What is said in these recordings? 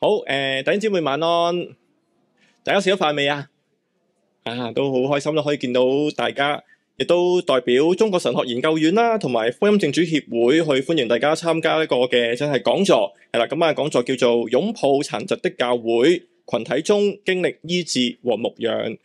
好，誒、呃，弟兄姊妹晚安，大家食咗飯未啊？啊，都好開心咯，可以見到大家，亦都代表中國神學研究院啦，同埋福音證主協會去歡迎大家參加呢個嘅真係講座，係啦，今晚嘅講座叫做擁抱殘疾的教會，群體中經歷醫治和牧養。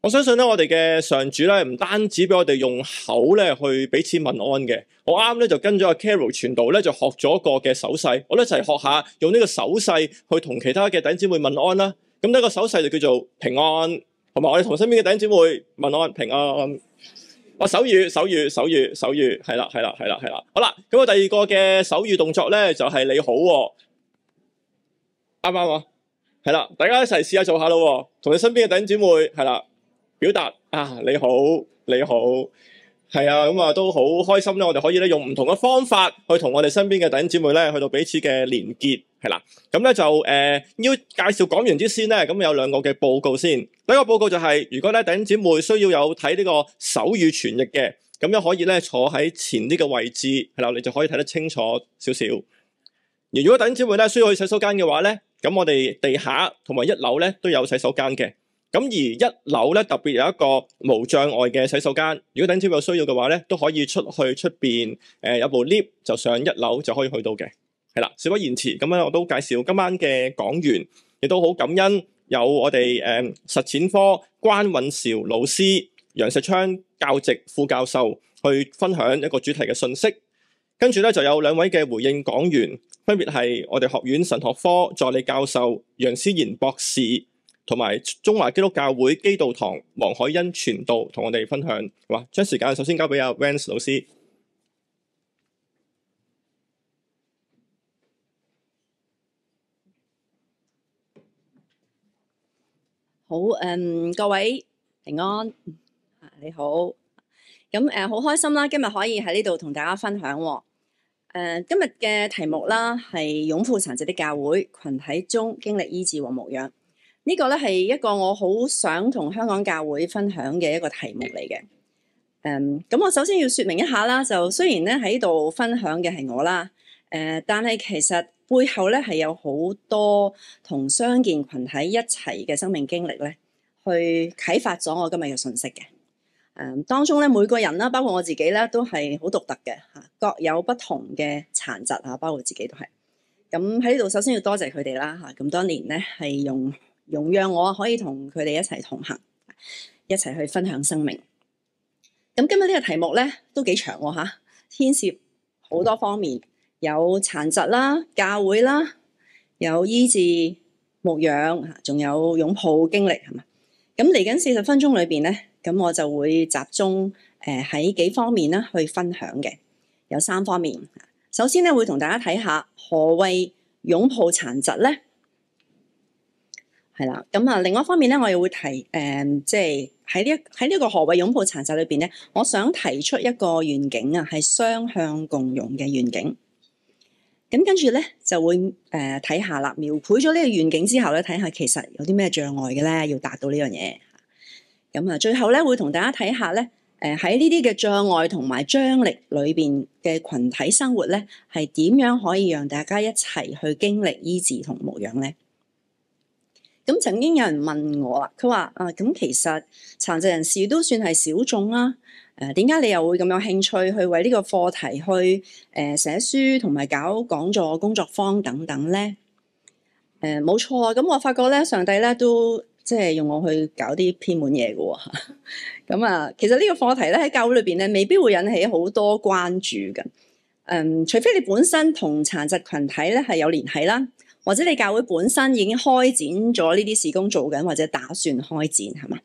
我相信咧，我哋嘅上主咧，唔單止俾我哋用口咧去彼此問安嘅。我啱咧就跟咗阿 Carol 傳道咧，就學咗一個嘅手勢。我哋一齊學一下，用呢個手勢去同其他嘅弟兄姊妹問安啦。咁呢個手勢就叫做平安，同埋我哋同身邊嘅弟兄姊妹問安平安。我手語手語手語手語，係啦係啦係啦係啦。好啦，咁、嗯、我第二個嘅手語動作咧就係、是、你好、哦，啱啱啊？係啦，大家一齊試，試做一下做下咯。同你身邊嘅弟兄姊妹係啦。表達啊，你好，你好，係啊，咁啊都好開心咧。我哋可以咧用唔同嘅方法去同我哋身邊嘅弟兄姊妹咧去到彼此嘅連結，係啦、啊。咁、嗯、咧就誒、呃，要介紹講完之先咧，咁、嗯、有兩個嘅報告先。第一個報告就係、是，如果咧弟兄姊妹需要有睇呢個手語傳譯嘅，咁樣可以咧坐喺前啲嘅位置，係啦、啊，你就可以睇得清楚少少。而如果弟兄姊妹咧需要去洗手間嘅話咧，咁我哋地下同埋一樓咧都有洗手間嘅。咁而一樓咧特別有一個無障礙嘅洗手間，如果等朝有需要嘅話咧，都可以出去出邊，誒有部 lift 就上一樓就可以去到嘅。係啦，事不宜遲，咁樣我都介紹今晚嘅講員，亦都好感恩有我哋誒實踐科關韻韶老師、楊石昌教席副教授去分享一個主題嘅信息。跟住咧就有兩位嘅回應講員，分別係我哋學院神學科助理教授楊思賢博士。同埋中華基督教會基道堂黃海欣傳道同我哋分享，話將時間首先交俾阿 Vance 老師。好，嗯，各位平安，你好，咁誒，好、呃、開心啦，今日可以喺呢度同大家分享，哦。誒、呃，今日嘅題目啦，係擁抱殘疾的教會群體中經歷醫治和牧養。呢個咧係一個我好想同香港教會分享嘅一個題目嚟嘅。誒、嗯，咁我首先要説明一下啦。就雖然咧喺度分享嘅係我啦，誒、嗯，但係其實背後咧係有好多同傷健群體一齊嘅生命經歷咧，去啟發咗我今日嘅信息嘅。誒、嗯，當中咧每個人啦，包括我自己咧，都係好獨特嘅嚇，各有不同嘅殘疾啊，包括自己都係咁喺呢度。首先要多謝佢哋啦嚇。咁多年咧係用，容讓我可以同佢哋一齊同行，一齊去分享生命。咁今日呢個題目咧都幾長喎嚇，牽涉好多方面，有殘疾啦、教會啦，有醫治、牧養，仲有擁抱經歷係嘛。咁嚟緊四十分鐘裏邊咧，咁我就會集中誒喺幾方面啦去分享嘅，有三方面。首先咧會同大家睇下何謂擁抱殘疾咧。係啦，咁啊，另外一方面咧，我又會提誒、呃，即係喺呢喺呢個何謂擁抱殘疾裏邊咧，我想提出一個願景啊，係雙向共融嘅願景。咁跟住咧就會誒睇、呃、下啦，描繪咗呢個願景之後咧，睇下其實有啲咩障礙嘅咧，要達到呢樣嘢。咁、嗯、啊，最後咧會同大家睇下咧，誒喺呢啲嘅障礙同埋張力裏邊嘅群體生活咧，係點樣可以讓大家一齊去經歷醫治同牧養咧？咁曾經有人問我啦，佢話：啊，咁其實殘疾人士都算係小眾啦、啊。誒、呃，點解你又會咁有興趣去為呢個課題去誒寫、呃、書同埋搞講座、工作坊等等咧？誒、呃，冇錯啊！咁我發覺咧，上帝咧都即係用我去搞啲偏門嘢嘅喎。咁 啊、嗯，其實個課呢個課題咧喺教會裏邊咧，未必會引起好多關注㗎。嗯，除非你本身同殘疾群體咧係有聯繫啦。或者你教會本身已經開展咗呢啲事工做緊，或者打算開展，係嘛？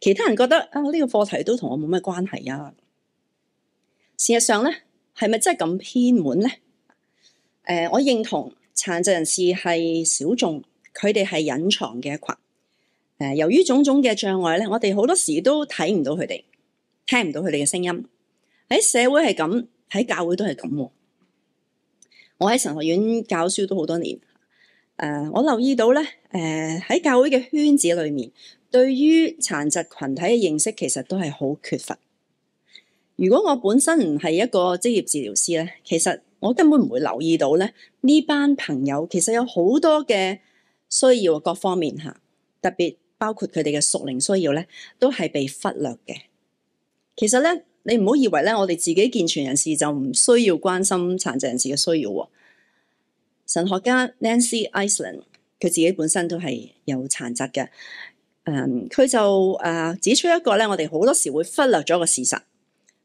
其他人覺得啊，呢個課題都同我冇乜關係啊。事實上咧，係咪真係咁偏門咧？誒、呃，我認同殘疾人士係小眾，佢哋係隱藏嘅一群。誒、呃，由於種種嘅障礙咧，我哋好多時都睇唔到佢哋，聽唔到佢哋嘅聲音。喺社會係咁，喺教會都係咁、啊。我喺神學院教書都好多年。誒，uh, 我留意到咧，誒、uh, 喺教會嘅圈子裏面，對於殘疾群體嘅認識其實都係好缺乏。如果我本身唔係一個職業治療師咧，其實我根本唔會留意到咧呢班朋友其實有好多嘅需要各方面吓，特別包括佢哋嘅屬靈需要咧，都係被忽略嘅。其實咧，你唔好以為咧，我哋自己健全人士就唔需要關心殘疾人士嘅需要。神學家 Nancy Iceland，佢自己本身都係有殘疾嘅。誒、嗯，佢就誒、呃、指出一個咧，我哋好多時會忽略咗個事實。呢、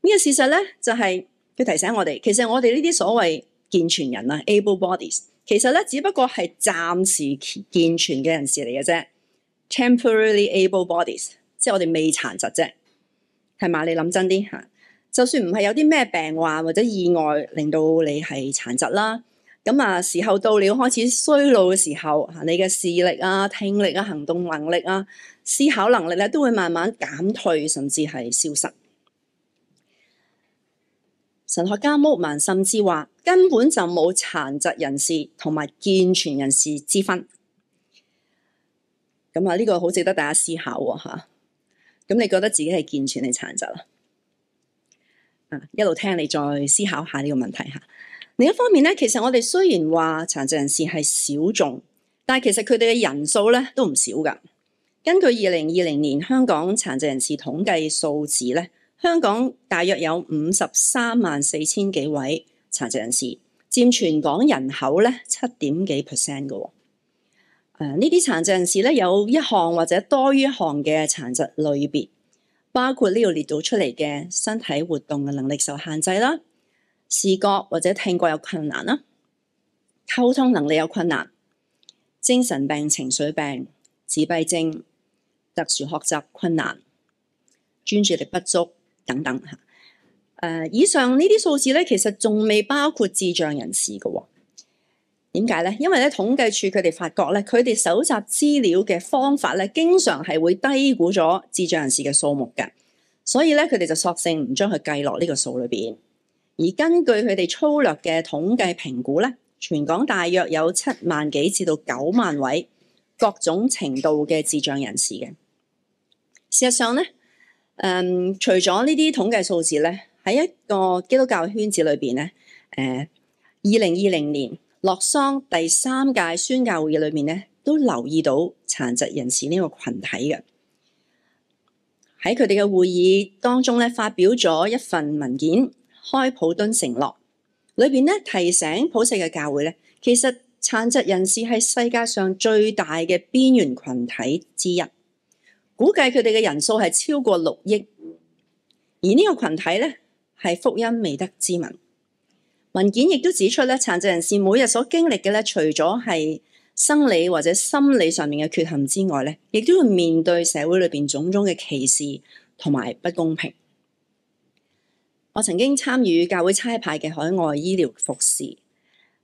這個事實咧，就係、是、佢提醒我哋，其實我哋呢啲所謂健全人啊，able bodies，其實咧只不過係暫時健全嘅人士嚟嘅啫，temporarily able bodies，即係我哋未殘疾啫。係嘛？你諗真啲嚇、啊，就算唔係有啲咩病患或者意外令到你係殘疾啦。咁啊，時候到了，開始衰老嘅時候，嚇你嘅視力啊、聽力啊、行動能力啊、思考能力咧、啊，都會慢慢減退，甚至係消失。神學家穆曼甚至話，根本就冇殘疾人士同埋健全人士之分。咁啊，呢個好值得大家思考喎、啊，嚇、啊。咁你覺得自己係健全定殘疾啦？啊，一路聽你再思考下呢個問題嚇。另一方面咧，其實我哋雖然話殘疾人士係小眾，但係其實佢哋嘅人數咧都唔少噶。根據二零二零年香港殘疾人士統計數字咧，香港大約有五十三萬四千幾位殘疾人士，佔全港人口咧七點幾 percent 嘅。誒，呢啲殘疾人士咧有一項或者多於一項嘅殘疾類別，包括呢度列到出嚟嘅身體活動嘅能力受限制啦。視覺或者聽覺有困難啦，溝通能力有困難，精神病、情緒病、自閉症、特殊學習困難、專注力不足等等吓。誒、呃，以上數呢啲數字咧，其實仲未包括智障人士嘅、哦。點解咧？因為咧，統計處佢哋發覺咧，佢哋搜集資料嘅方法咧，經常係會低估咗智障人士嘅數目噶，所以咧，佢哋就索性唔將佢計落呢個數裏邊。而根據佢哋粗略嘅統計評估咧，全港大約有七萬幾至到九萬位各種程度嘅智障人士嘅。事實上咧，誒、嗯，除咗呢啲統計數字咧，喺一個基督教圈子裏邊咧，誒、呃，二零二零年洛桑第三屆宣教會議裏面咧，都留意到殘疾人士呢個群體嘅。喺佢哋嘅會議當中咧，發表咗一份文件。開普敦承諾裏邊咧，提醒普世嘅教會咧，其實殘疾人士係世界上最大嘅邊緣群體之一，估計佢哋嘅人數係超過六億，而呢個群體咧係福音未得之民。文件亦都指出咧，殘疾人士每日所經歷嘅咧，除咗係生理或者心理上面嘅缺陷之外咧，亦都會面對社會裏邊種種嘅歧視同埋不公平。我曾經參與教會差派嘅海外醫療服侍，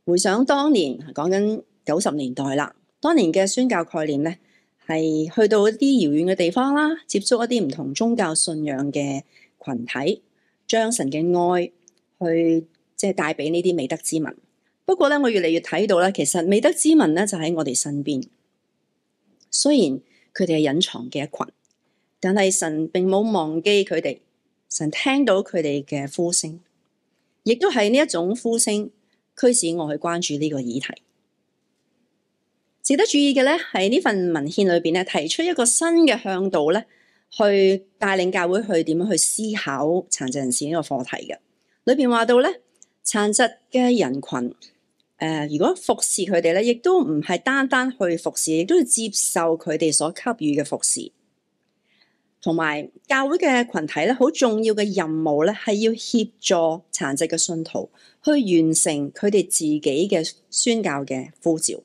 回想當年，講緊九十年代啦。當年嘅宣教概念咧，係去到一啲遙遠嘅地方啦，接觸一啲唔同宗教信仰嘅群體，將神嘅愛去即係帶俾呢啲未得之民。不過咧，我越嚟越睇到咧，其實未得之民咧就喺我哋身邊。雖然佢哋係隱藏嘅一群，但係神並冇忘記佢哋。神聽到佢哋嘅呼聲，亦都係呢一種呼聲驅使我去關注呢個議題。值得注意嘅咧，喺呢份文獻裏邊咧，提出一個新嘅向導咧，去帶領教會去點樣去思考殘疾人士個課呢個課題嘅。裏邊話到咧，殘疾嘅人群，誒、呃，如果服侍佢哋咧，亦都唔係單單去服侍，亦都要接受佢哋所給予嘅服侍。同埋教會嘅群體咧，好重要嘅任務咧，係要協助殘疾嘅信徒去完成佢哋自己嘅宣教嘅呼召。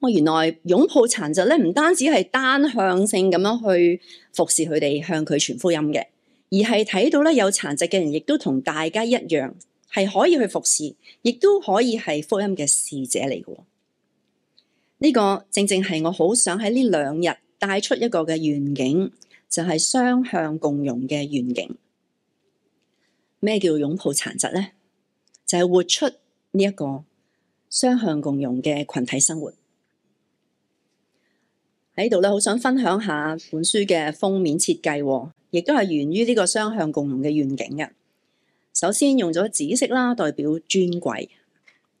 我原來擁抱殘疾咧，唔單止係單向性咁樣去服侍佢哋，向佢傳福音嘅，而係睇到咧有殘疾嘅人，亦都同大家一樣，係可以去服侍，亦都可以係福音嘅使者嚟嘅。呢、呢個正正係我好想喺呢兩日。帶出一個嘅願景，就係雙向共融嘅願景。咩叫擁抱殘疾呢？就係活出呢一個雙向共融嘅群體生活喺度咧。好想分享下本書嘅封面設計，亦都係源於呢個雙向共融嘅願景嘅。首先用咗紫色啦，代表尊貴。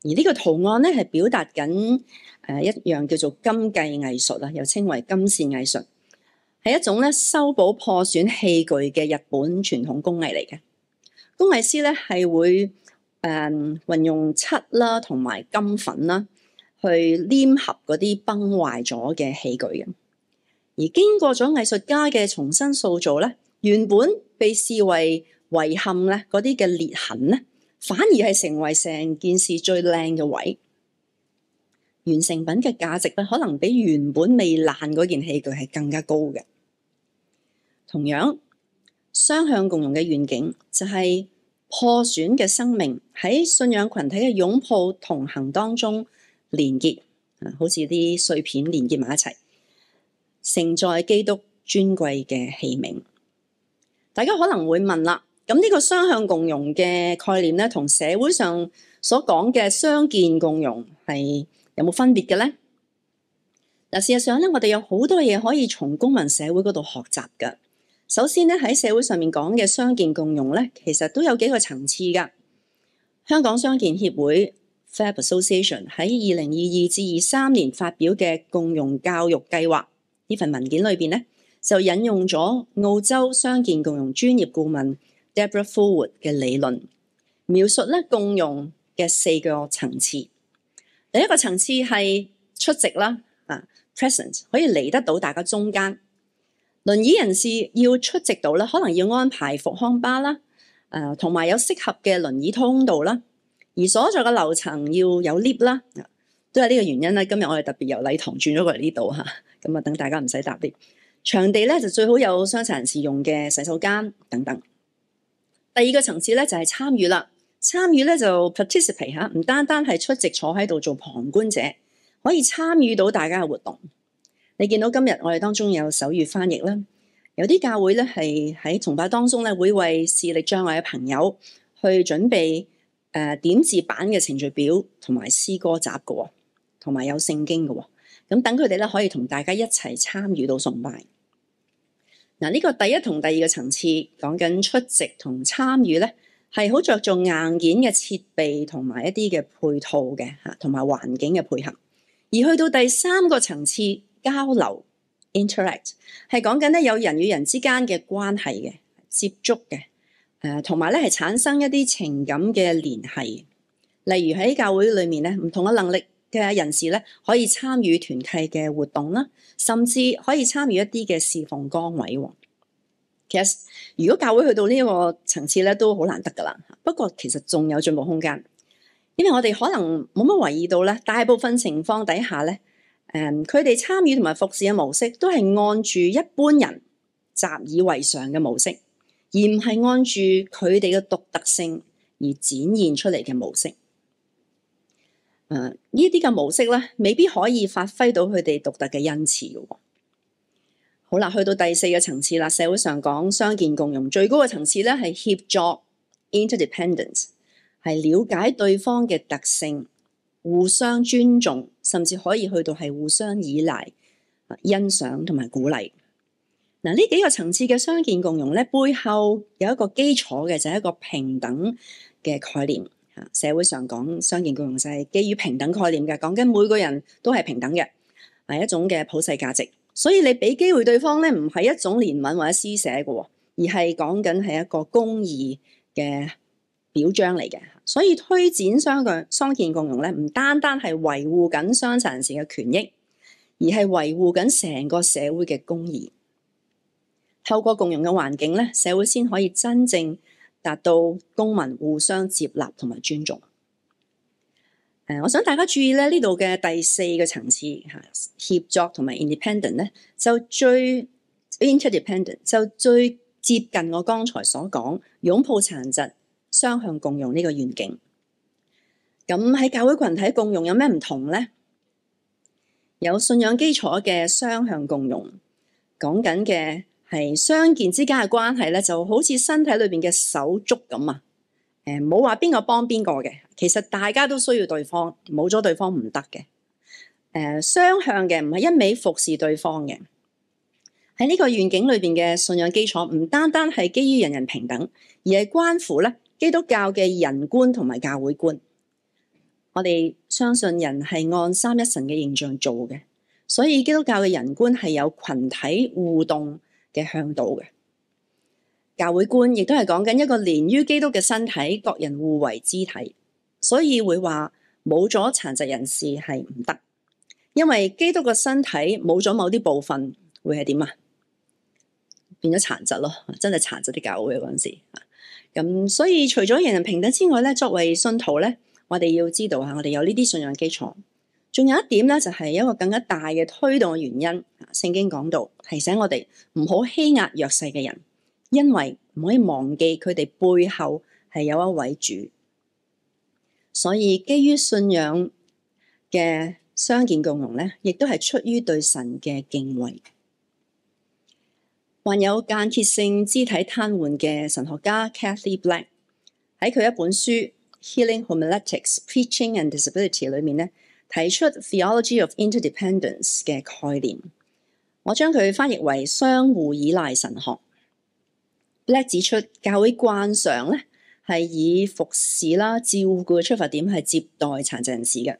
而呢個圖案咧，係表達緊誒一樣叫做金繼藝術啦，又稱為金線藝術，係一種咧修補破損器具嘅日本傳統工藝嚟嘅。工藝師咧係會誒運、呃、用漆啦同埋金粉啦，去黏合嗰啲崩壞咗嘅器具嘅。而經過咗藝術家嘅重新塑造咧，原本被視為遺憾咧嗰啲嘅裂痕咧，反而係成為成件事最靚嘅位，完成品嘅價值咧，可能比原本未爛嗰件器具係更加高嘅。同樣，雙向共融嘅願景就係破損嘅生命喺信仰群體嘅擁抱同行當中連結，好似啲碎片連結埋一齊，承載基督尊貴嘅器皿。大家可能會問啦。咁呢個雙向共融嘅概念咧，同社會上所講嘅傷健共融係有冇分別嘅咧？嗱，事實上咧，我哋有好多嘢可以從公民社會嗰度學習㗎。首先咧，喺社會上面講嘅傷健共融咧，其實都有幾個層次㗎。香港傷健協會 （PHAB Association） 喺二零二二至二三年發表嘅《共融教育計劃》呢份文件裏邊咧，就引用咗澳洲傷健共融專業顧問 Deborah Fullwood 嘅理論描述咧，共用嘅四個層次。第一個層次係出席啦，啊 present 可以嚟得到大家中間。輪椅人士要出席到咧，可能要安排復康巴啦，誒同埋有適合嘅輪椅通道啦。而所在嘅樓層要有 lift 啦、啊，都係呢個原因咧。今日我哋特別由禮堂轉咗過嚟呢度嚇，咁啊等大家唔使搭 lift，場地咧，就最好有傷殘人士用嘅洗手間等等。第二個層次咧就係、是、參與啦，參與咧就 participate 吓、啊，唔單單係出席坐喺度做旁觀者，可以參與到大家嘅活動。你見到今日我哋當中有手語翻譯啦，有啲教會咧係喺崇拜當中咧會為視力障礙嘅朋友去準備誒、呃、點字版嘅程序表同埋詩歌集嘅，同埋有聖經嘅，咁等佢哋咧可以同大家一齊參與到崇拜。嗱，呢個第一同第二個層次講緊出席同參與咧，係好着重硬件嘅設備同埋一啲嘅配套嘅吓，同埋環境嘅配合。而去到第三個層次交流 interact，係講緊咧有人與人之間嘅關係嘅接觸嘅誒，同埋咧係產生一啲情感嘅聯繫，例如喺教會裏面咧唔同嘅能力。嘅人士咧，可以參與團契嘅活動啦，甚至可以參與一啲嘅侍奉崗位喎。其實，如果教會去到呢一個層次咧，都好難得噶啦。不過，其實仲有進步空間，因為我哋可能冇乜留疑到咧。懷疑到大部分情況底下咧，誒、嗯，佢哋參與同埋服侍嘅模式，都係按住一般人習以為常嘅模式，而唔係按住佢哋嘅獨特性而展現出嚟嘅模式。誒，呢啲嘅模式咧，未必可以發揮到佢哋獨特嘅恩賜嘅、哦。好啦，去到第四個層次啦，社會上講傷健共融，最高嘅層次咧係協助 （interdependence），係了解對方嘅特性，互相尊重，甚至可以去到係互相依賴、啊、欣賞同埋鼓勵。嗱、啊，呢幾個層次嘅傷健共融咧，背後有一個基礎嘅就係、是、一個平等嘅概念。社會上講傷健共融就係基於平等概念嘅，講緊每個人都係平等嘅，係一種嘅普世價值。所以你俾機會對方咧，唔係一種憐憫或者施捨嘅，而係講緊係一個公義嘅表彰嚟嘅。所以推展傷健、傷健共融咧，唔單單係維護緊傷殘人士嘅權益，而係維護緊成個社會嘅公義。透過共融嘅環境咧，社會先可以真正，達到公民互相接納同埋尊重。誒、呃，我想大家注意咧，呢度嘅第四個層次嚇，協、啊、作同埋 independent 咧，就最 interdependent，就最接近我剛才所講擁抱殘疾雙向共融呢個願景。咁喺教會群體共融有咩唔同咧？有信仰基礎嘅雙向共融，講緊嘅。係相見之間嘅關係咧，就好似身體裏邊嘅手足咁啊。誒、呃，冇話邊個幫邊個嘅，其實大家都需要對方，冇咗對方唔得嘅。誒、呃，雙向嘅，唔係一味服侍對方嘅。喺呢個願景裏邊嘅信仰基礎，唔單單係基於人人平等，而係關乎咧基督教嘅人觀同埋教會觀。我哋相信人係按三一神嘅形象做嘅，所以基督教嘅人觀係有群體互動。嘅向導嘅教會觀亦都係講緊一個連於基督嘅身體，各人互為肢體，所以會話冇咗殘疾人士係唔得，因為基督嘅身體冇咗某啲部分，會係點啊？變咗殘疾咯，真係殘疾啲教會嗰陣時，咁、嗯、所以除咗人人平等之外咧，作為信徒咧，我哋要知道啊，我哋有呢啲信仰基礎。仲有一點咧，就係、是、一個更加大嘅推動嘅原因。聖經講到提醒我哋唔好欺壓弱勢嘅人，因為唔可以忘記佢哋背後係有一位主。所以基於信仰嘅相見共融咧，亦都係出於對神嘅敬畏。患有間歇性肢體癱瘓嘅神學家 Cathy Black 喺佢一本書《Healing Homiletics: Preaching and Disability》裏面咧。提出 theology of interdependence 嘅概念，我將佢翻譯為相互依賴神學。Black 指出教會慣常咧係以服侍啦、照顧嘅出發點係接待殘疾人士嘅，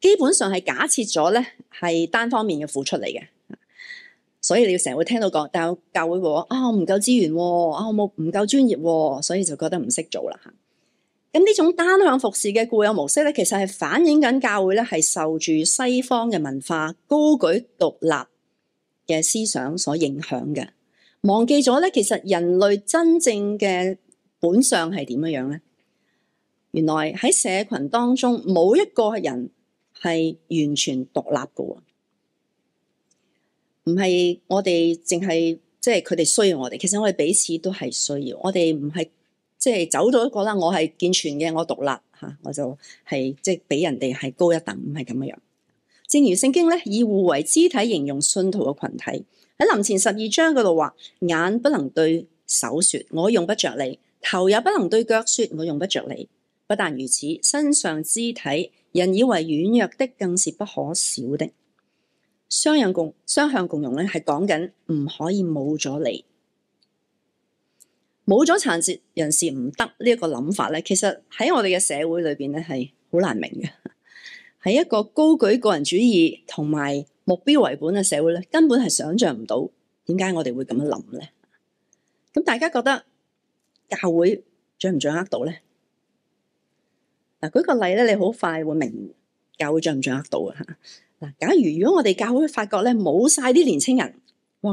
基本上係假設咗咧係單方面嘅付出嚟嘅，所以你要成日會聽到講，但教會話啊，我唔夠資源，啊我冇唔夠專業，所以就覺得唔識做啦嚇。咁呢種單向服侍嘅固有模式咧，其實係反映緊教會咧係受住西方嘅文化高舉獨立嘅思想所影響嘅，忘記咗咧其實人類真正嘅本相係點樣樣咧？原來喺社群當中冇一個人係完全獨立噶，唔係我哋淨係即係佢哋需要我哋，其實我哋彼此都係需要，我哋唔係。即係走咗一個啦，我係健全嘅，我獨立吓，我就係、是、即係比人哋係高一等，唔係咁嘅樣。正如聖經咧，以互為肢體形容信徒嘅群體喺林前十二章嗰度話，眼不能對手說，我用不着你；頭也不能對腳說，我用不着你。不但如此，身上肢體人以為軟弱的，更是不可少的。雙人共雙向共融咧，係講緊唔可以冇咗你。冇咗殘疾人士唔得，呢一個諗法咧，其實喺我哋嘅社會裏邊咧，係好難明嘅。喺 一個高舉個人主義同埋目標為本嘅社會咧，根本係想象唔到點解我哋會咁樣諗咧。咁大家覺得教會掌唔掌握到咧？嗱，舉個例咧，你好快會明教會掌唔掌握到嘅，吓。嗱，假如如果我哋教會發覺咧冇晒啲年青人。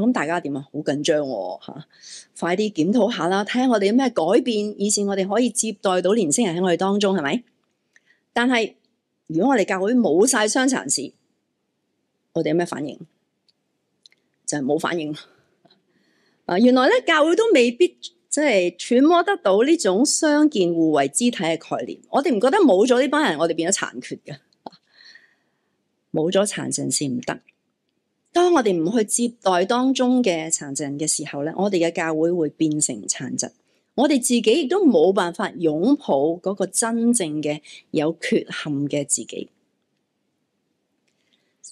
咁大家點、哦、啊？好緊張吓，快啲檢討下啦，睇下我哋有咩改變。以前我哋可以接待到年輕人喺我哋當中，係咪？但係如果我哋教會冇晒傷殘事，我哋有咩反應？就係、是、冇反應。啊，原來咧教會都未必即係揣摩得到呢種相健互為肢體嘅概念。我哋唔覺得冇咗呢班人，我哋變咗殘缺嘅。冇咗殘神先唔得。當我哋唔去接待當中嘅殘疾人嘅時候咧，我哋嘅教會會變成殘疾，我哋自己亦都冇辦法擁抱嗰個真正嘅有缺陷嘅自己。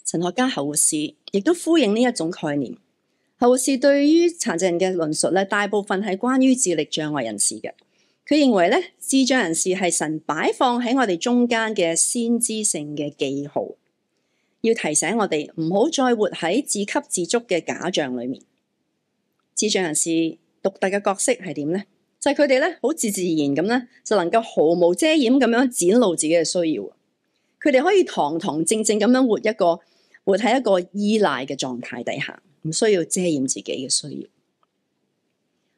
神學家侯活士亦都呼應呢一種概念。侯活士對於殘疾人嘅論述咧，大部分係關於智力障礙人士嘅。佢認為咧，智障人士係神擺放喺我哋中間嘅先知性嘅記號。要提醒我哋，唔好再活喺自給自足嘅假象裏面。智障人士獨特嘅角色係點咧？就係佢哋咧，好自自然咁咧，就能夠毫無遮掩咁樣展露自己嘅需要。佢哋可以堂堂正正咁樣活一個，活喺一個依賴嘅狀態底下，唔需要遮掩自己嘅需要。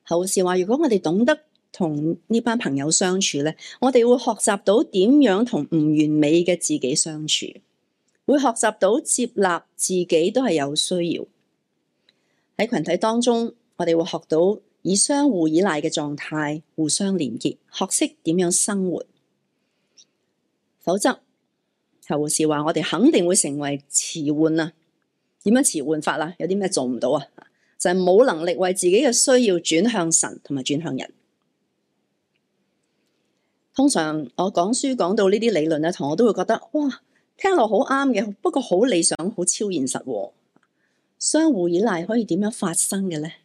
好事話，如果我哋懂得同呢班朋友相處咧，我哋會學習到點樣同唔完美嘅自己相處。會學習到接納自己都係有需要喺群體當中，我哋會學到以相互依賴嘅狀態互相連結，學識點樣生活。否則，侯活士話我哋肯定會成為遲緩啊。點樣遲緩法啊？有啲咩做唔到啊？就係冇能力為自己嘅需要轉向神同埋轉向人。通常我講書講到呢啲理論咧，同我都會覺得哇！聽落好啱嘅，不過好理想，好超現實。相互依賴可以點樣發生嘅咧？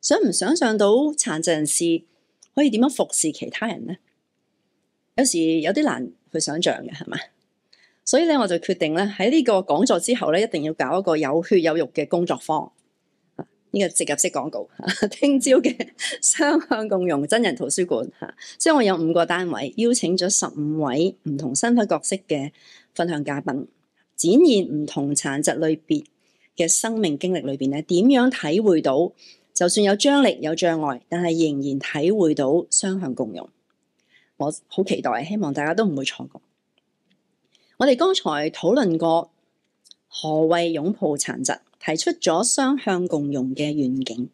想唔想象到殘疾人士可以點樣服侍其他人咧？有時有啲難去想象嘅，係咪？所以咧，我就決定咧，喺呢個講座之後咧，一定要搞一個有血有肉嘅工作坊。呢、這個直入式廣告，聽朝嘅雙向共融真人圖書館吓，即係我有五個單位邀請咗十五位唔同身份角色嘅。分享嘉賓展現唔同殘疾類別嘅生命經歷裏邊咧，點樣體會到就算有張力、有障礙，但係仍然體會到雙向共融。我好期待，希望大家都唔會錯過。我哋剛才討論過何謂擁抱殘疾，提出咗雙向共融嘅願景。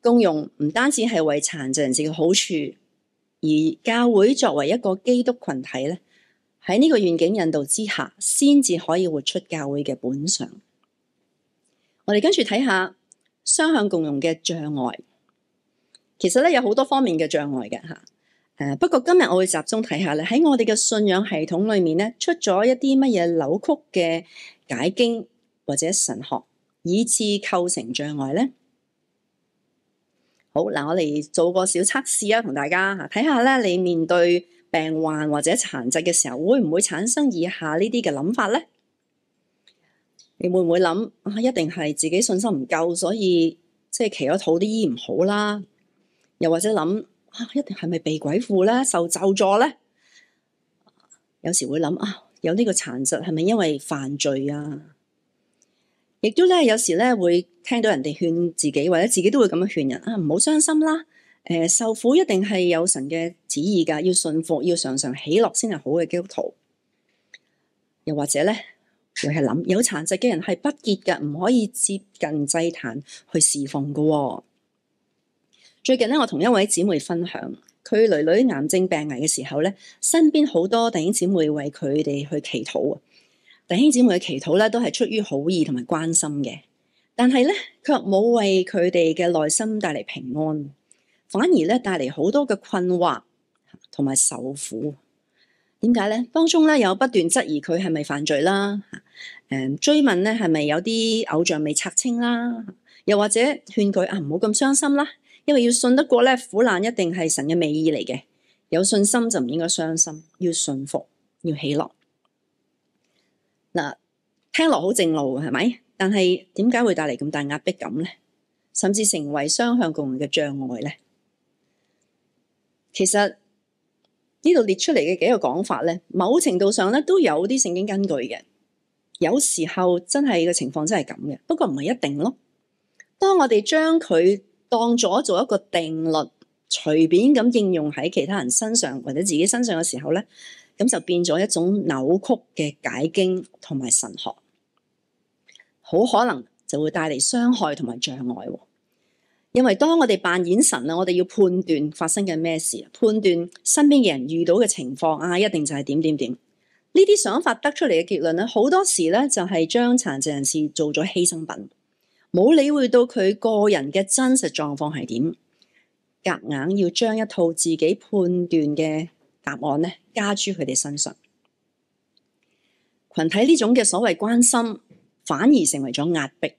共融唔單止係為殘疾人士嘅好處，而教會作為一個基督群體咧。喺呢個願景引導之下，先至可以活出教會嘅本相。我哋跟住睇下雙向共融嘅障礙。其實咧，有好多方面嘅障礙嘅吓。誒，不過今日我會集中睇下咧，喺我哋嘅信仰系統裏面咧，出咗一啲乜嘢扭曲嘅解經或者神學，以致構成障礙咧。好，嗱，我嚟做個小測試啊，同大家吓睇下咧，你面對。病患或者殘疾嘅時候，會唔會產生以下呢啲嘅諗法咧？你會唔會諗啊？一定係自己信心唔夠，所以即係祈咗肚啲醫唔好啦？又或者諗啊？一定係咪被鬼附咧？受咒詛？咧？有時會諗啊，有呢個殘疾係咪因為犯罪啊？亦都咧，有時咧會聽到人哋勸自己，或者自己都會咁樣勸人啊，唔好傷心啦。誒，受苦一定係有神嘅旨意噶，要信服，要常常喜樂先係好嘅基督徒。又或者咧，又係諗有殘疾嘅人係不潔嘅，唔可以接近祭壇去侍奉噶喎。最近咧，我同一位姊妹分享，佢女女癌症病危嘅時候咧，身邊好多弟兄姊妹為佢哋去祈禱啊。弟兄姊妹嘅祈禱咧，都係出於好意同埋關心嘅，但係咧，卻冇為佢哋嘅內心帶嚟平安。反而咧帶嚟好多嘅困惑同埋受苦，點解咧？當中咧有不斷質疑佢係咪犯罪啦，誒、嗯、追問咧係咪有啲偶像未拆清啦，又或者勸佢啊唔好咁傷心啦，因為要信得過咧苦難一定係神嘅美意嚟嘅，有信心就唔應該傷心，要信服，要喜樂。嗱，聽落好正路係咪？但係點解會帶嚟咁大壓迫感咧？甚至成為雙向共融嘅障礙咧？其實呢度列出嚟嘅幾個講法咧，某程度上咧都有啲聖經根據嘅。有時候真係嘅情況真係咁嘅，不過唔係一定咯。當我哋將佢當咗做一個定律，隨便咁應用喺其他人身上或者自己身上嘅時候咧，咁就變咗一種扭曲嘅解經同埋神學，好可能就會帶嚟傷害同埋障礙。因為當我哋扮演神啊，我哋要判斷發生緊咩事，判斷身邊嘅人遇到嘅情況啊，一定就係點點點。呢啲想法得出嚟嘅結論咧，好多時咧就係將殘疾人士做咗犧牲品，冇理會到佢個人嘅真實狀況係點，夾硬要將一套自己判斷嘅答案咧加諸佢哋身上。群體呢種嘅所謂關心，反而成為咗壓迫，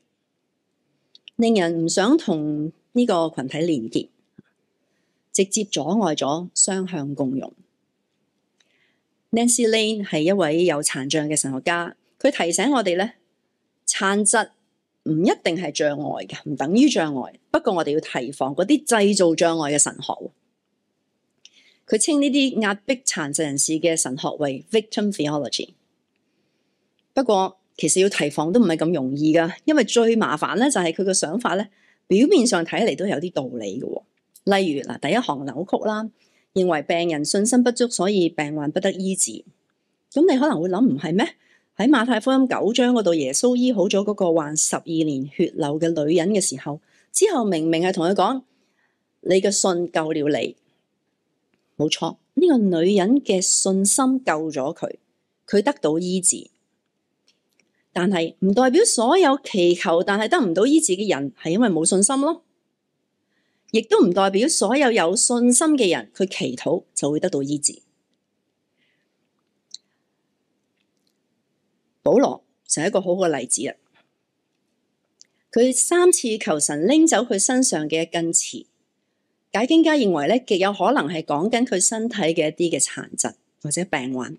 令人唔想同。呢個群體連結，直接阻礙咗雙向共融。Nancy Lane 係一位有殘障嘅神學家，佢提醒我哋咧，殘疾唔一定係障礙嘅，唔等於障礙。不過我哋要提防嗰啲製造障礙嘅神學。佢稱呢啲壓迫殘疾人士嘅神學為 victim theology。不過其實要提防都唔係咁容易㗎，因為最麻煩咧就係佢嘅想法咧。表面上睇嚟都有啲道理嘅喎，例如嗱第一行扭曲啦，認為病人信心不足，所以病患不得醫治。咁你可能會諗唔係咩？喺馬太福音九章嗰度，耶穌醫好咗嗰個患十二年血漏嘅女人嘅時候，之後明明係同佢講，你嘅信救了你，冇錯，呢、這個女人嘅信心救咗佢，佢得到醫治。但係唔代表所有祈求但係得唔到醫治嘅人係因為冇信心咯，亦都唔代表所有有信心嘅人佢祈禱就會得到醫治。保羅就係一個好好嘅例子啊！佢三次求神拎走佢身上嘅一根刺，解經家認為呢極有可能係講緊佢身體嘅一啲嘅殘疾或者病患，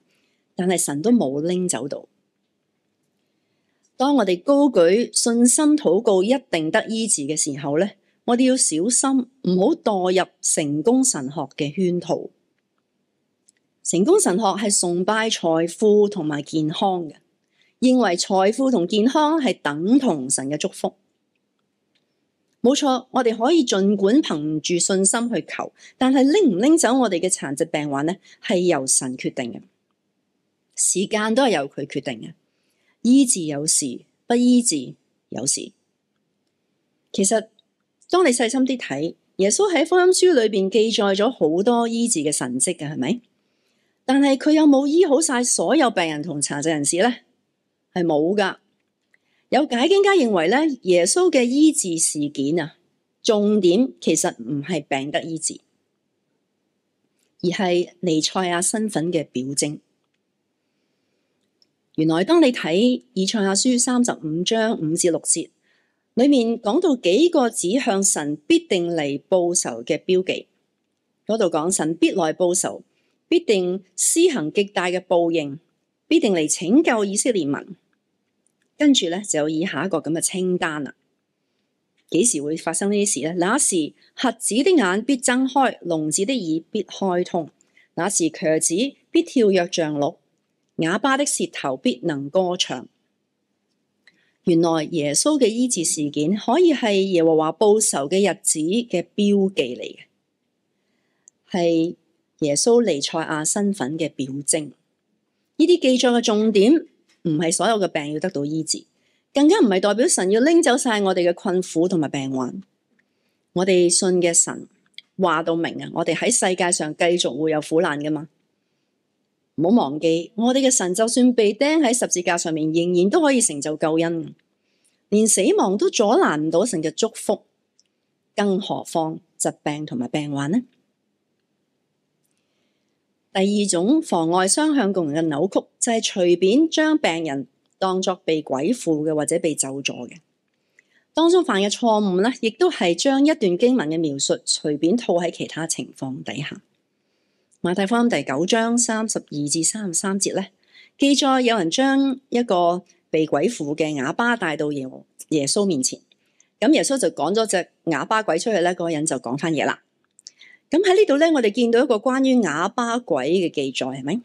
但係神都冇拎走到。當我哋高舉信心禱告，一定得醫治嘅時候咧，我哋要小心，唔好墮入成功神學嘅圈套。成功神學係崇拜財富同埋健康嘅，認為財富同健康係等同神嘅祝福。冇錯，我哋可以盡管憑住信心去求，但係拎唔拎走我哋嘅殘疾病患咧，係由神決定嘅，時間都係由佢決定嘅。醫治有時，不醫治有時。其實當你細心啲睇，耶穌喺福音書裏邊記載咗好多醫治嘅神跡嘅，係咪？但係佢有冇醫好晒所有病人同殘疾人士咧？係冇噶。有解經家認為咧，耶穌嘅醫治事件啊，重點其實唔係病得醫治，而係彌賽亞身份嘅表徵。原來當你睇以賽亞書三十五章五至六節，裏面講到幾個指向神必定嚟報仇嘅標記，嗰度講神必來報仇，必定施行極大嘅報應，必定嚟拯救以色列民。跟住咧就有以下一個咁嘅清單啦，幾時會發生呢啲事咧？那時瞎子的眼必睜開，聾子的耳必開通，那時瘸子必跳躍像鹿。啞巴的舌頭必能歌唱。原來耶穌嘅醫治事件可以係耶和華報仇嘅日子嘅標記嚟嘅，係耶穌彌賽亞身份嘅表徵。呢啲記載嘅重點唔係所有嘅病要得到醫治，更加唔係代表神要拎走晒我哋嘅困苦同埋病患。我哋信嘅神話到明啊，我哋喺世界上繼續會有苦難噶嘛。唔好忘記，我哋嘅神就算被釘喺十字架上面，仍然都可以成就救恩，連死亡都阻攔唔到神嘅祝福，更何況疾病同埋病患呢？第二種妨礙雙向共融嘅扭曲，就係隨便將病人當作被鬼附嘅或者被咒咗嘅，當中犯嘅錯誤咧，亦都係將一段經文嘅描述隨便套喺其他情況底下。馬太福音第九章三十二至三十三節咧，記載有人將一個被鬼附嘅啞巴帶到耶和耶穌面前，咁耶穌就講咗隻啞巴鬼出去咧，嗰個人就講翻嘢啦。咁喺呢度咧，我哋見到一個關於啞巴鬼嘅記載，係咪？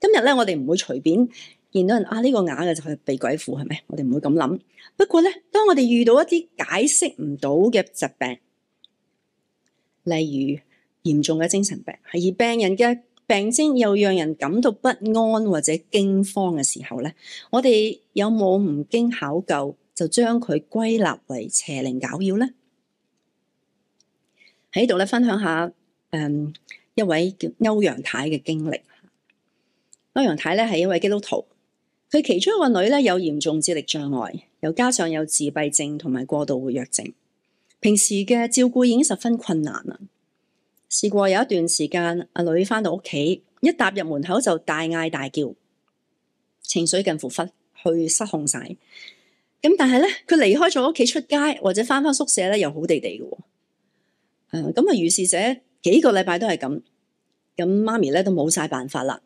今日咧，我哋唔會隨便見到人啊呢、呢個啞嘅就係被鬼附，係咪？我哋唔會咁諗。不過咧，當我哋遇到一啲解釋唔到嘅疾病，例如。嚴重嘅精神病，而病人嘅病徵又讓人感到不安或者驚慌嘅時候咧，我哋有冇唔經考究就將佢歸納為邪靈攪擾咧？喺度咧，分享下誒、嗯、一位叫歐陽太嘅經歷。歐陽太咧係一位基督徒，佢其中一個女咧有嚴重智力障礙，又加上有自閉症同埋過度活躍症，平時嘅照顧已經十分困難啦。試過有一段時間，阿女翻到屋企，一踏入門口就大嗌大叫，情緒近乎忽去失控晒。咁但係咧，佢離開咗屋企出街或者翻翻宿舍咧，又好地地嘅。誒、呃，咁啊，如是者幾個禮拜都係咁，咁媽咪咧都冇晒辦法啦。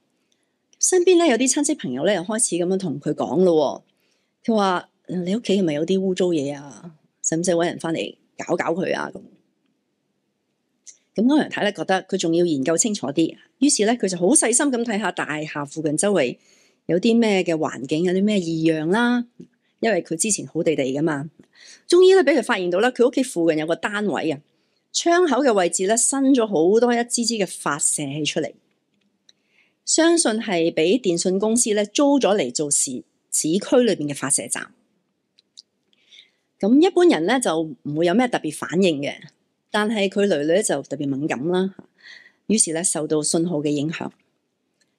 身邊咧有啲親戚朋友咧，又開始咁樣同佢講咯。佢話你屋企係咪有啲污糟嘢啊？使唔使搵人翻嚟搞搞佢啊？咁。咁歐陽太咧覺得佢仲要研究清楚啲，於是咧佢就好細心咁睇下大廈附近周圍有啲咩嘅環境，有啲咩異樣啦。因為佢之前好地地噶嘛。終於咧俾佢發現到咧，佢屋企附近有個單位啊，窗口嘅位置咧伸咗好多一支支嘅發射器出嚟，相信係俾電信公司咧租咗嚟做市市區裏邊嘅發射站。咁一般人咧就唔會有咩特別反應嘅。但係佢女女就特別敏感啦，於是咧受到信號嘅影響，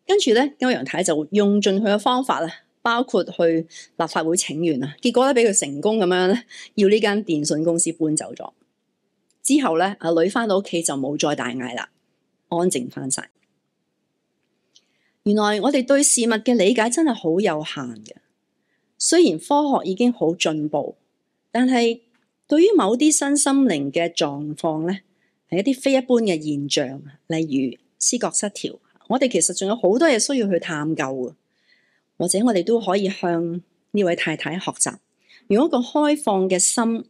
跟住咧歐陽太就用盡佢嘅方法啦，包括去立法會請願啊，結果咧俾佢成功咁樣咧，要呢間電訊公司搬走咗。之後咧，阿女翻到屋企就冇再大嗌啦，安靜翻晒。原來我哋對事物嘅理解真係好有限嘅，雖然科學已經好進步，但係。對於某啲身心靈嘅狀況咧，係一啲非一般嘅現象，例如思覺失調。我哋其實仲有好多嘢需要去探究啊，或者我哋都可以向呢位太太學習。如果個開放嘅心、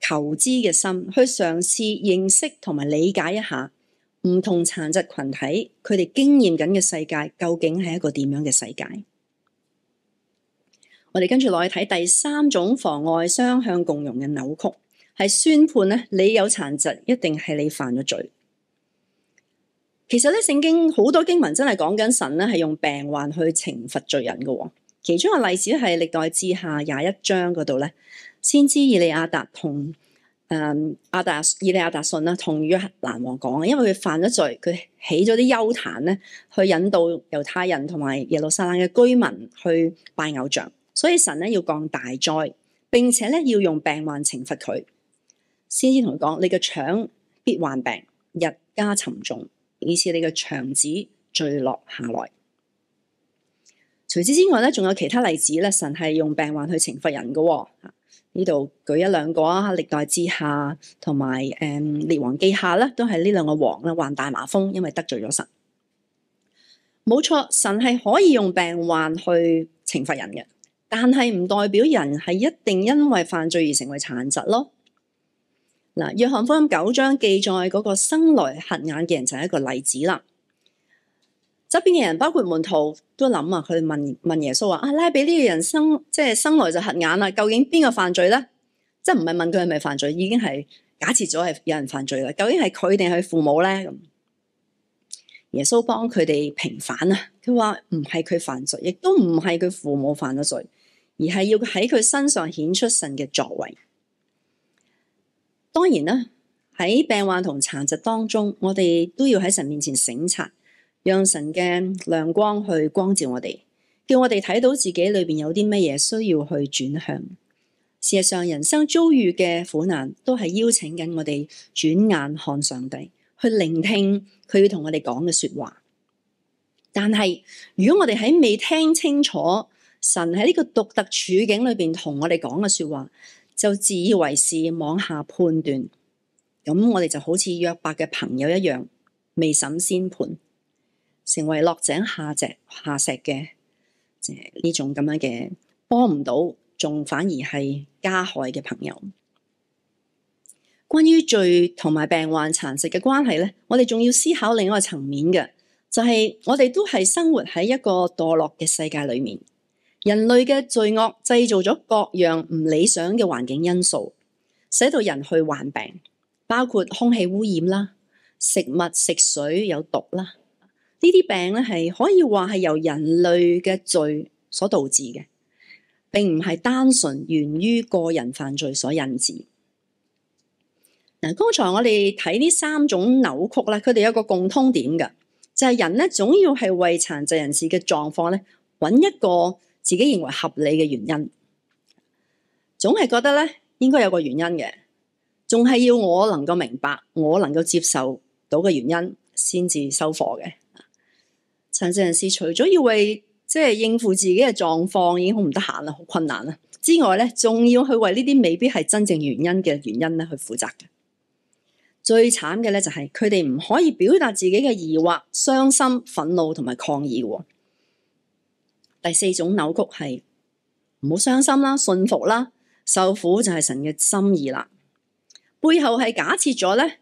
求知嘅心，去嘗試認識同埋理解一下唔同殘疾群體佢哋經驗緊嘅世界，究竟係一個點樣嘅世界？我哋跟住落去睇第三種妨礙雙向共融嘅扭曲，係宣判咧。你有殘疾，一定係你犯咗罪。其實咧，聖經好多經文真係講緊神咧，係用病患去懲罰罪人嘅，哦。其中嘅例子係歷代志下廿一章嗰度咧，先知以利亞達同誒亞達以利亞達信啦，同約蘭王講啊，因為佢犯咗罪，佢起咗啲丘壇咧，去引導猶太人同埋耶路撒冷嘅居民去拜偶像。所以神咧要降大災，並且咧要用病患懲罰佢，先至同佢講：你嘅腸必患病，日加沉重，以致你嘅腸子墜落下來。除此之外咧，仲有其他例子咧。神係用病患去懲罰人嘅哦。呢度舉一兩個啊，歷代之下同埋誒，列王記下咧都係呢兩個王啦，患大麻風，因為得罪咗神。冇錯，神係可以用病患去懲罰人嘅。但係唔代表人係一定因為犯罪而成為殘疾咯。嗱，約翰福音九章記載嗰個生來瞎眼嘅人就係一個例子啦。側邊嘅人包括門徒都諗啊，佢問問耶穌話、啊：，阿、啊、拉比呢個人生即係生來就瞎眼啊，究竟邊個犯罪咧？即係唔係問佢係咪犯罪，已經係假設咗係有人犯罪啦。究竟係佢定係父母咧？咁、嗯、耶穌幫佢哋平反啊！佢話唔係佢犯罪，亦都唔係佢父母犯咗罪。而係要喺佢身上顯出神嘅作為。當然啦，喺病患同殘疾當中，我哋都要喺神面前省察，讓神嘅亮光去光照我哋，叫我哋睇到自己裏邊有啲乜嘢需要去轉向。事實上，人生遭遇嘅苦難都係邀請緊我哋轉眼看上帝，去聆聽佢要同我哋講嘅說話。但係如果我哋喺未聽清楚，神喺呢個獨特處境裏邊同我哋講嘅說話，就自以為是，妄下判斷。咁我哋就好似約伯嘅朋友一樣，未審先判，成為落井下石下石嘅，即呢種咁樣嘅幫唔到，仲反而係加害嘅朋友。關於罪同埋病患殘疾嘅關係咧，我哋仲要思考另一個層面嘅，就係我哋都係生活喺一個墮落嘅世界裏面。人類嘅罪惡製造咗各樣唔理想嘅環境因素，使到人去患病，包括空氣污染啦、食物食水有毒啦，呢啲病咧係可以話係由人類嘅罪所導致嘅，並唔係單純源於個人犯罪所引致。嗱，剛才我哋睇呢三種扭曲咧，佢哋有個共通點㗎，就係、是、人咧總要係為殘疾人士嘅狀況咧揾一個自己認為合理嘅原因，總係覺得咧應該有個原因嘅，仲係要我能夠明白，我能夠接受到嘅原因先至收貨嘅。殘疾人士除咗要為即係應付自己嘅狀況已經好唔得閒啦、好困難啦之外咧，仲要去為呢啲未必係真正原因嘅原因咧去負責嘅。最慘嘅咧就係佢哋唔可以表達自己嘅疑惑、傷心、憤怒同埋抗議。第四種扭曲係唔好傷心啦，信服啦，受苦就係神嘅心意啦。背後係假設咗咧，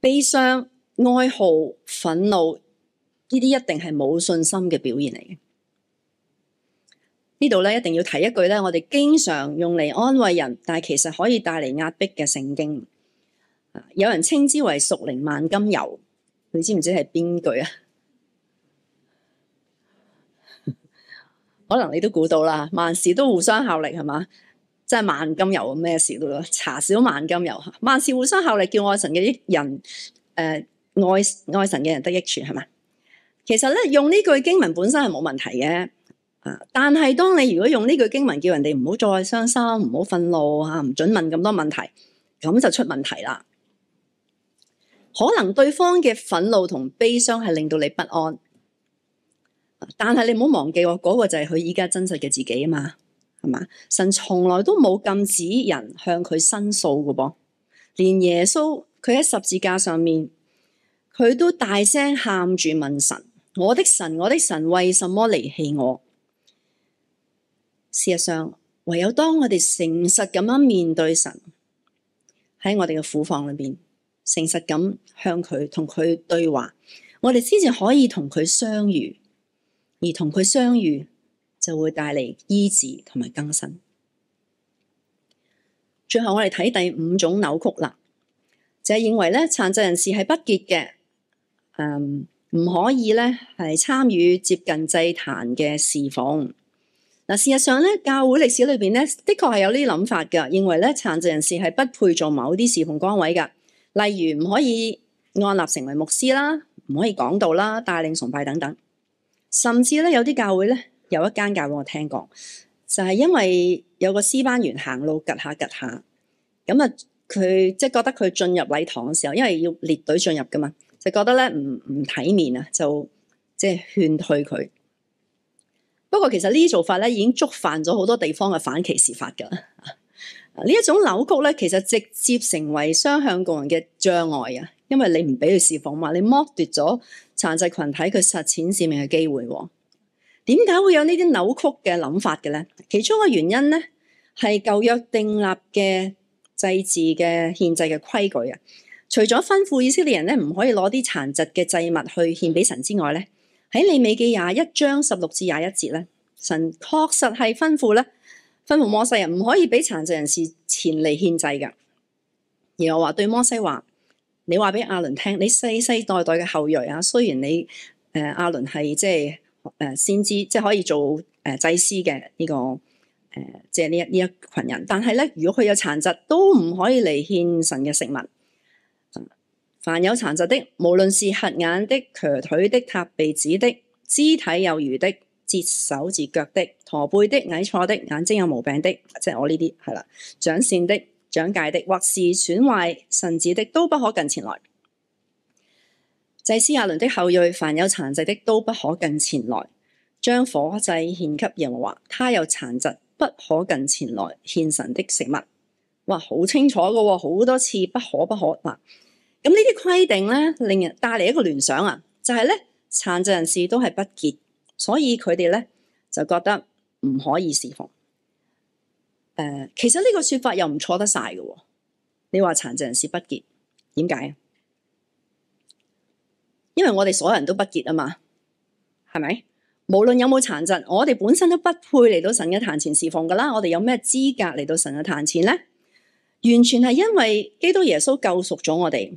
悲傷、哀號、憤怒呢啲一定係冇信心嘅表現嚟嘅。呢度咧一定要提一句咧，我哋經常用嚟安慰人，但係其實可以帶嚟壓迫嘅聖經。有人稱之為屬靈萬金油，你知唔知係邊句啊？可能你都估到啦，萬事都互相效力係嘛？即係萬金油，咩事都咯，查少萬金油。萬事互相效力，叫愛神嘅啲人，誒、呃，愛愛神嘅人得益處係嘛？其實咧，用呢句經文本身係冇問題嘅。啊，但係當你如果用呢句經文叫人哋唔好再傷心，唔好憤怒啊，唔准問咁多問題，咁就出問題啦。可能對方嘅憤怒同悲傷係令到你不安。但係你唔好忘記我嗰、嗰個就係佢依家真實嘅自己啊嘛，係嘛？神從來都冇禁止人向佢申訴噶，噃連耶穌佢喺十字架上面，佢都大聲喊住問神：我的神，我的神，我的神為什麼離棄我？事實上，唯有當我哋誠實咁樣面對神，喺我哋嘅苦況裏面，誠實咁向佢同佢對話，我哋先至可以同佢相遇。而同佢相遇，就會帶嚟醫治同埋更新。最後，我哋睇第五種扭曲啦，就係、是、認為咧，殘疾人士係不潔嘅，嗯，唔可以咧係參與接近祭壇嘅侍奉。嗱、啊，事實上咧，教會歷史裏邊咧，的確係有呢啲諗法噶，認為咧，殘疾人士係不配做某啲侍奉崗位噶，例如唔可以按立成為牧師啦，唔可以講道啦，帶領崇拜等等。甚至咧，有啲教會咧，有一間教會我聽講，就係、是、因為有個司班員行路趌下趌下，咁啊，佢即係覺得佢進入禮堂嘅時候，因為要列隊進入噶嘛，就覺得咧唔唔體面啊，就即係勸退佢。不過其實呢啲做法咧，已經觸犯咗好多地方嘅反歧視法噶。呢一種扭曲咧，其實直接成為雙向共人嘅障礙啊！因為你唔俾佢示範嘛，你剝奪咗殘疾群體佢實踐使命嘅機會喎。點解會有呢啲扭曲嘅諗法嘅咧？其中個原因咧係舊約訂立嘅祭祀嘅獻祭嘅規矩啊。除咗吩咐以色列人咧唔可以攞啲殘疾嘅祭物去獻俾神之外咧，喺利未記廿一章十六至廿一節咧，神確實係吩咐咧吩咐摩西人唔可以俾殘疾人士前嚟獻祭㗎。而我話對摩西話。你話俾阿倫聽，你世世代代嘅後裔啊，雖然你誒阿倫係即係誒先知，即係可以做誒祭司嘅呢個誒，即係呢一呢一羣人，但係咧，如果佢有殘疾，都唔可以嚟獻神嘅食物。凡有殘疾的，無論是瞎眼的、瘸腿的、塌鼻子的、肢體有餘的、折手折腳的、駝背的、矮矬的、眼睛有毛病的，即係我呢啲係啦，長癬的。長戒的，或是損壞神子的，都不可近前來。祭司亞倫的後裔，凡有殘疾的，都不可近前來，將火祭獻給耶和華。他有殘疾，不可近前來獻神的食物。哇，好清楚噶，哦，好多次不可不可嗱。咁呢啲規定咧，令人帶嚟一個聯想啊，就係、是、咧殘疾人士都係不潔，所以佢哋咧就覺得唔可以侍奉。誒，uh, 其實呢個說法又唔錯得晒嘅。你話殘疾人士不潔，點解？因為我哋所有人都不潔啊嘛，係咪？無論有冇殘疾，我哋本身都不配嚟到神嘅壇前侍奉噶啦。我哋有咩資格嚟到神嘅壇前咧？完全係因為基督耶穌救贖咗我哋，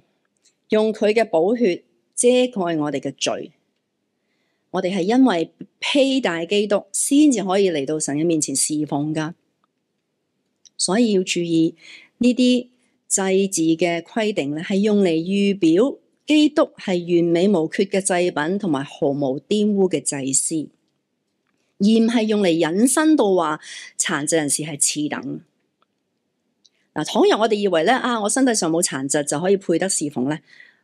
用佢嘅寶血遮蓋我哋嘅罪。我哋係因為披戴基督，先至可以嚟到神嘅面前侍奉噶。所以要注意呢啲祭祀嘅規定咧，係用嚟預表基督係完美無缺嘅祭品，同埋毫無玷污嘅祭司，而唔係用嚟引申到話殘疾人士係次等。嗱，倘若我哋以為咧啊，我身體上冇殘疾就可以配得侍奉咧，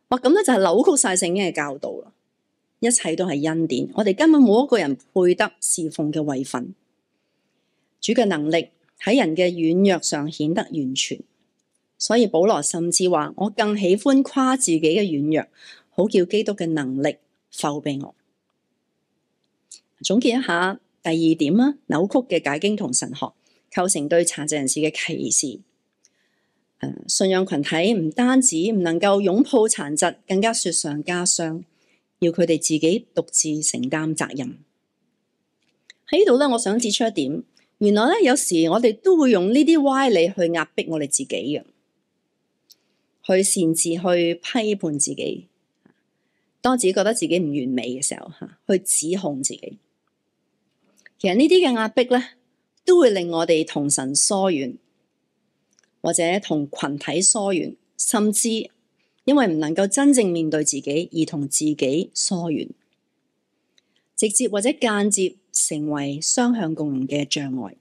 哇咁咧就係扭曲晒聖經嘅教導啦。一切都係恩典，我哋根本冇一個人配得侍奉嘅位份，主嘅能力喺人嘅軟弱上顯得完全，所以保羅甚至話：我更喜歡誇自己嘅軟弱，好叫基督嘅能力覆庇我。總結一下第二點啦，扭曲嘅解經同神學構成對殘疾人士嘅歧視。誒、啊，信仰群體唔單止唔能夠擁抱殘疾，更加雪上加霜，要佢哋自己獨自承擔責任。喺呢度咧，我想指出一點。原來咧，有時我哋都會用呢啲歪理去壓迫我哋自己嘅，去擅自去批判自己，當自己覺得自己唔完美嘅時候，吓去指控自己。其實呢啲嘅壓迫咧，都會令我哋同神疏遠，或者同群體疏遠，甚至因為唔能夠真正面對自己而同自己疏遠，直接或者間接。成為雙向共融嘅障礙。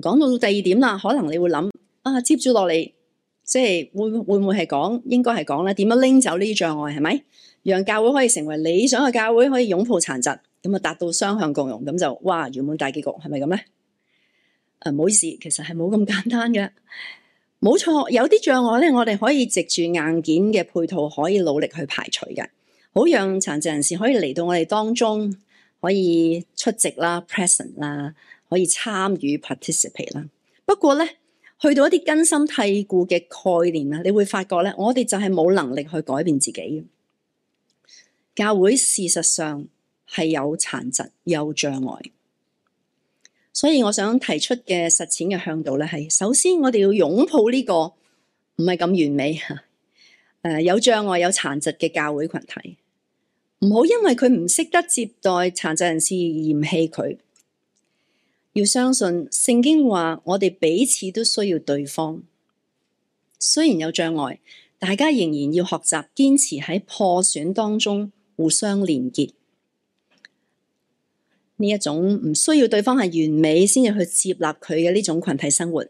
講到第二點啦，可能你會諗啊，接住落嚟即係會會唔會係講，應該係講咧，點樣拎走呢啲障礙係咪？讓教會可以成為理想嘅教會，可以擁抱殘疾，咁啊達到雙向共融，咁就哇圓滿大結局係咪咁咧？啊，唔好意思，其實係冇咁簡單嘅。冇錯，有啲障礙咧，我哋可以藉住硬件嘅配套，可以努力去排除嘅，好讓殘疾人士可以嚟到我哋當中。可以出席啦，present 啦，可以參與 participate 啦。不過咧，去到一啲根深蒂固嘅概念啊，你會發覺咧，我哋就係冇能力去改變自己。教會事實上係有殘疾有障礙，所以我想提出嘅實踐嘅向度咧，係首先我哋要擁抱呢個唔係咁完美吓，誒有障礙有殘疾嘅教會群體。唔好因為佢唔識得接待殘疾人士而嫌棄佢。要相信聖經話，我哋彼此都需要對方。雖然有障礙，大家仍然要學習堅持喺破損當中互相連結。呢一種唔需要對方係完美先至去接納佢嘅，呢種群體生活，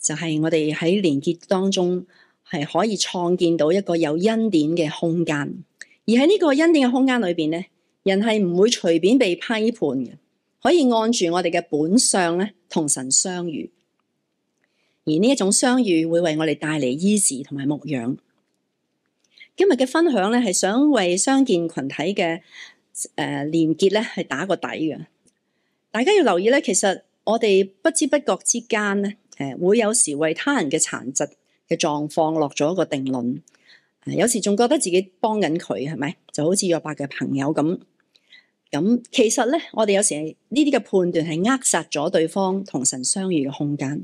就係我哋喺連結當中係可以創建到一個有恩典嘅空間。而喺呢個恩典嘅空間裏邊咧，人係唔會隨便被批判嘅，可以按住我哋嘅本相咧，同神相遇。而呢一種相遇會為我哋帶嚟醫治同埋牧養。今日嘅分享咧，係想為傷健群體嘅，誒、呃、連結咧，係打個底嘅。大家要留意咧，其實我哋不知不覺之間咧，誒、呃、會有時為他人嘅殘疾嘅狀況落咗一個定論。有時仲覺得自己幫緊佢，係咪就好似約伯嘅朋友咁？咁其實咧，我哋有時係呢啲嘅判斷係扼殺咗對方同神相遇嘅空間。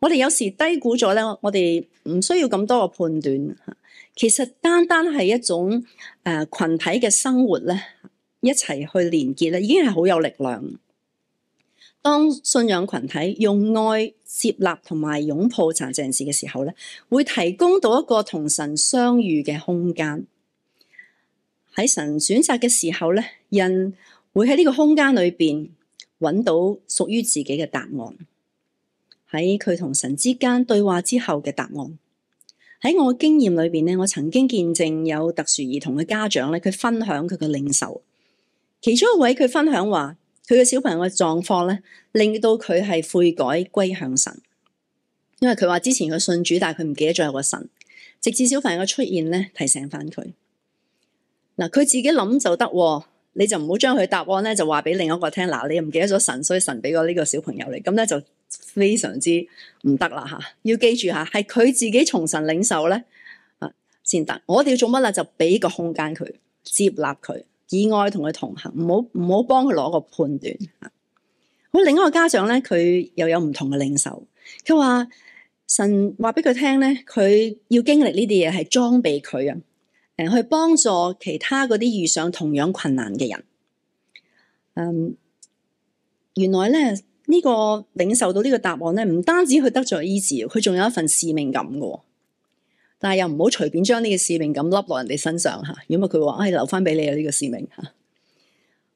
我哋有時低估咗咧，我哋唔需要咁多嘅判斷。其實單單係一種誒、呃、群體嘅生活咧，一齊去連結咧，已經係好有力量。當信仰群體用愛接納同埋擁抱殘疾人士嘅時候咧，會提供到一個同神相遇嘅空間。喺神選擇嘅時候咧，人會喺呢個空間裏邊揾到屬於自己嘅答案。喺佢同神之間對話之後嘅答案。喺我經驗裏邊咧，我曾經見證有特殊兒童嘅家長咧，佢分享佢嘅領受。其中一位，佢分享話。佢嘅小朋友嘅狀況咧，令到佢係悔改歸向神，因為佢話之前佢信主，但係佢唔記得咗有個神，直至小朋友嘅出現咧，提醒翻佢。嗱、啊，佢自己諗就得，你就唔好將佢答案咧就話俾另一個聽。嗱、呃，你又唔記得咗神，所以神俾咗呢個小朋友嚟，咁咧就非常之唔得啦吓。要記住吓，係佢自己從神領受咧啊先得。我哋要做乜啦？就俾個空間佢接納佢。以愛同佢同行，唔好唔好幫佢攞個判斷。好，另一個家長咧，佢又有唔同嘅領受。佢話神話俾佢聽咧，佢要經歷呢啲嘢係裝備佢啊，誒，去幫助其他嗰啲遇上同樣困難嘅人。嗯，原來咧呢、這個領受到呢個答案咧，唔單止佢得咗醫治，佢仲有一份使命感喎。但係又唔好隨便將呢個使命咁笠落人哋身上吓。如果佢話，哎留翻俾你啊！呢個使命吓。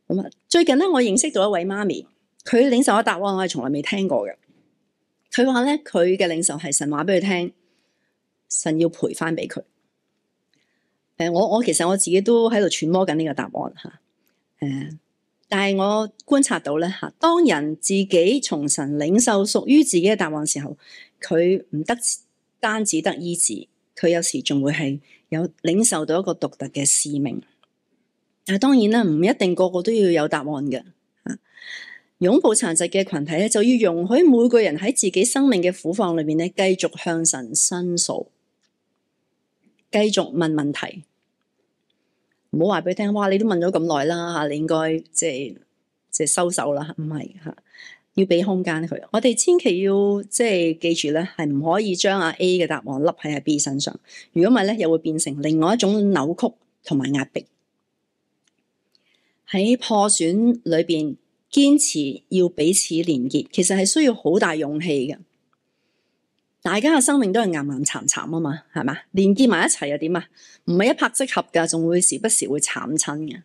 咁啊，最近咧，我認識到一位媽咪，佢領受嘅答案我係從來未聽過嘅。佢話咧，佢嘅領受係神話俾佢聽，神要賠翻俾佢。誒，我我其實我自己都喺度揣摩緊呢個答案吓。誒，但係我觀察到咧吓，當人自己從神領受屬於自己嘅答案時候，佢唔得單止得醫治。佢有時仲會係有領受到一個獨特嘅使命，但當然啦，唔一定個個都要有答案嘅。擁抱殘疾嘅群體咧，就要容許每個人喺自己生命嘅苦況裏面咧，繼續向神申訴，繼續問問題。唔好話俾佢聽，哇！你都問咗咁耐啦，嚇你應該即係即係收手啦，唔係嚇。要俾空間佢，我哋千祈要即係記住咧，係唔可以將阿 A 嘅答案笠喺阿 B 身上。如果唔係咧，又會變成另外一種扭曲同埋壓迫。喺破損裏邊堅持要彼此連結，其實係需要好大勇氣嘅。大家嘅生命都係岩岩殘殘啊嘛，係嘛？連結埋一齊又點啊？唔係一拍即合㗎，仲會時不時會慘親嘅。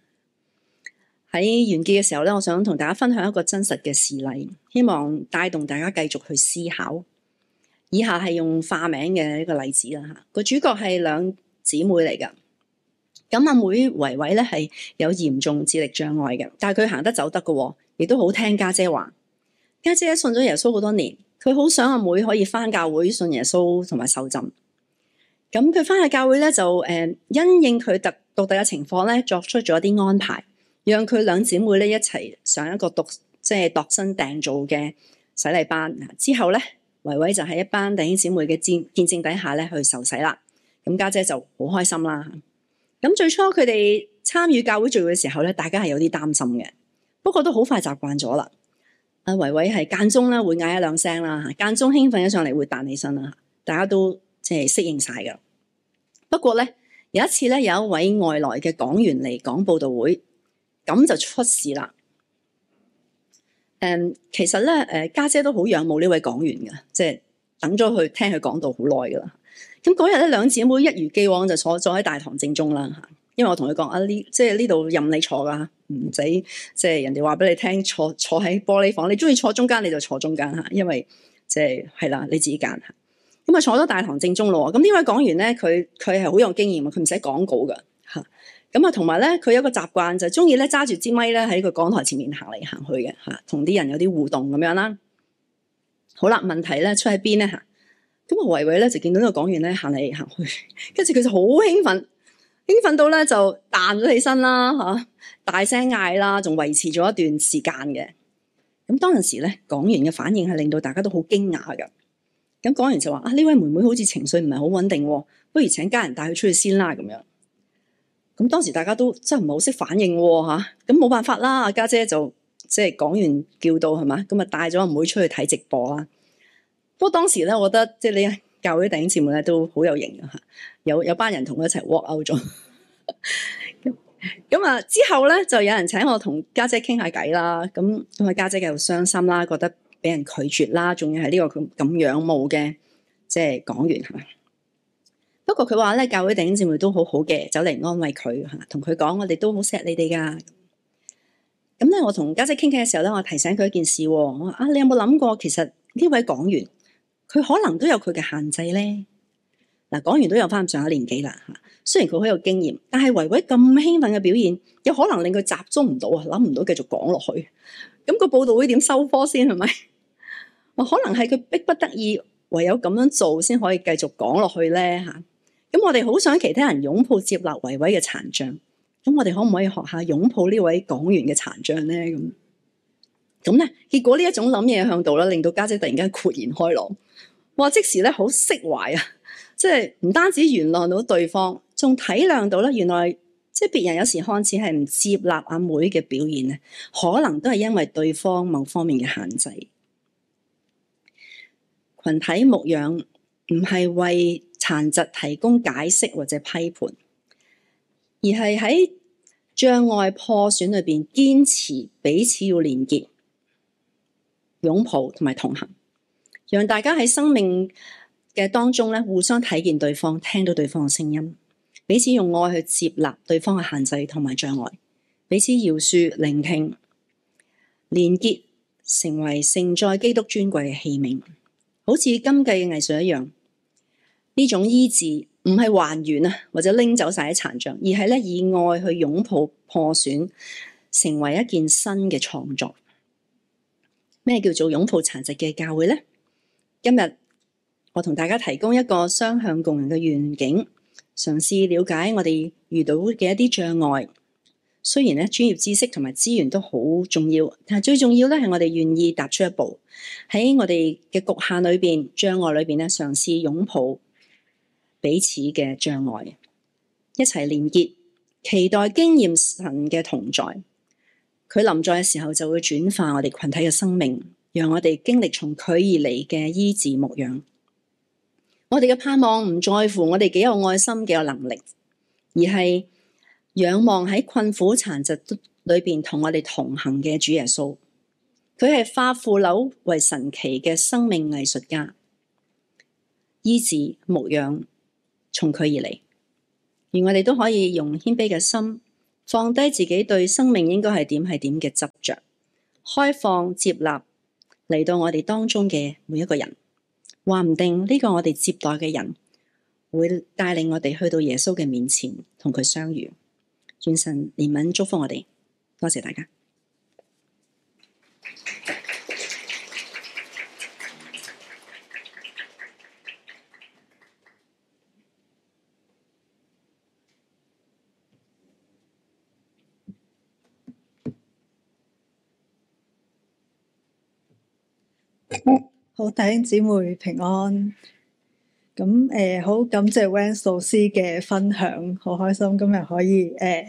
喺完結嘅時候咧，我想同大家分享一個真實嘅事例，希望帶動大家繼續去思考。以下係用化名嘅一個例子啦吓，個主角係兩姊妹嚟噶。咁阿妹維維咧係有嚴重智力障礙嘅，但係佢行得走得噶，亦都好聽家姐話。家姐信咗耶穌好多年，佢好想阿妹可以翻教會信耶穌同埋受浸。咁佢翻去教會咧就誒，因應佢特獨特嘅情況咧，作出咗一啲安排。讓佢兩姊妹咧一齊上一個讀即係度身訂造嘅洗禮班。之後咧，維維就喺一班弟兄姊妹嘅見證底下咧去受洗啦。咁家姐,姐就好開心啦。咁最初佢哋參與教會聚會嘅時候咧，大家係有啲擔心嘅，不過都好快習慣咗啦。阿維維係間中咧會嗌一兩聲啦，間中興奮咗上嚟會彈起身啦，大家都即係適應晒噶。不過咧有一次咧，有一位外來嘅講員嚟講報道會。咁就出事啦！誒，其實咧，誒家姐都好仰慕呢位講員嘅，即係等咗佢聽佢講到好耐噶啦。咁嗰日咧，兩姊妹一如既往就坐咗喺大堂正中啦。因為我同佢講啊，呢即係呢度任你坐噶，唔使即係人哋話俾你聽，坐坐喺玻璃房，你中意坐中間你就坐中間嚇，因為即係係啦，你自己揀嚇。咁啊，坐咗大堂正中咯喎。咁呢位講員咧，佢佢係好有經驗佢唔使講稿噶。咁啊，同埋咧，佢有一個習慣就係中意咧揸住支咪咧喺個講台前面行嚟行去嘅嚇，同啲人有啲互動咁樣啦。好啦，問題咧出喺邊咧嚇？咁啊，維維咧就見到呢個講員咧行嚟行去，跟住佢就好興奮，興奮到咧就彈咗起身啦嚇，啊，大聲嗌啦，仲維持咗一段時間嘅。咁當陣時咧，講員嘅反應係令到大家都好驚訝㗎。咁講完就話啊，呢位妹妹好似情緒唔係好穩定，不如請家人帶佢出去先啦咁樣。咁當時大家都真係唔係好識反應喎，咁冇辦法啦，家姐，姐就即係講完叫到係嘛，咁啊帶咗阿妹，妹出去睇直播啦。不、啊、過當時咧，我覺得即係你教會啲頂節目咧都好有型嘅嚇，有有班人同佢一齊 work out 咗。咁 啊之後咧就有人請我同家姐傾下偈啦。咁咁啊家姐繼續傷心啦，覺得俾人拒絕啦，仲要係呢、這個咁咁樣無嘅，即係講完係嘛？不過佢話咧，教會啲姊妹都好好嘅，走嚟安慰佢吓，同佢講我哋都好錫你哋噶。咁咧，我同家姐傾偈嘅時候咧，我提醒佢一件事。我話啊，你有冇諗過，其實呢位講員，佢可能都有佢嘅限制咧。嗱、啊，講員都有翻上一年紀啦。雖然佢好有經驗，但係維維咁興奮嘅表現，有可能令佢集中唔到啊，諗唔到繼續講落去。咁個佈道會點收科先係咪？可能係佢逼不得已，唯有咁樣做先可以繼續講落去咧吓。咁我哋好想其他人擁抱接納維維嘅殘障，咁我哋可唔可以學下擁抱呢位港員嘅殘障咧？咁咁咧，結果呢一種諗嘢向度咧，令到家姐突然間豁然開朗，哇！即時咧好釋懷啊，即係唔單止原諒到對方，仲體諒到咧，原來即係別人有時看似係唔接納阿妹嘅表現咧，可能都係因為對方某方面嘅限制。群體牧養唔係為。殘疾提供解釋或者批判，而係喺障礙破損裏邊堅持彼此要連結、擁抱同埋同行，讓大家喺生命嘅當中咧互相睇見對方、聽到對方嘅聲音，彼此用愛去接納對方嘅限制同埋障礙，彼此饒恕、聆聽、連結，成為盛載基督尊貴嘅器皿，好似金繼嘅藝術一樣。呢種醫治唔係還原啊，或者拎走晒啲殘障，而係咧以愛去擁抱破損，成為一件新嘅創作。咩叫做擁抱殘疾嘅教會呢？今日我同大家提供一個雙向共融嘅願景，嘗試了解我哋遇到嘅一啲障礙。雖然咧專業知識同埋資源都好重要，但係最重要咧係我哋願意踏出一步，喺我哋嘅局限裏邊、障礙裏邊咧嘗試擁抱。彼此嘅障礙，一齊連結，期待經驗神嘅同在。佢臨在嘅時候，就會轉化我哋群體嘅生命，讓我哋經歷從佢而嚟嘅醫治牧養。我哋嘅盼望唔在乎我哋幾有愛心幾有能力，而係仰望喺困苦殘疾裏邊同我哋同行嘅主耶穌。佢係化腐朽為神奇嘅生命藝術家，醫治牧養從佢而嚟，而我哋都可以用謙卑嘅心，放低自己對生命應該係點係點嘅執着，開放接納嚟到我哋當中嘅每一個人。話唔定呢個我哋接待嘅人會帶領我哋去到耶穌嘅面前，同佢相遇。願神憐憫祝福我哋，多謝大家。好弟兄姊妹平安，咁誒好感謝 Van 老師嘅分享，好開心今日可以誒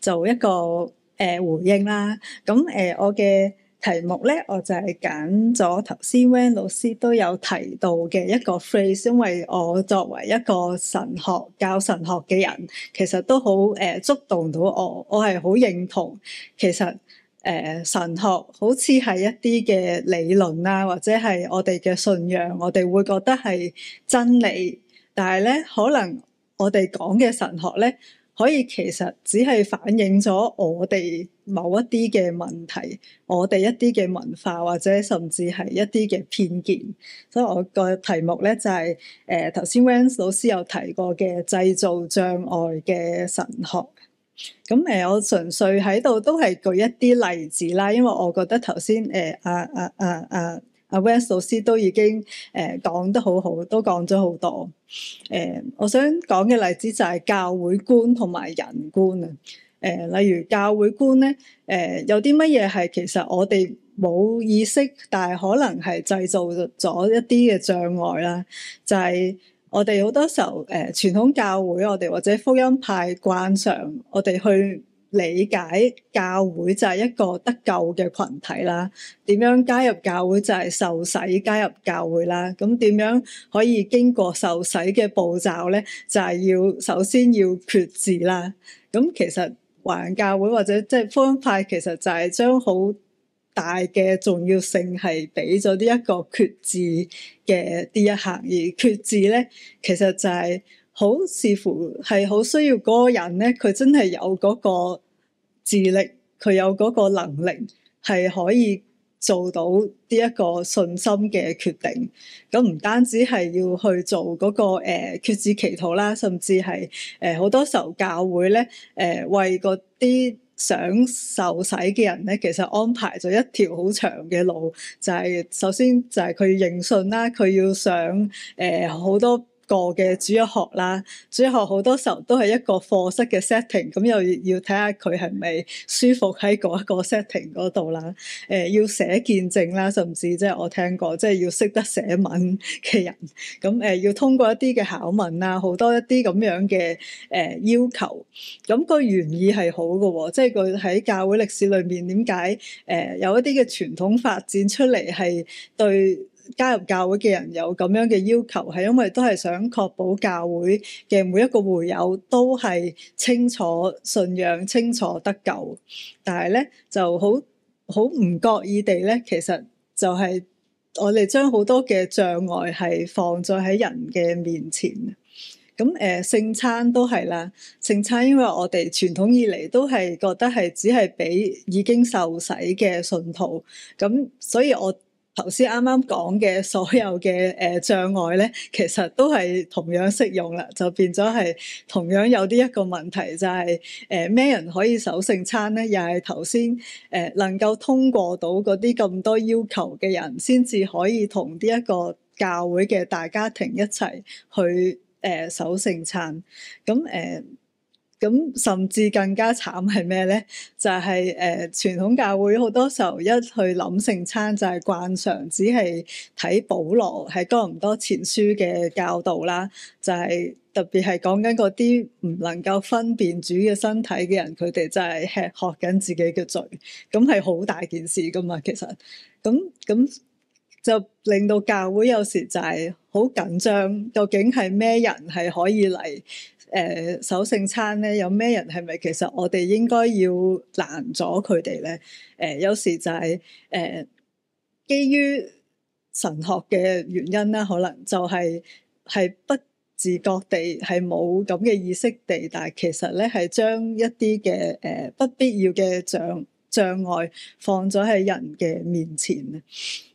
做一個誒回應啦。咁誒我嘅題目咧，我就係揀咗頭先 Van 老師都有提到嘅一個 phrase，因為我作為一個神學教神學嘅人，其實都好誒觸動到我，我係好認同，其實。誒、呃、神學好似係一啲嘅理論啊，或者係我哋嘅信仰，我哋會覺得係真理。但係咧，可能我哋講嘅神學咧，可以其實只係反映咗我哋某一啲嘅問題，我哋一啲嘅文化，或者甚至係一啲嘅偏見。所以我個題目咧，就係誒頭先 Wenz 老師有提過嘅製造障礙嘅神學。咁誒、呃，我純粹喺度都係舉一啲例子啦，因為我覺得頭先誒阿阿阿阿阿 West 老師都已經誒、呃、講得好好，都講咗好多。誒、呃，我想講嘅例子就係教會觀同埋人觀啊。誒、呃，例如教會觀咧，誒、呃，有啲乜嘢係其實我哋冇意識，但係可能係製造咗一啲嘅障礙啦，就係、是。我哋好多時候誒傳統教會，我哋或者福音派慣常，我哋去理解教會就係一個得救嘅群體啦。點樣加入教會就係受洗加入教會啦。咁點樣可以經過受洗嘅步驟咧？就係要首先要決志啦。咁其實華人教會或者即係福音派，其實就係將好大嘅重要性係俾咗呢一個決志嘅呢一刻，而決志咧，其實就係好似乎係好需要嗰個人咧，佢真係有嗰個智力，佢有嗰個能力係可以做到呢一個信心嘅決定。咁唔單止係要去做嗰、那個誒、呃、決志祈禱啦，甚至係誒好多時候教會咧誒、呃、為嗰啲。想受洗嘅人咧，其實安排咗一條好長嘅路，就係、是、首先就係佢認信啦，佢要上誒好、呃、多。個嘅主日學啦，主日學好多時候都係一個課室嘅 setting，咁又要睇下佢係咪舒服喺嗰一個 setting 嗰度啦。誒、呃、要寫見證啦，甚至即係我聽過，即、就、係、是、要識得寫文嘅人，咁誒、呃、要通過一啲嘅考問啦，好多一啲咁樣嘅誒、呃、要求。咁、那個原意係好嘅喎、哦，即係佢喺教會歷史裏面點解誒有一啲嘅傳統發展出嚟係對加入教會嘅人有咁樣嘅要求，係因為都係想確保教會嘅每一個會友都係清楚信仰、清楚得救。但係咧，就好好唔覺意地咧，其實就係我哋將好多嘅障礙係放在喺人嘅面前。咁誒聖餐都係啦，聖餐因為我哋傳統以嚟都係覺得係只係俾已經受洗嘅信徒。咁所以我頭先啱啱講嘅所有嘅誒、呃、障礙咧，其實都係同樣適用啦，就變咗係同樣有啲一個問題，就係誒咩人可以守聖餐咧？又係頭先誒能夠通過到嗰啲咁多要求嘅人，先至可以同呢一個教會嘅大家庭一齊去誒、呃、守聖餐。咁、嗯、誒。呃咁甚至更加慘係咩咧？就係、是、誒、呃、傳統教會好多時候一去諗聖餐就係、是、慣常，只係睇保羅係多唔多前書嘅教導啦。就係、是、特別係講緊嗰啲唔能夠分辨主嘅身體嘅人，佢哋就係吃喝緊自己嘅罪，咁係好大件事㗎嘛。其實咁咁就令到教會有時就係好緊張，究竟係咩人係可以嚟？誒守聖餐咧，有咩人，係咪其實我哋應該要攔阻佢哋咧？誒、呃、有時就係、是、誒、呃、基於神學嘅原因啦，可能就係、是、係不自覺地係冇咁嘅意識地，但係其實咧係將一啲嘅誒不必要嘅獎。障礙放咗喺人嘅面前啊！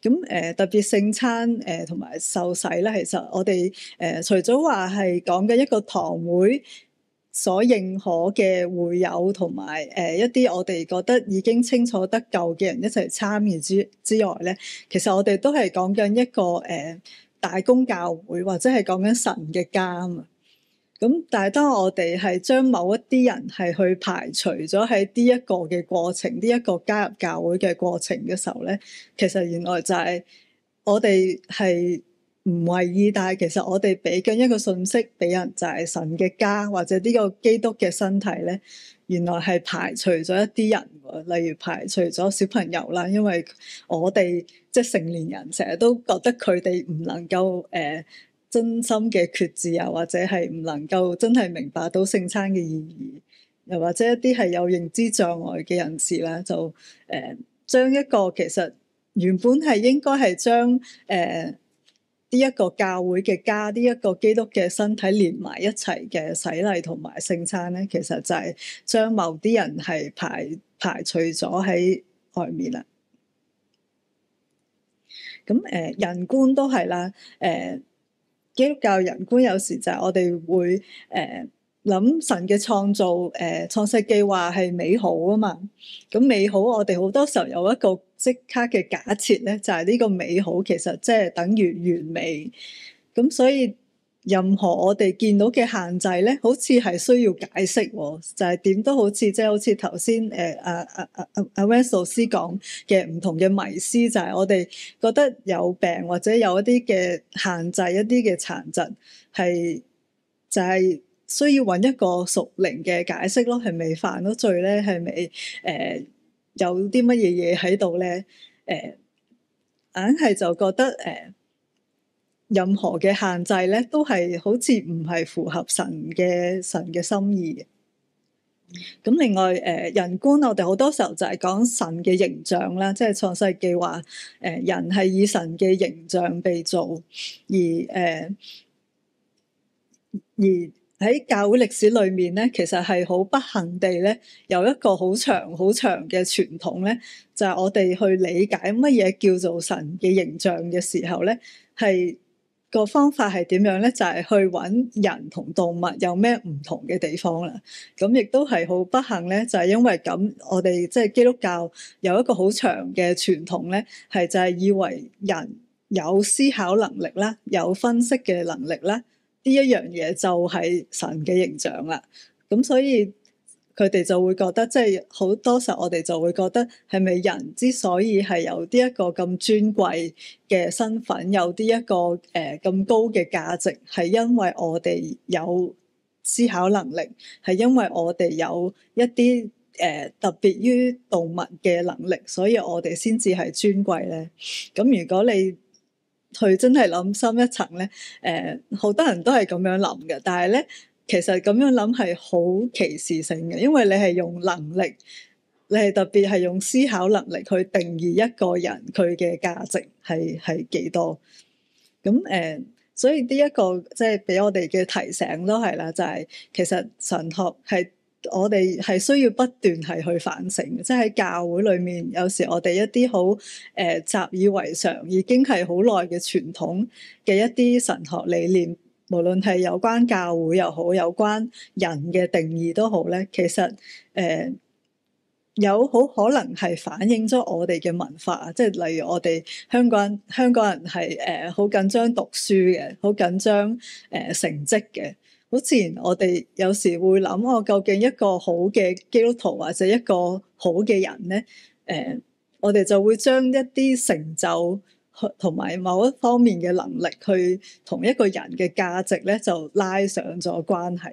咁誒、呃、特別聖餐誒同埋受洗咧，其實我哋誒、呃、除咗話係講緊一個堂會所認可嘅會友同埋誒一啲我哋覺得已經清楚得救嘅人一齊參與之之外咧，其實我哋都係講緊一個誒、呃、大公教會或者係講緊神嘅家啊！咁，但係當我哋係將某一啲人係去排除咗喺呢一個嘅過程，呢一個加入教會嘅過程嘅時候咧，其實原來就係我哋係唔為意，但係其實我哋俾緊一個信息俾人，就係神嘅家或者呢個基督嘅身體咧，原來係排除咗一啲人，例如排除咗小朋友啦，因為我哋即係成年人成日都覺得佢哋唔能夠誒。呃真心嘅決志又、啊、或者係唔能夠真係明白到聖餐嘅意義，又或者一啲係有認知障礙嘅人士咧，就誒將、呃、一個其實原本係應該係將誒呢一個教會嘅家，呢、這、一個基督嘅身體連埋一齊嘅洗禮同埋聖餐咧，其實就係將某啲人係排排除咗喺外面啦。咁、嗯、誒、呃、人觀都係啦，誒、呃。基督教人觀有時就係我哋會誒諗、呃、神嘅創造誒創、呃、世計劃係美好啊嘛，咁美好我哋好多時候有一個即刻嘅假設咧，就係呢個美好其實即係等於完美，咁所以。任何我哋見到嘅限制咧，好似係需要解釋喎，就係、是、點都好似即係好似頭先誒阿阿阿阿阿文生老師講嘅唔同嘅迷思，就係、是、我哋覺得有病或者有一啲嘅限制、一啲嘅殘疾，係就係、是、需要揾一個屬靈嘅解釋咯，係咪犯咗罪咧？係咪誒有啲乜嘢嘢喺度咧？誒硬係就覺得誒。呃任何嘅限制咧，都係好似唔係符合神嘅神嘅心意嘅。咁另外誒、呃，人觀我哋好多時候就係講神嘅形象啦，即係創世記話誒人係以神嘅形象被造，而誒、呃、而喺教會歷史裏面咧，其實係好不幸地咧，有一個好長好長嘅傳統咧，就係、是、我哋去理解乜嘢叫做神嘅形象嘅時候咧，係。個方法係點樣呢？就係去搵人同動物有咩唔同嘅地方啦。咁亦都係好不幸呢，就係因為咁我哋即係基督教有一個好長嘅傳統呢，係就係以為人有思考能力啦，有分析嘅能力啦。呢一樣嘢就係神嘅形象啦。咁所以。佢哋就會覺得，即係好多時候我哋就會覺得，係咪人之所以係有啲一個咁尊貴嘅身份，有啲、這、一個誒咁、呃、高嘅價值，係因為我哋有思考能力，係因為我哋有一啲誒、呃、特別於動物嘅能力，所以我哋先至係尊貴咧。咁如果你去真係諗深一層咧，誒、呃、好多人都係咁樣諗嘅，但係咧。其實咁樣諗係好歧視性嘅，因為你係用能力，你係特別係用思考能力去定義一個人佢嘅價值係係幾多？咁誒、呃，所以呢、這、一個即係俾我哋嘅提醒都係啦，就係、是、其實神學係我哋係需要不斷係去反省，即係喺教會裏面，有時我哋一啲好誒習以為常，已經係好耐嘅傳統嘅一啲神學理念。無論係有關教會又好，有關人嘅定義都好咧，其實誒、呃、有好可能係反映咗我哋嘅文化啊！即係例如我哋香港人，香港人係誒好緊張讀書嘅，好緊張誒成績嘅，好自然我哋有時會諗我究竟一個好嘅基督徒或者一個好嘅人咧，誒、呃、我哋就會將一啲成就，同埋某一方面嘅能力，去同一個人嘅價值咧，就拉上咗關係。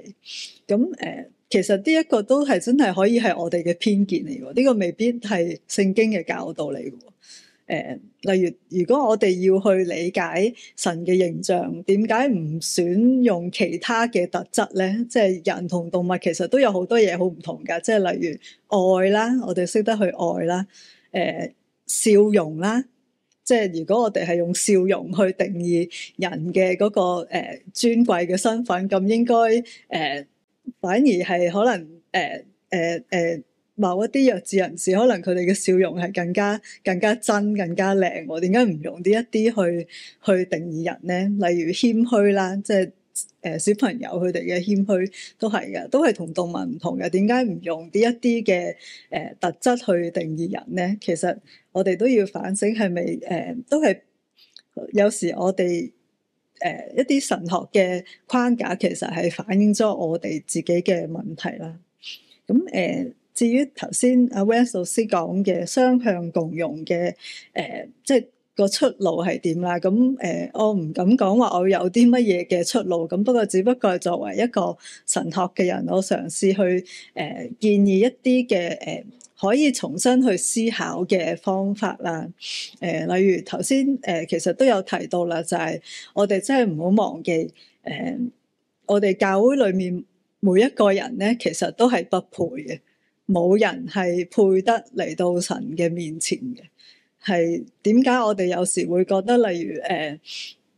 咁誒、呃，其實呢一個都係真係可以係我哋嘅偏見嚟呢、呢個未必係聖經嘅教導嚟嘅。誒、呃，例如如果我哋要去理解神嘅形象，點解唔選用其他嘅特質咧？即係人同動物其實都有好多嘢好唔同嘅。即係例如愛啦，我哋識得去愛啦，誒、呃，笑容啦。即係如果我哋係用笑容去定義人嘅嗰個誒尊貴嘅身份，咁應該誒反而係可能誒誒誒某一啲弱智人士，可能佢哋嘅笑容係更加更加真更加靚。我點解唔用呢一啲去去定義人呢？例如謙虛啦，即係誒小朋友佢哋嘅謙虛都係嘅，都係同動物唔同嘅。點解唔用呢一啲嘅誒特質去定義人呢？其實。我哋都要反省係咪？誒、呃、都係有時我哋誒、呃、一啲神學嘅框架其實係反映咗我哋自己嘅問題啦。咁、嗯、誒、呃、至於頭先阿 w e s 老 a 講嘅雙向共用」嘅、呃、誒即。個出路係點啦？咁誒、呃，我唔敢講話我有啲乜嘢嘅出路。咁不過只不過作為一個神學嘅人，我嘗試去誒、呃、建議一啲嘅誒可以重新去思考嘅方法啦。誒、呃，例如頭先誒，其實都有提到啦，就係、是、我哋真係唔好忘記，誒、呃，我哋教會裏面每一個人呢，其實都係不配嘅，冇人係配得嚟到神嘅面前嘅。係點解我哋有時會覺得，例如誒、呃，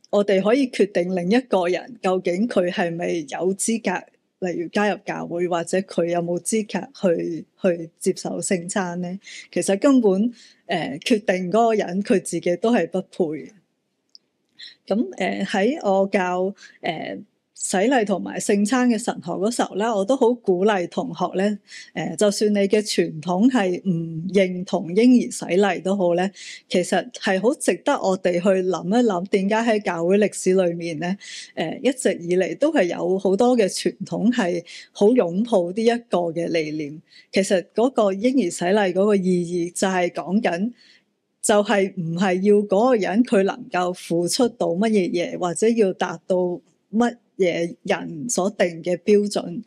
我哋可以決定另一個人究竟佢係咪有資格，例如加入教會，或者佢有冇資格去去接受聖餐咧？其實根本誒、呃、決定嗰個人，佢自己都係不配嘅。咁誒喺我教誒、呃洗禮同埋聖餐嘅神學嗰時候咧，我都好鼓勵同學咧，誒，就算你嘅傳統係唔認同嬰兒洗禮都好咧，其實係好值得我哋去諗一諗，點解喺教會歷史裏面咧，誒，一直以嚟，都係有好多嘅傳統係好擁抱呢一個嘅理念。其實嗰個嬰兒洗禮嗰個意義就係講緊，就係唔係要嗰個人佢能夠付出到乜嘢嘢，或者要達到乜？嘢人所定嘅標準，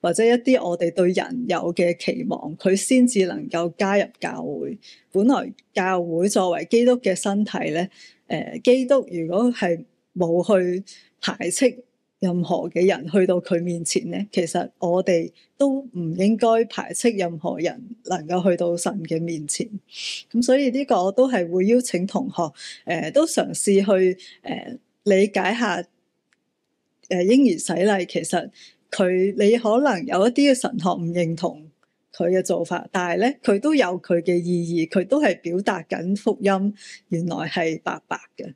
或者一啲我哋對人有嘅期望，佢先至能夠加入教會。本來教會作為基督嘅身體咧，誒，基督如果係冇去排斥任何嘅人去到佢面前咧，其實我哋都唔應該排斥任何人能夠去到神嘅面前。咁所以呢個我都係會邀請同學誒，都嘗試去誒理解下。誒嬰兒洗禮其實佢你可能有一啲嘅神學唔認同佢嘅做法，但係咧佢都有佢嘅意義，佢都係表達緊福音，原來係白白嘅。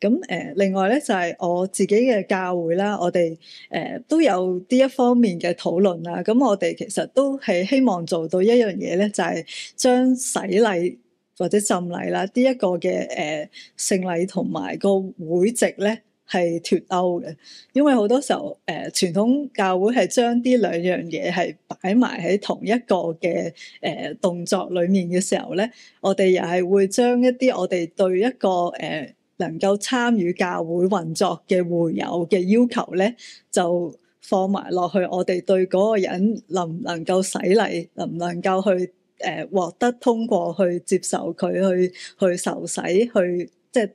咁誒、呃，另外咧就係、是、我自己嘅教會啦，我哋誒、呃、都有呢一方面嘅討論啦。咁我哋其實都係希望做到一樣嘢咧，就係、是、將洗禮或者浸禮啦，呢、這、一個嘅誒聖禮同埋個會籍咧。係脫鈎嘅，因為好多時候，誒、呃、傳統教會係將啲兩樣嘢係擺埋喺同一個嘅誒、呃、動作裡面嘅時候咧，我哋又係會將一啲我哋對一個誒、呃、能夠參與教會運作嘅會友嘅要求咧，就放埋落去我哋對嗰個人能唔能夠洗禮，能唔能夠去誒獲、呃、得通過去接受佢去去受洗去，即係誒。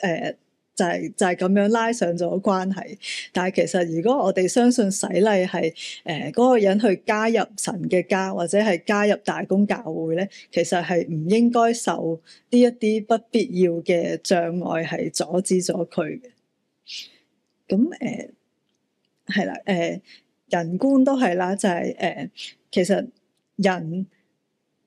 呃就係、是、就係、是、咁樣拉上咗關係，但係其實如果我哋相信洗禮係誒嗰個人去加入神嘅家，或者係加入大公教會咧，其實係唔應該受呢一啲不必要嘅障礙係阻止咗佢嘅。咁誒係啦，誒、呃、人觀都係啦，就係、是、誒、呃、其實人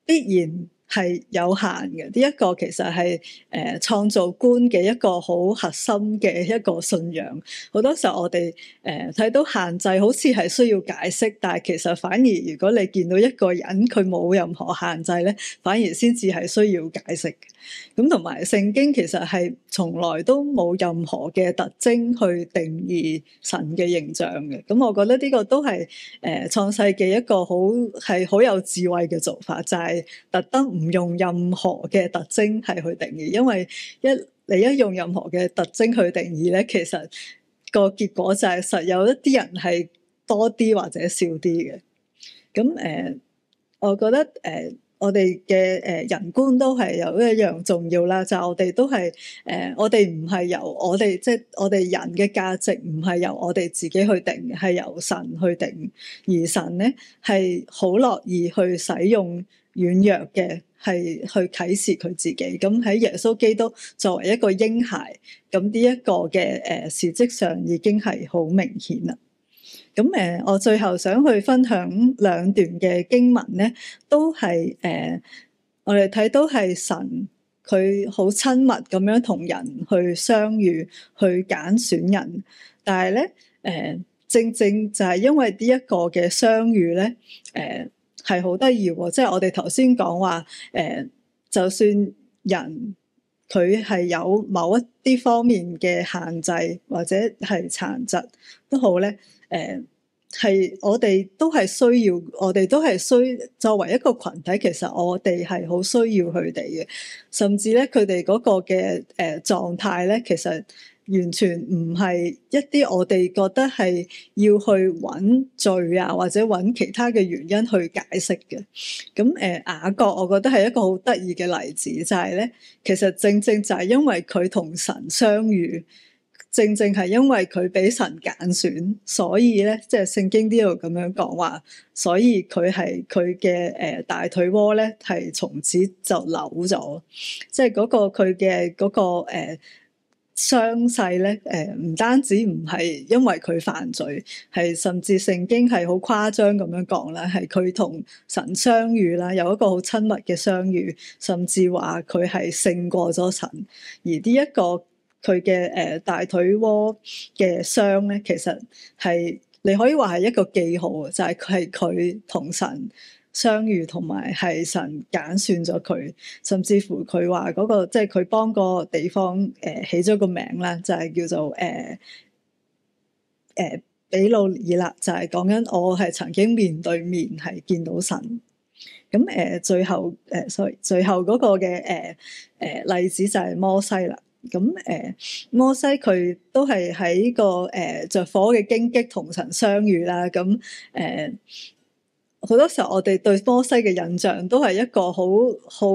必然，係有限嘅，呢、這、一個其實係誒、呃、創造觀嘅一個好核心嘅一個信仰。好多時候我哋誒睇到限制，好似係需要解釋，但係其實反而如果你見到一個人佢冇任何限制咧，反而先至係需要解釋嘅。咁同埋聖經其實係從來都冇任何嘅特徵去定義神嘅形象嘅。咁、嗯、我覺得呢個都係誒創世嘅一個好係好有智慧嘅做法，就係、是、特登。唔用任何嘅特徵係去定義，因為一你一用任何嘅特徵去定義咧，其實個結果就係、是、實有一啲人係多啲或者少啲嘅。咁誒、呃，我覺得誒、呃，我哋嘅誒人觀都係有一樣重要啦，就係、是、我哋都係誒、呃，我哋唔係由我哋即係我哋人嘅價值唔係由我哋自己去定，係由神去定。而神咧係好樂意去使用軟弱嘅係去啟示佢自己，咁喺耶穌基督作為一個嬰孩，咁呢一個嘅誒、呃、事蹟上已經係好明顯啦。咁誒、呃，我最後想去分享兩段嘅經文咧，都係誒、呃、我哋睇到係神佢好親密咁樣同人去相遇，去揀選人，但係咧誒正正就係因為呢一個嘅相遇咧，誒、呃。係好得意喎！即係、就是、我哋頭先講話，誒、呃，就算人佢係有某一啲方面嘅限制或者係殘疾都好咧，誒、呃，係我哋都係需要，我哋都係需作為一個群體，其實我哋係好需要佢哋嘅，甚至咧佢哋嗰個嘅誒狀態咧，其實，完全唔係一啲我哋覺得係要去揾罪啊，或者揾其他嘅原因去解釋嘅。咁誒雅各，我覺得係一個好得意嘅例子，就係、是、咧，其實正正就係因為佢同神相遇，正正係因為佢俾神揀選，所以咧，即係聖經呢度咁樣講話，所以佢係佢嘅誒大腿窩咧，係從此就扭咗，即係嗰個佢嘅嗰個、呃傷勢咧，誒唔單止唔係因為佢犯罪，係甚至聖經係好誇張咁樣講啦，係佢同神相遇啦，有一個好親密嘅相遇，甚至話佢係勝過咗神。而呢一個佢嘅誒大腿窩嘅傷咧，其實係你可以話係一個記號，就係佢係佢同神相遇同埋係神揀選咗佢，甚至乎佢話嗰個即係佢幫個地方誒、呃、起咗個名咧，就係、是、叫做誒誒、呃呃、毗努伊勒，就係講緊我係曾經面對面係見到神。咁誒、呃、最後誒，所、呃、以最後嗰個嘅誒誒例子就係摩西啦。咁誒、呃、摩西佢都係喺、這個誒、呃、着火嘅荊棘同神相遇啦。咁誒。呃好多時候我哋對摩西嘅印象都係一個好好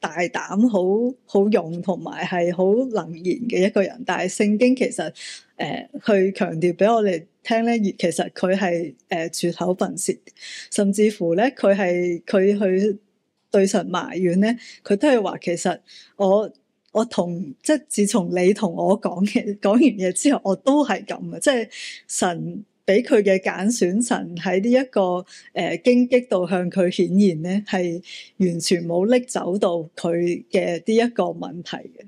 大膽、好好勇同埋係好能言嘅一個人，但係聖經其實誒去、呃、強調俾我哋聽咧，其實佢係誒拙口笨舌，甚至乎咧佢係佢去對神埋怨咧，佢都係話其實我我同即係自從你同我講嘅講完嘢之後，我都係咁嘅，即係神。俾佢嘅揀選神喺呢一個誒荊棘度向佢顯現咧，係完全冇拎走到佢嘅呢一個問題嘅。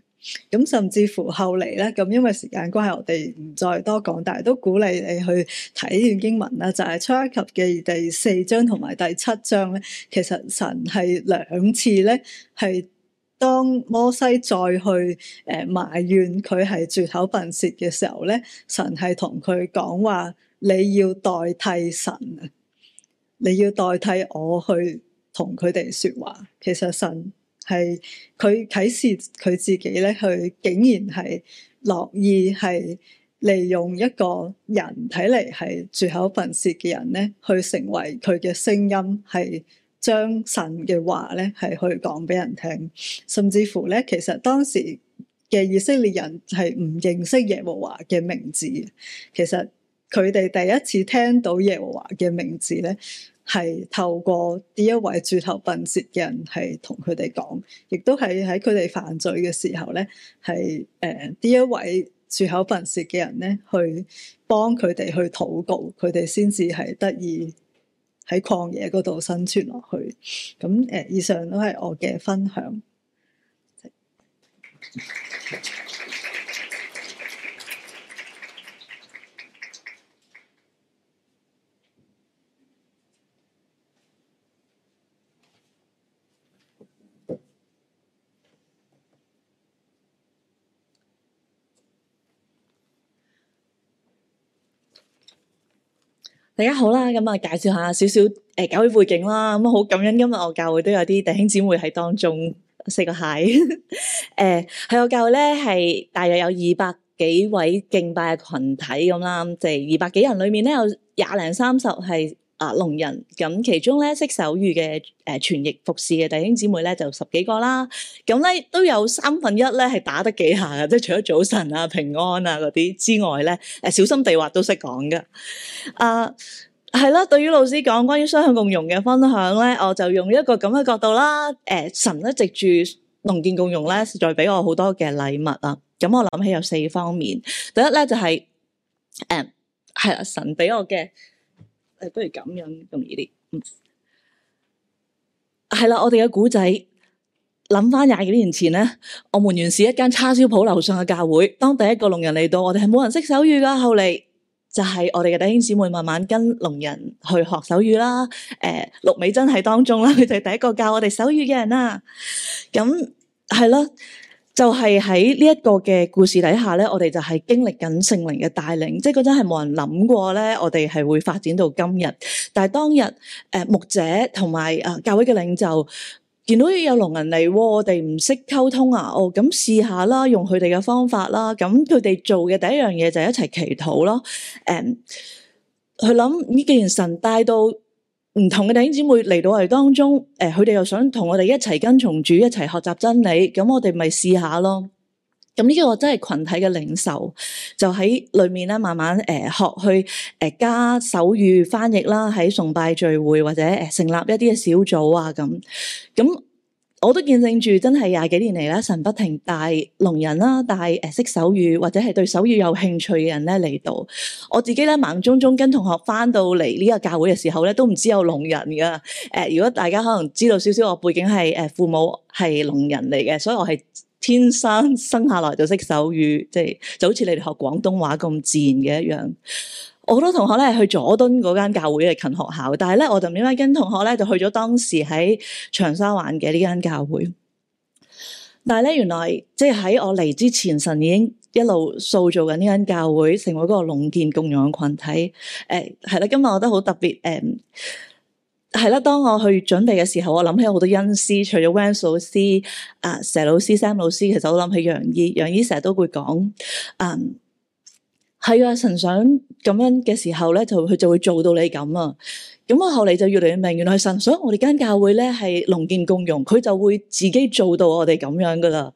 咁甚至乎後嚟咧，咁因為時間關係，我哋唔再多講，但係都鼓勵你去睇段經文啦。就係、是、出埃及記第四章同埋第七章咧，其實神係兩次咧，係當摩西再去誒埋怨佢係拙口笨舌嘅時候咧，神係同佢講話。你要代替神啊！你要代替我去同佢哋說話。其實神係佢啟示佢自己咧，佢竟然係樂意係利用一個人睇嚟係拙口笨舌嘅人咧，去成為佢嘅聲音，係將神嘅話咧係去講俾人聽。甚至乎咧，其實當時嘅以色列人係唔認識耶和華嘅名字，其實。佢哋第一次聽到耶和華嘅名字咧，係透過呢一位拙口笨舌嘅人係同佢哋講，亦都係喺佢哋犯罪嘅時候咧，係誒呢一位拙口笨舌嘅人咧，去幫佢哋去禱告，佢哋先至係得以喺曠野嗰度生存落去。咁誒、呃，以上都係我嘅分享。 大家好啦，咁啊，介紹下少少誒教會背景啦。咁好感恩今日我教會都有啲弟兄姊妹喺當中，食個蟹。誒、 欸，喺我教會咧，係大約有二百幾位敬拜嘅群體咁啦，即係二百幾人裏面咧，有廿零三十係。啊聾人咁，其中咧識手語嘅、誒全譯服侍嘅弟兄姊妹咧就十幾個啦，咁咧都有三分一咧係打得幾下嘅，即係除咗早晨啊平安啊嗰啲之外咧，誒、啊、小心地話都識講嘅。啊係啦，對於老師講關於雙向共融嘅分享咧，我就用一個咁嘅角度啦。誒、呃、神藉住聾健共融咧，實在俾我好多嘅禮物啊。咁我諗起有四方面，第一咧就係誒係啦，神俾我嘅。誒， 不如咁樣容易啲。係啦， ah, 我哋嘅古仔，諗翻廿幾年前咧，我們原是一間叉燒鋪樓上嘅教會，當第一個聾人嚟到，我哋係冇人識手語噶。後嚟就係我哋嘅弟兄姊妹慢慢跟聾人去學手語啦。誒，陸美珍喺當中啦，佢就係第一個教我哋手語嘅人啦。咁係咯。就係喺呢一個嘅故事底下咧，我哋就係經歷緊聖靈嘅帶領，即係嗰陣係冇人諗過咧，我哋係會發展到今日。但係當日誒，牧者、同埋啊教會嘅領袖見到有聾人嚟，我哋唔識溝通啊，哦咁試下啦，用佢哋嘅方法啦。咁佢哋做嘅第一樣嘢就係一齊祈禱咯。誒、嗯，佢諗，既然神帶到。唔同嘅弟兄姊妹嚟到我哋當中，誒、呃，佢哋又想同我哋一齊跟從主，一齊學習真理，咁我哋咪試下咯。咁、嗯、呢、這個真係群體嘅領袖，就喺裏面咧慢慢誒、呃、學去誒、呃、加手語翻譯啦，喺崇拜聚會或者誒、呃、成立一啲嘅小組啊，咁咁。嗯我都見證住，真係廿幾年嚟咧，神不停帶聾人啦，帶誒、呃、識手語或者係對手語有興趣嘅人咧嚟到。我自己咧，盲中中跟同學返到嚟呢個教會嘅時候咧，都唔知有聾人噶。誒、呃，如果大家可能知道少少，我背景係誒、呃、父母係聾人嚟嘅，所以我係天生生下來就識手語，即、就、係、是、就好似你哋學廣東話咁自然嘅一樣。好多同學咧係去佐敦嗰間教會啊，近學校。但係咧，我同李偉根同學咧就去咗當時喺長沙灣嘅呢間教會。但係咧，原來即係喺我嚟之前，神已經一路塑造緊呢間教會，成為嗰個龍健共融嘅群體。誒、呃，係啦，今日我覺得好特別。誒、呃，係啦，當我去準備嘅時候，我諗起好多恩師，除咗 Wendy 老師、阿、呃、佘老師、Sam 老師，其實我諗起楊姨，楊姨成日都會講，嗯、呃。係啊，神想咁樣嘅時候咧，就佢就會做到你咁啊。咁我後嚟就越嚟越明，原來神想我哋間教會咧係聾健共融，佢就會自己做到我哋咁樣噶啦。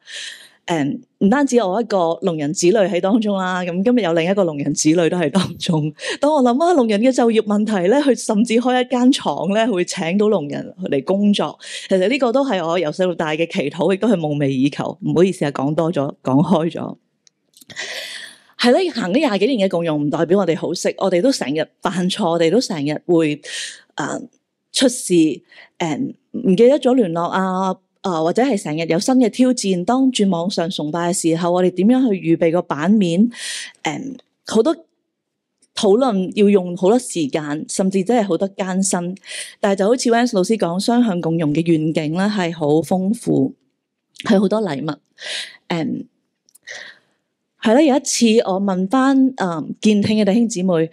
誒，唔單止我一個聾人子女喺當中啦，咁今日有另一個聾人子女都喺當中。當我諗啊，聾人嘅就業問題咧，佢甚至開一間廠咧，會請到聾人嚟工作。其實呢個都係我由細到大嘅祈禱，亦都係夢寐以求。唔好意思啊，講多咗，講開咗。係啦，行咗廿幾年嘅共融唔代表我哋好識，我哋都成日犯錯，我哋都成日會啊、呃、出事，誒、呃、唔記得咗聯絡啊，啊、呃、或者係成日有新嘅挑戰。當轉網上崇拜嘅時候，我哋點樣去預備個版面？誒、呃、好多討論要用好多時間，甚至真係好多艱辛。但係就好似 w s 老師講，雙向共融嘅願景咧係好豐富，係好多禮物，誒、呃。係啦，有一次我問翻啊健聽嘅弟兄姊妹，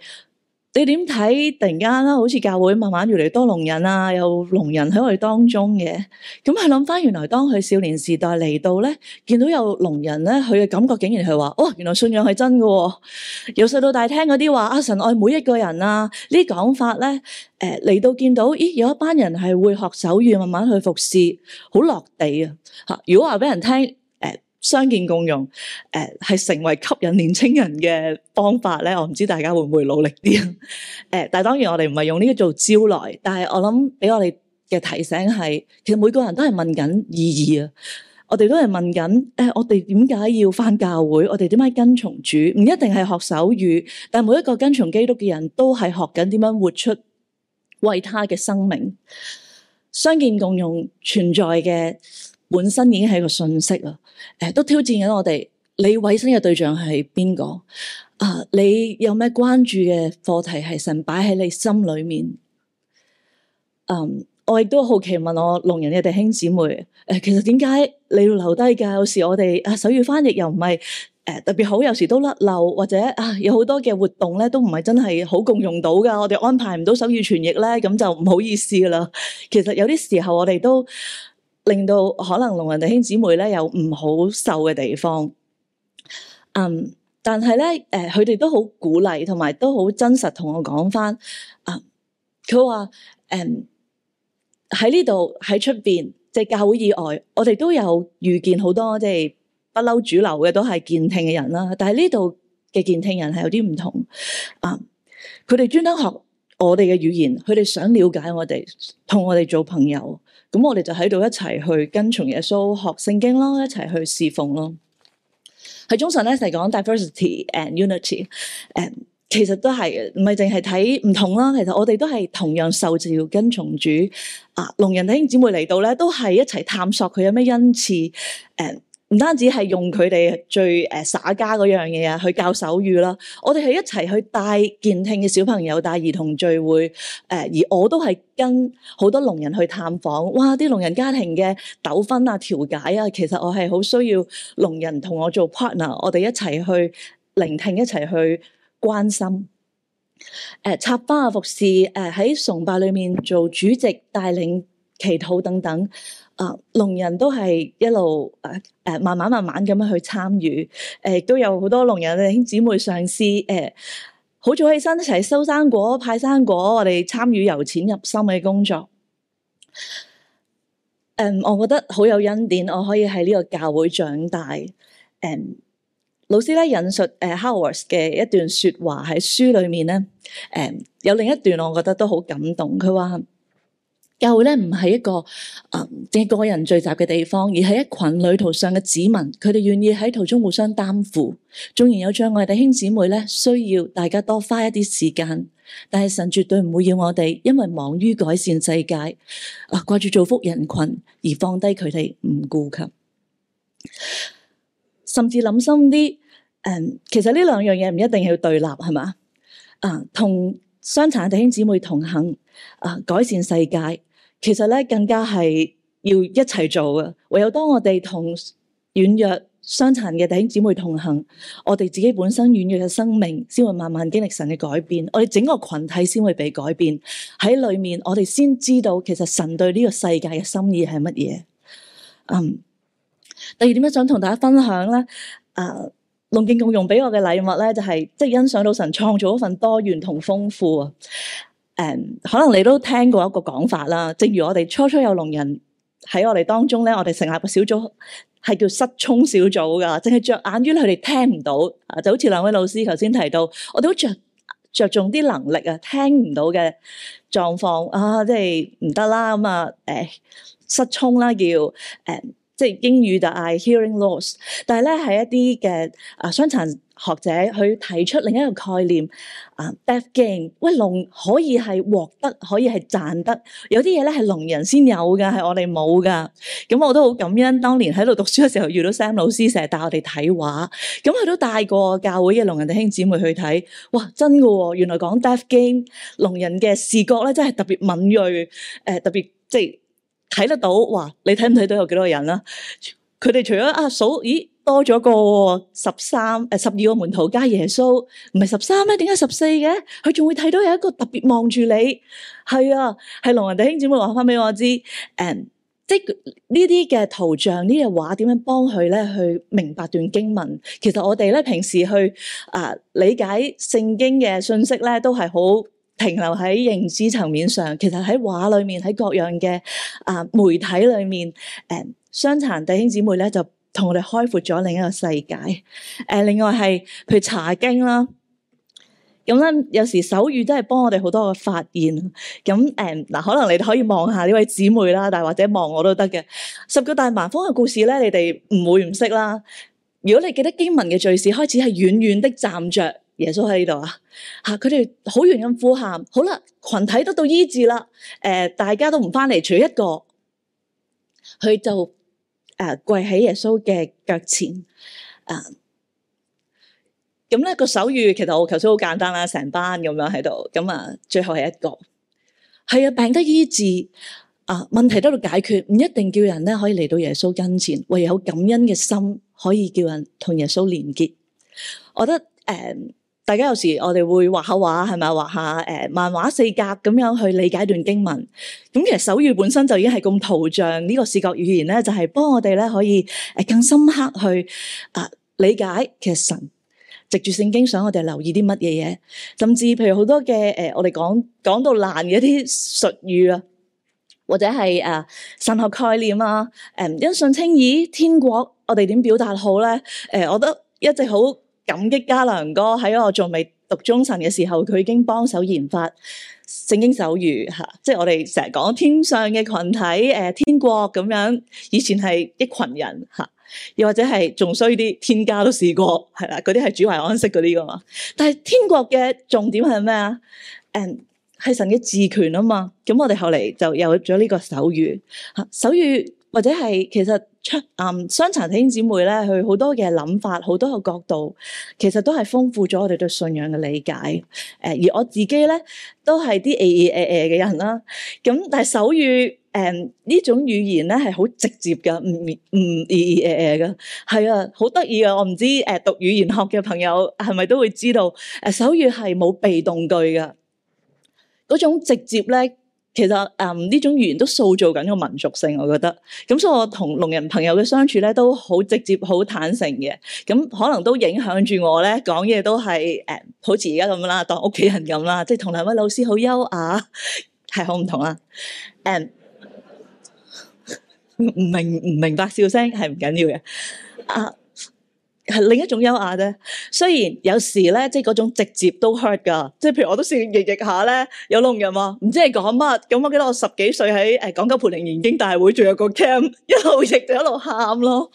你點睇？突然間啦，好似教會慢慢越嚟越多聾人啊，有聾人喺我哋當中嘅。咁佢諗翻，原來當佢少年時代嚟到咧，見到有聾人咧，佢嘅感覺竟然係話：哦，原來信仰係真噶、哦。由細到大聽嗰啲話啊，神愛每一個人啊，呢啲講法咧，誒、呃、嚟到見到，咦，有一班人係會學手語，慢慢去服侍，好落地啊！嚇，如果話俾人聽。相見共融，誒、呃、係成為吸引年青人嘅方法咧，我唔知大家會唔會努力啲誒、呃，但係當然我哋唔係用呢個做招來，但係我諗俾我哋嘅提醒係，其實每個人都係問緊意義啊，我哋都係問緊，誒、呃，我哋點解要返教會？我哋點解跟從主？唔一定係學手語，但係每一個跟從基督嘅人都係學緊點樣活出為他嘅生命。相見共融存在嘅。本身已經係一個訊息啦，誒、呃、都挑戰緊我哋。你委身嘅對象係邊個？啊、呃，你有咩關注嘅課題係神擺喺你心裏面？嗯、呃，我亦都好奇問我聾人嘅弟兄姊妹，誒、呃、其實點解你要留低㗎？有時我哋啊手語翻譯又唔係誒特別好，有時都甩漏或者啊有好多嘅活動咧都唔係真係好共用到噶，我哋安排唔到手語傳譯咧，咁就唔好意思啦。其實有啲時候我哋都，令到可能聾人弟兄姊妹咧有唔好受嘅地方，嗯，但係咧，誒佢哋都好鼓勵，同埋都好真實同我講返，啊、嗯，佢話誒喺呢度喺出邊即係教會以外，我哋都有遇見好多即係不嬲主流嘅都係健聽嘅人啦，但係呢度嘅健聽人係有啲唔同，啊、嗯，佢哋專登學我哋嘅語言，佢哋想了解我哋，同我哋做朋友，咁我哋就喺度一齊去跟從耶穌學聖經咯，一齊去侍奉咯。喺中神咧成日講 diversity and unity，誒、嗯，其實都係唔係淨係睇唔同啦，其實我哋都係同樣受召跟從主。啊，聾人弟兄姊妹嚟到咧，都係一齊探索佢有咩恩賜，誒、嗯。唔單止係用佢哋最誒、呃、耍家嗰樣嘢啊，去教手語啦。我哋係一齊去帶健聽嘅小朋友，帶兒童聚會。誒、呃，而我都係跟好多聾人去探訪。哇！啲聾人家庭嘅糾紛啊、調解啊，其實我係好需要聾人同我做 partner。我哋一齊去聆聽，一齊去關心。誒、呃，插花啊，服侍。誒、呃，喺崇拜裏面做主席，帶領祈禱等等。啊，聾人都係一路誒誒、啊，慢慢慢慢咁樣去參與，誒、啊、亦都有好多聾人嘅兄姊妹上司，誒、啊、好早起身一齊收生果、派生果，我哋參與由淺入深嘅工作。誒、啊，我覺得好有恩典，我可以喺呢個教會長大。誒、啊，老師咧引述誒、啊、Howard 嘅一段說話喺書裏面咧，誒、啊、有另一段我覺得都好感動，佢話。教會咧唔係一個誒，淨、呃、係個人聚集嘅地方，而係一群旅途上嘅子民，佢哋願意喺途中互相擔負。縱然有障礙弟兄姊妹咧，需要大家多花一啲時間。但係神絕對唔會要我哋，因為忙於改善世界，啊，掛住造福人群而放低佢哋唔顧及。甚至諗深啲，誒、呃，其實呢兩樣嘢唔一定係要對立，係嘛？啊、呃，同傷殘弟兄姊妹同行，啊、呃，改善世界。其實咧，更加係要一齊做嘅。唯有當我哋同軟弱、傷殘嘅弟兄姊妹同行，我哋自己本身軟弱嘅生命，先會慢慢經歷神嘅改變。我哋整個群體先會被改變喺裏面，我哋先知道其實神對呢個世界嘅心意係乜嘢。嗯，第二點咧，想同大家分享咧，啊、呃，聾健共融俾我嘅禮物咧，就係即係欣賞到神創造嗰份多元同豐富啊。誒，um, 可能你都聽過一個講法啦。正如我哋初初有聾人喺我哋當中咧，我哋成立個小組係叫失聰小組㗎，淨係着眼於佢哋聽唔到啊，就好似兩位老師頭先提到，我哋好着著重啲能力啊，聽唔到嘅狀況啊，即係唔得啦咁啊，誒失聰啦，叫誒、嗯、即係英語就嗌 hearing loss，但係咧係一啲嘅啊傷殘。學者去提出另一個概念啊，deaf game 喂，聾可以係獲得可以係賺得，有啲嘢咧係聾人先有噶，係我哋冇噶。咁我都好感恩，當年喺度讀書嘅時候遇到 Sam 老師，成日帶我哋睇畫，咁佢都帶過教會嘅聾人弟兄姊妹去睇。哇，真嘅喎、哦！原來講 deaf game，聾人嘅視覺咧真係特別敏鋭，誒、呃、特別即係睇得到。哇，你睇唔睇到有幾多人啦、啊？佢哋除咗阿、啊、嫂咦？多咗個十三誒、呃、十二個門徒加耶穌，唔係十三咩？點解十四嘅？佢仲會睇到有一個特別望住你，係啊，係聾人弟兄姊妹話翻俾我知，誒、嗯，即係呢啲嘅圖像呢個畫點樣幫佢咧去明白段經文？其實我哋咧平時去啊、呃、理解聖經嘅信息咧，都係好停留喺認知層面上。其實喺畫裏面，喺各樣嘅啊、呃、媒體裏面，誒、嗯，傷殘弟兄姊妹咧就。同我哋開闊咗另一個世界。誒、呃，另外係，譬如查經啦，咁、嗯、咧有時手語都係幫我哋好多嘅發現。咁、嗯、誒，嗱、呃，可能你哋可以望下呢位姊妹啦，但係或者望我都得嘅。十個大痲瘋嘅故事咧，你哋唔會唔識啦。如果你記得經文嘅敘事，開始係遠遠的站着，耶穌喺呢度啊，吓佢哋好遠咁呼喊，好啦，群體得到醫治啦。誒、呃，大家都唔翻嚟，除一個，佢就。誒，跪喺耶穌嘅腳前，誒、嗯，咁、那、咧個手語其實我頭先好簡單啦，成班咁樣喺度，咁啊最後係一個，係啊病得醫治，啊問題得到解決，唔一定叫人咧可以嚟到耶穌跟前，唯有感恩嘅心可以叫人同耶穌連結，我覺得誒。嗯大家有時我哋會畫下畫，係咪啊？畫下誒、欸、漫畫四格咁樣去理解段經文。咁其實手語本身就已經係咁圖像呢、這個視覺語言咧，就係、是、幫我哋咧可以誒更深刻去啊理解其實神藉住聖經想我哋留意啲乜嘢嘢，甚至譬如好多嘅誒、欸、我哋講講到難嘅一啲術語啊，或者係啊神學概念啊，誒因信稱義、天國，我哋點表達好咧？誒、啊，我覺得一直好。感激嘉良哥喺我仲未讀中神嘅時候，佢已經幫手研發聖經手語吓、啊，即係我哋成日講天上嘅群體誒、呃，天國咁樣以前係一群人吓、啊，又或者係仲衰啲天家都試過係啦，嗰啲係主懷安息嗰啲噶嘛。但係天國嘅重點係咩啊？誒、嗯，係神嘅主權啊嘛。咁我哋後嚟就有咗呢個手語吓、啊，手語或者係其實。出嗯，傷殘兄弟姐妹咧，佢好多嘅諗法，好多個角度，其實都係豐富咗我哋對信仰嘅理解。誒、呃，而我自己咧都係啲誒誒誒嘅人啦、啊。咁但係手語誒呢、呃、種語言咧係好直接嘅，唔唔誒誒嘅，係、呃呃呃呃呃、啊，好得意啊！我唔知誒讀語言學嘅朋友係咪都會知道誒、呃、手語係冇被動句嘅嗰種直接咧。其實誒，呢、嗯、種語言都塑造緊個民族性，我覺得。咁所以我同聾人朋友嘅相處咧，都好直接，好坦誠嘅。咁可能都影響住我咧，講嘢都係誒，好似而家咁啦，當屋企人咁啦，即係同兩位老師好優雅，係好唔同啦。誒、嗯，唔 明唔明白笑聲係唔緊要嘅。啊、嗯。係另一種優雅咧。雖然有時咧，即係嗰種直接都 hurt 噶。即係譬如我都試，試譯譯下咧，有聾人啊，唔知你講乜。咁我記得我十幾歲喺誒港九培靈研經大會，仲有個 camp 一路譯就一路喊咯。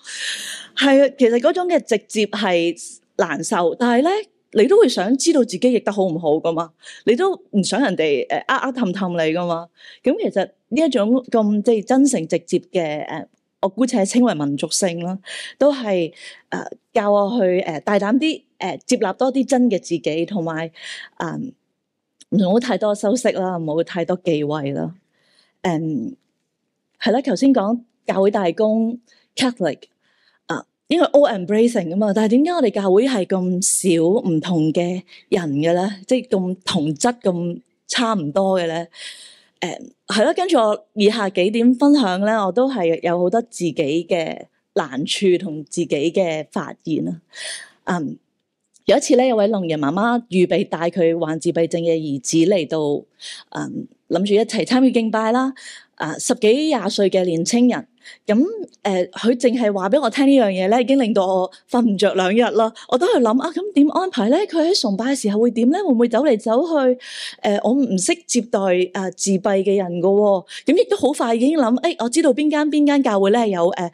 係啊，其實嗰種嘅直接係難受，但係咧，你都會想知道自己譯得好唔好噶嘛。你都唔想人哋誒呃呃氹氹你噶嘛。咁其實呢一種咁即係真誠直接嘅誒。我姑且稱為民族性啦，都係誒、呃、教我去誒、呃、大膽啲誒接納多啲真嘅自己，同埋誒唔好太多修飾啦，唔好太多忌諱啦。誒、嗯，係啦，頭先講教會大公 Catholic 啊，呃，因為 all embracing 啊嘛，但係點解我哋教會係咁少唔同嘅人嘅咧？即係咁同質咁差唔多嘅咧？誒係啦，跟住我以下幾點分享咧，我都係有好多自己嘅難處同自己嘅發現啦。嗯，有一次咧，有位聾人媽媽預備帶佢患自閉症嘅兒子嚟到，嗯，諗住一齊參與敬拜啦。啊！十幾廿歲嘅年青人咁誒，佢淨係話俾我聽呢樣嘢咧，已經令到我瞓唔着兩日啦。我都係諗啊，咁、嗯、點安排咧？佢喺崇拜嘅時候會點咧？會唔會走嚟走去？誒、呃，我唔識接待啊、呃、自閉嘅人噶，咁亦都好快已經諗誒，我知道邊間邊間教會咧有誒、呃、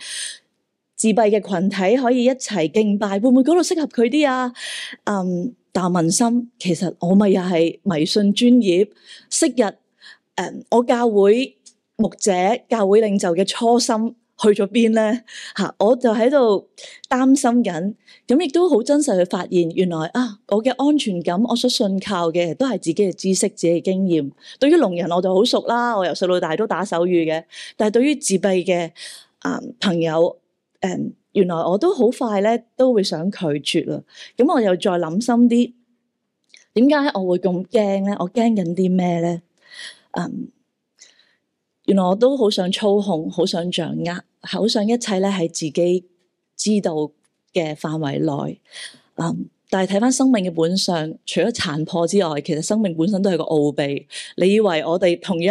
自閉嘅群體可以一齊敬拜，會唔會嗰度適合佢啲啊？嗯，但問心其實我咪又係迷信專業，昔日誒、呃，我教會牧者、教會領袖嘅初心去咗邊咧？吓，我就喺度擔心緊，咁亦都好真實去發現，原來啊，我嘅安全感，我所信靠嘅都係自己嘅知識、自己嘅經驗。對於聾人我，我就好熟啦，我由細到大都打手語嘅。但係對於自閉嘅啊、嗯、朋友，誒、嗯，原來我都好快咧都會想拒絕啦。咁我又再諗深啲，點解我會咁驚咧？我驚緊啲咩咧？嗯。原來我都好想操控，好想掌握，好想一切咧喺自己知道嘅範圍內。嗯，um，但係睇返生命嘅本相，除咗殘破之外，其實生命本身都係個奧秘。你以為我哋同一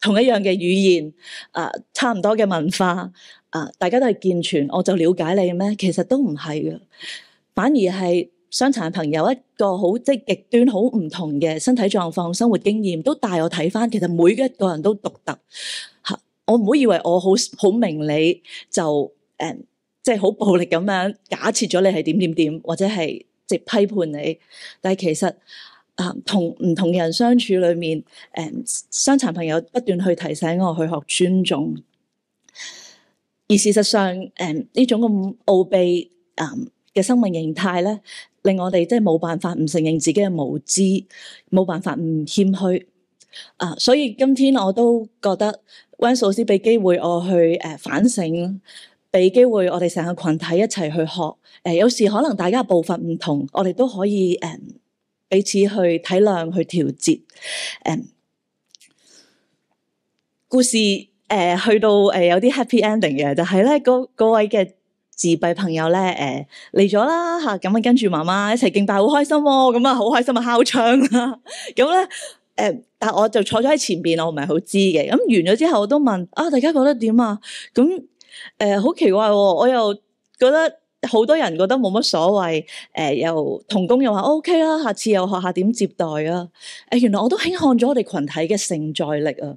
同一樣嘅語言啊，差唔多嘅文化啊，大家都係健全，我就了解你嘅咩？其實都唔係嘅，反而係。傷殘朋友一個好即係極端好唔同嘅身體狀況、生活經驗，都帶我睇返，其實每一個人都獨特吓。我唔好以為我好好明理就誒、嗯，即係好暴力咁樣假設咗你係點點點，或者係直批判你。但係其實啊、嗯，同唔同嘅人相處裏面，誒、嗯、傷殘朋友不斷去提醒我去學尊重。而事實上，誒、嗯、呢種咁奧秘誒嘅生命形態咧。令我哋即係冇辦法唔承認自己嘅無知，冇辦法唔謙虛啊！Uh, 所以今天我都覺得，溫老師俾機會我去誒、uh, 反省啦，俾機會我哋成個群體一齊去學誒。Uh, 有時可能大家嘅步伐唔同，我哋都可以誒彼此去體諒去調節誒。Uh, 故事誒、uh, 去到誒、uh, 有啲 happy ending 嘅、就是，就係咧各位嘅。自閉朋友咧，誒嚟咗啦嚇，咁啊跟住媽媽一齊敬拜，好開心喎，咁啊好開心啊，敲槍啦，咁咧誒，但係我就坐咗喺前邊，我唔係好知嘅。咁、啊、完咗之後，我都問啊，大家覺得點啊？咁誒好奇怪喎、啊，我又覺得好多人覺得冇乜所謂，誒、啊、又同工又話 O K 啦，下次又學下點接待啊。誒、啊、原來我都輕看咗我哋群體嘅承載力啊！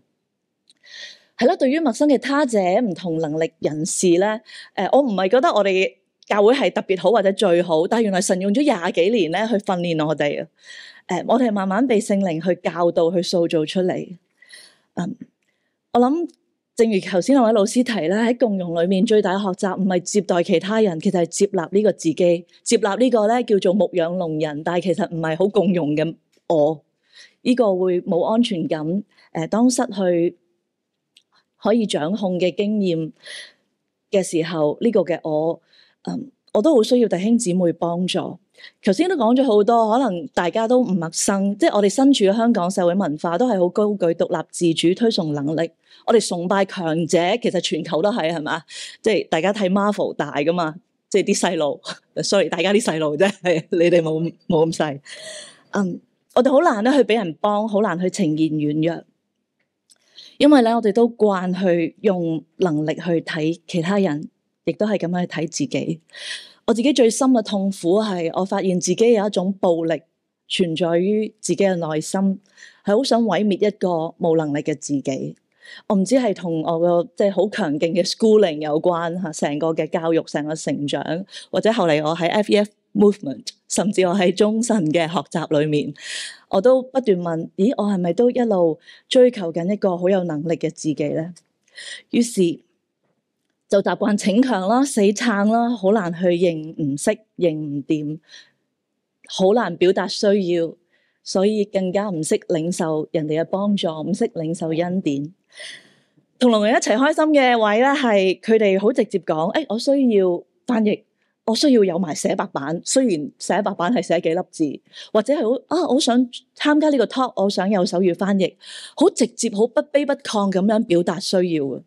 係啦，對於陌生嘅他者，唔同能力人士咧，誒、呃，我唔係覺得我哋教會係特別好或者最好，但係原來神用咗廿幾年咧去訓練我哋誒、呃，我哋慢慢被聖靈去教導、去塑造出嚟。嗯、呃，我諗，正如頭先嗰位老師提咧，喺共融裏面最大學習唔係接待其他人，其實係接納呢個自己，接納呢個咧叫做牧養聾人，但係其實唔係好共融嘅我呢、這個會冇安全感。誒、呃，當失去。可以掌控嘅經驗嘅時候，呢個嘅我，嗯，我都好需要弟兄姊妹幫助。頭先都講咗好多，可能大家都唔陌生，即係我哋身處香港社會文化都係好高舉獨立自主推崇能力。我哋崇拜強者，其實全球都係，係嘛？即係大家睇 Marvel 大噶嘛？即係啲細路，sorry，大家啲細路啫，係你哋冇冇咁細。嗯，我哋好難咧去俾人幫，好難去呈現軟弱。因為咧，我哋都慣去用能力去睇其他人，亦都係咁樣去睇自己。我自己最深嘅痛苦係，我發現自己有一種暴力存在於自己嘅內心，係好想毀滅一個冇能力嘅自己。我唔知係同我個即係好強勁嘅 schooling 有關吓，成個嘅教育，成個成長，或者後嚟我喺 FF Movement。甚至我喺中神嘅學習裏面，我都不斷問：咦，我係咪都一路追求緊一個好有能力嘅自己咧？於是就習慣逞強啦、死撐啦，好難去認唔識、認唔掂，好難表達需要，所以更加唔識領受人哋嘅幫助，唔識領受恩典。同聾人一齊開心嘅位咧，係佢哋好直接講，誒、哎，我需要翻譯。我需要有埋寫白板，雖然寫白板係寫幾粒字，或者係好啊，我好想參加呢個 talk，我想有手語翻譯，好直接、好不卑不亢咁樣表達需要嘅。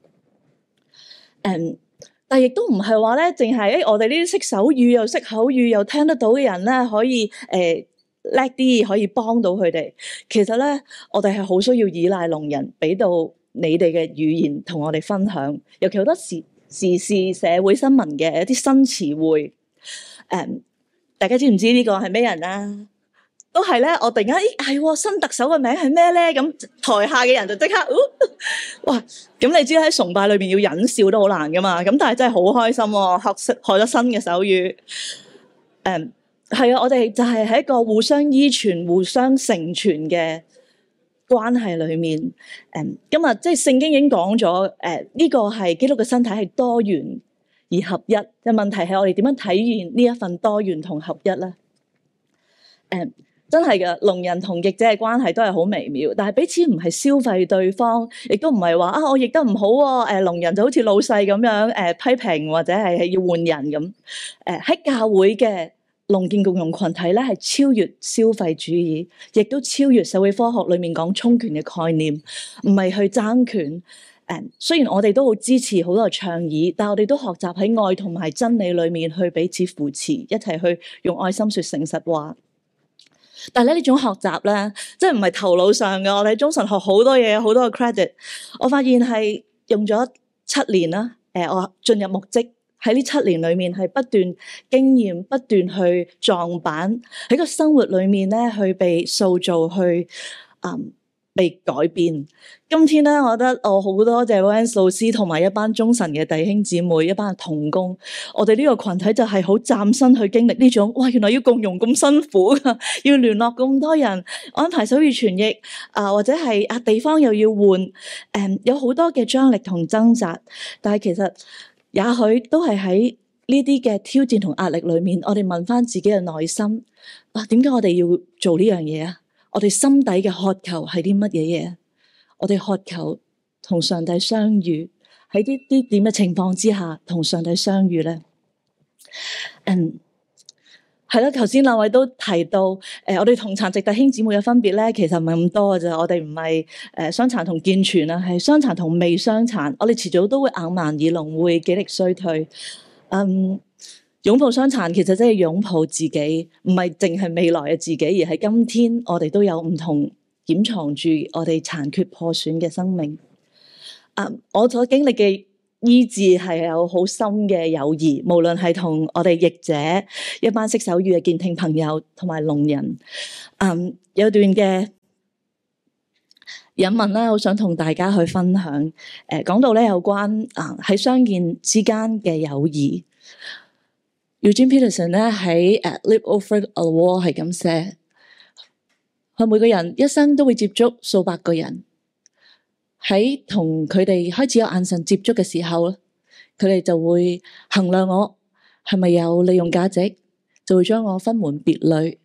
誒，但亦都唔係話咧，淨係誒我哋呢啲識手語又識口語又聽得到嘅人咧，可以誒叻啲，可以幫到佢哋。其實咧，我哋係好需要依賴聾人，俾到你哋嘅語言同我哋分享，尤其好多時。時事社會新聞嘅一啲新詞彙，誒、um,，大家知唔知呢個係咩人啊？都係咧，我突然間咦係、哎、新特首嘅名係咩咧？咁台下嘅人就即刻、哦，哇！咁你知喺崇拜裏邊要忍笑都好難㗎嘛？咁但係真係好開心、啊，學識學咗新嘅手語。誒，係啊！我哋就係喺一個互相依存、互相成全嘅關係裏面，誒今日即係聖經已經講咗，誒、這、呢個係基督嘅身體係多元而合一，嘅問題係我哋點樣體驗呢一份多元同合一咧？誒、嗯、真係嘅，聾人同譯者嘅關係都係好微妙，但係彼此唔係消費對方，亦都唔係話啊我譯得唔好喎、啊，誒聾人就好似老細咁樣誒批評或者係要換人咁。誒、呃、喺教會嘅。共建共融群體咧，係超越消費主義，亦都超越社會科學裡面講充權嘅概念，唔係去爭權。誒、嗯，雖然我哋都好支持好多倡議，但我哋都學習喺愛同埋真理裏面去彼此扶持，一齊去用愛心説誠實話。但係咧，呢種學習咧，即係唔係頭腦上嘅。我哋喺中神學好多嘢，好多嘅 credit。我發現係用咗七年啦。誒、呃，我進入牧職。喺呢七年裏面，係不斷經驗，不斷去撞板，喺個生活裏面咧，去被塑造，去啊、嗯、被改變。今天咧，我覺得我好多謝 Vance 老師同埋一班忠誠嘅弟兄姊妹，一班同工。我哋呢個群體就係好暫身去經歷呢種哇，原來要共融咁辛苦㗎，要聯絡咁多人，安排手語傳譯啊，或者係啊地方又要換，誒、嗯、有好多嘅張力同掙扎。但係其實。也許都係喺呢啲嘅挑戰同壓力裏面，我哋問返自己嘅內心：啊，點解我哋要做呢樣嘢啊？我哋心底嘅渴求係啲乜嘢嘢？我哋渴求同上帝相遇，喺呢啲點嘅情況之下同上帝相遇呢？嗯，um。係啦，頭先兩位都提到，誒、呃，我哋同殘疾弟兄姊妹嘅分別咧，其實唔係咁多嘅啫。我哋唔係誒傷殘同健全啊，係傷殘同未傷殘。我哋遲早都會眼盲耳聾，會記力衰退。嗯，擁抱傷殘其實即係擁抱自己，唔係淨係未來嘅自己，而係今天我哋都有唔同掩藏住我哋殘缺破損嘅生命。啊、嗯，我所經歷嘅。醫治係有好深嘅友誼，無論係同我哋譯者一班識手語嘅健聽朋友，同埋聾人。嗯，有段嘅引文咧，我想同大家去分享。誒、呃，講到咧有關啊，喺、呃、相見之間嘅友誼。Eugene Peterson 咧喺《Leap Over a Wall》係咁寫：佢每個人一生都會接觸數百個人。喺同佢哋開始有眼神接觸嘅時候，佢哋就會衡量我係咪有利用價值，就會將我分門別類，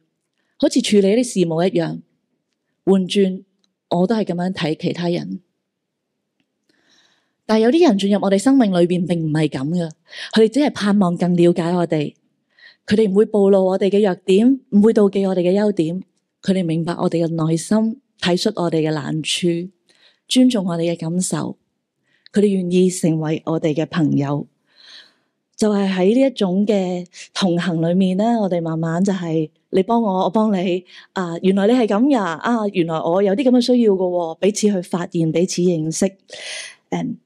好似處理啲事務一樣。換轉，我都係咁樣睇其他人。但係有啲人進入我哋生命裏邊，並唔係咁噶，佢哋只係盼望更了解我哋，佢哋唔會暴露我哋嘅弱點，唔會妒忌我哋嘅優點，佢哋明白我哋嘅內心，睇出我哋嘅難處。尊重我哋嘅感受，佢哋願意成為我哋嘅朋友，就係喺呢一種嘅同行裏面咧，我哋慢慢就係、是、你幫我，我幫你啊！原來你係咁噶，啊！原來我有啲咁嘅需要噶，彼此去發現，彼此認識，誒、嗯，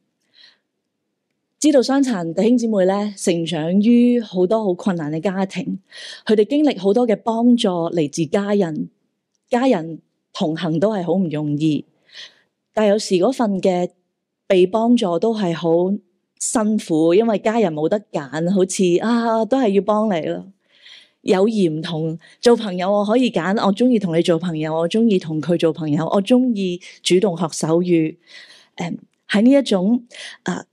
知道傷殘弟兄姊妹咧，成長於好多好困難嘅家庭，佢哋經歷好多嘅幫助嚟自家人，家人同行都係好唔容易。但有時嗰份嘅被幫助都係好辛苦，因為家人冇得揀，好似啊都係要幫你咯。友誼唔同做朋友，我可以揀，我中意同你做朋友，我中意同佢做朋友，我中意主動學手語。誒、喺呢一種啊，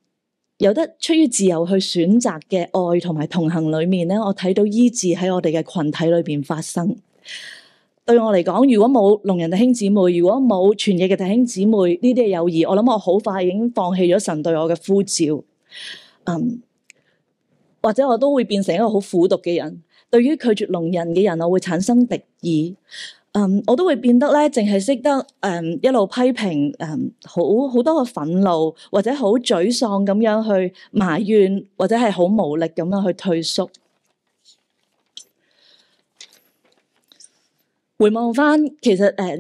有得出於自由去選擇嘅愛同埋同行裏面咧，我睇到醫治喺我哋嘅群體裏邊發生。對我嚟講，如果冇聾人弟兄姊妹，如果冇傳譯嘅弟兄姊妹，呢啲嘅友誼，我諗我好快已經放棄咗神對我嘅呼召。嗯、um,，或者我都會變成一個好苦毒嘅人。對於拒絕聾人嘅人，我會產生敵意。嗯、um,，我都會變得咧，淨係識得誒、um, 一路批評，誒、um, 好好多嘅憤怒，或者好沮喪咁樣去埋怨，或者係好無力咁樣去退縮。回望翻，其實誒、呃，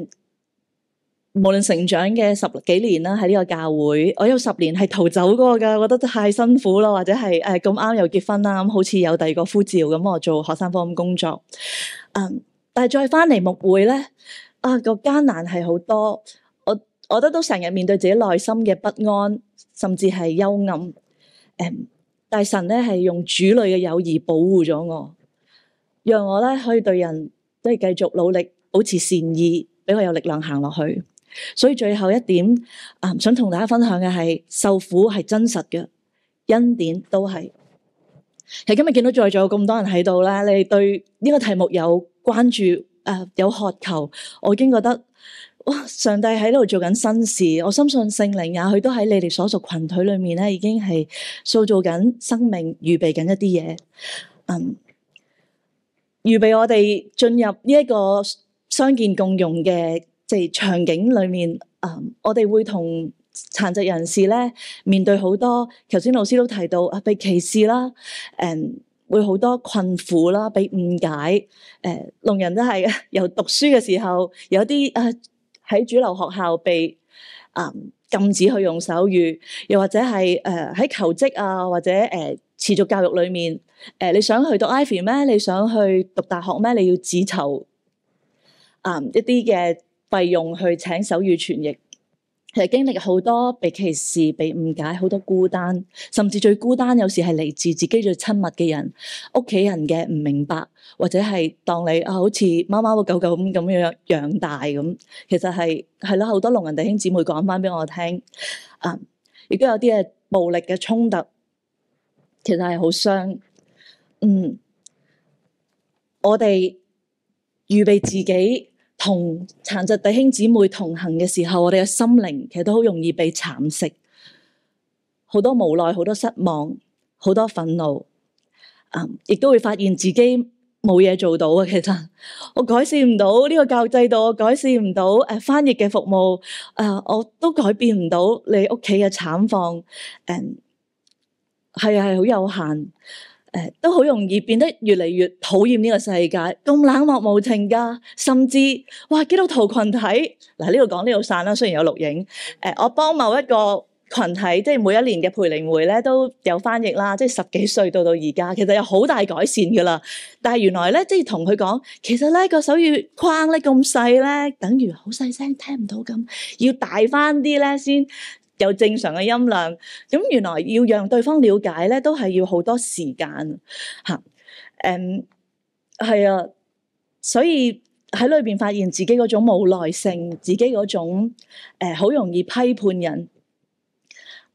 無論成長嘅十幾年啦，喺呢個教會，我有十年係逃走過噶覺得太辛苦咯，或者係誒咁啱又結婚啦，咁好似有第二個呼召咁，我做學生科咁工作，嗯，但係再翻嚟木會咧，啊、那個艱難係好多，我我覺得都成日面對自己內心嘅不安，甚至係幽暗，誒、嗯，但神咧係用主內嘅友誼保護咗我，讓我咧可以對人都係繼續努力。保持善意，俾我有力量行落去。所以最後一點，啊，想同大家分享嘅係受苦係真實嘅，恩典都係。喺今日見到在座咁多人喺度啦，你哋對呢個題目有關注，誒，有渴求，我已經覺得哇，上帝喺度做緊新事。我深信聖靈也許都喺你哋所屬群體裏面咧，已經係塑造緊生命，預備緊一啲嘢，嗯，預備我哋進入呢一個相見共用嘅即係場景裏面，誒，我哋會同殘疾人士咧面對好多。頭先老師都提到啊，被歧視啦，誒，會好多困苦啦，被誤解。誒，聾人都係嘅，由讀書嘅時候有啲啊喺主流學校被誒禁止去用手語，又或者係誒喺求職啊，或者誒持續教育裏面誒，你想去讀 Ivy 咩？你想去讀大學咩？你要自籌。啊、嗯！一啲嘅費用去請手語傳譯，其實經歷好多被歧視、被誤解，好多孤單，甚至最孤單有時係嚟自自己最親密嘅人、屋企人嘅唔明白，或者係當你啊好似貓貓狗狗咁咁樣養大咁，其實係係咯，好多聾人弟兄姊妹講翻俾我聽啊，亦、嗯、都有啲嘅暴力嘅衝突，其實係好傷。嗯，我哋預備自己。同殘疾弟兄姊妹同行嘅時候，我哋嘅心靈其實都好容易被蠶食，好多無奈、好多失望、好多憤怒，啊、嗯，亦都會發現自己冇嘢做到啊！其實我改善唔到呢個教育制度，我改善唔到誒翻譯嘅服務，啊、嗯，我都改變唔到你屋企嘅慘況，誒、嗯，係啊，係好有限。誒都好容易變得越嚟越討厭呢個世界，咁冷漠無情㗎。甚至哇，基督徒群體嗱呢度講呢度散啦，雖然有錄影。誒、呃，我幫某一個群體，即係每一年嘅培靈會咧都有翻譯啦，即係十幾歲到到而家，其實有好大改善㗎啦。但係原來咧，即係同佢講，其實咧個手語框咧咁細咧，等於好細聲聽唔到咁，要大翻啲啦先。有正常嘅音量，咁原來要讓對方了解咧，都係要好多時間吓。誒、嗯，係啊，所以喺裏邊發現自己嗰種冇耐性，自己嗰種誒好、呃、容易批判人，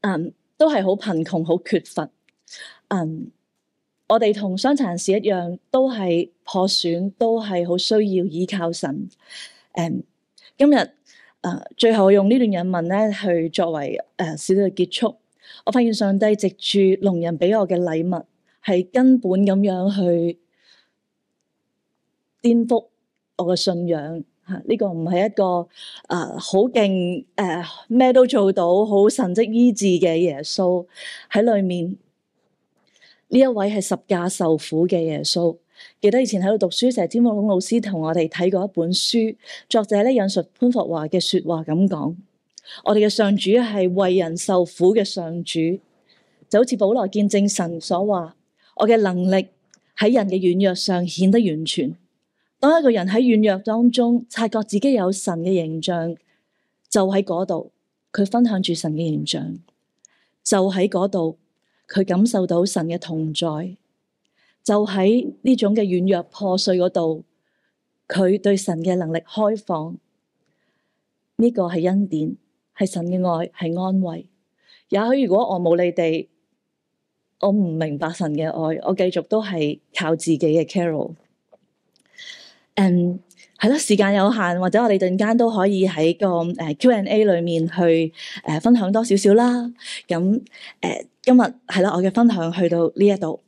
嗯，都係好貧窮、好缺乏。嗯，我哋同傷殘人士一樣，都係破損，都係好需要依靠神。誒、嗯，今日。誒，最後用呢段引文咧，去作為誒少少嘅結束。我發現上帝藉住聾人俾我嘅禮物，係根本咁樣去顛覆我嘅信仰吓。呢個唔係一個誒好勁誒咩都做到好神蹟醫治嘅耶穌喺裏面。呢一位係十架受苦嘅耶穌。記得以前喺度讀書，成日天望老師同我哋睇過一本書，作者咧引述潘霍華嘅說話咁講：我哋嘅上主係為人受苦嘅上主，就好似保羅見證神所話：我嘅能力喺人嘅軟弱上顯得完全。當一個人喺軟弱當中察覺自己有神嘅形象，就喺嗰度佢分享住神嘅形象，就喺嗰度佢感受到神嘅同在。就喺呢種嘅軟弱破碎嗰度，佢對神嘅能力開放，呢個係恩典，係神嘅愛，係安慰。也許如果我冇你哋，我唔明白神嘅愛，我繼續都係靠自己嘅 Carol。嗯，係咯，時間有限，或者我哋陣間都可以喺個誒 Q&A 裏面去誒分享多少少啦。咁誒，今日係啦，我嘅分享去到呢一度。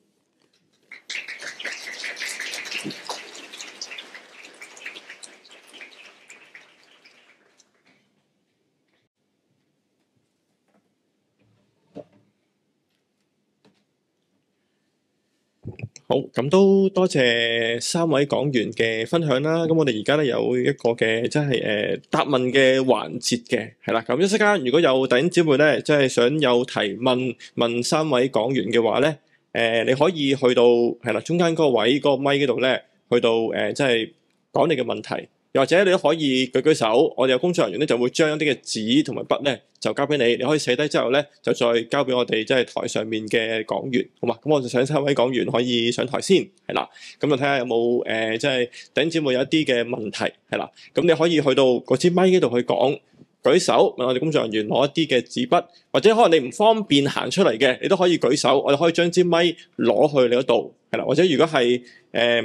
好，咁都多謝三位講員嘅分享啦。咁我哋而家咧有一個嘅即係誒答問嘅環節嘅，係啦。咁一陣間，如果有弟兄姊妹咧，即係想有提問問三位講員嘅話咧，誒你可以去到係啦中間嗰個位嗰個咪嗰度咧，去到誒即係講你嘅問題。或者你都可以舉舉手，我哋有工作人員咧就會將一啲嘅紙同埋筆咧就交俾你，你可以寫低之後咧就再交俾我哋即係台上面嘅講員，好嘛？咁我就想三位講員可以上台先，係啦。咁就睇下有冇誒即係等節目有一啲嘅問題，係啦。咁你可以去到嗰支咪度去講，舉手問我哋工作人員攞一啲嘅紙筆，或者可能你唔方便行出嚟嘅，你都可以舉手，我哋可以將支咪攞去你嗰度，係啦。或者如果係誒，呃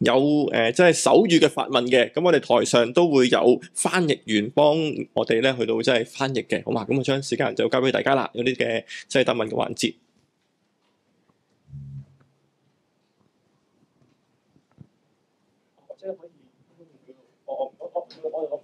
有誒，即係手語嘅發問嘅，咁我哋台上都會有翻譯員幫我哋咧去到即係翻譯嘅，好嘛？咁我將時間就交俾大家啦，有啲嘅即係答問嘅環節。即係可以，我我我我我我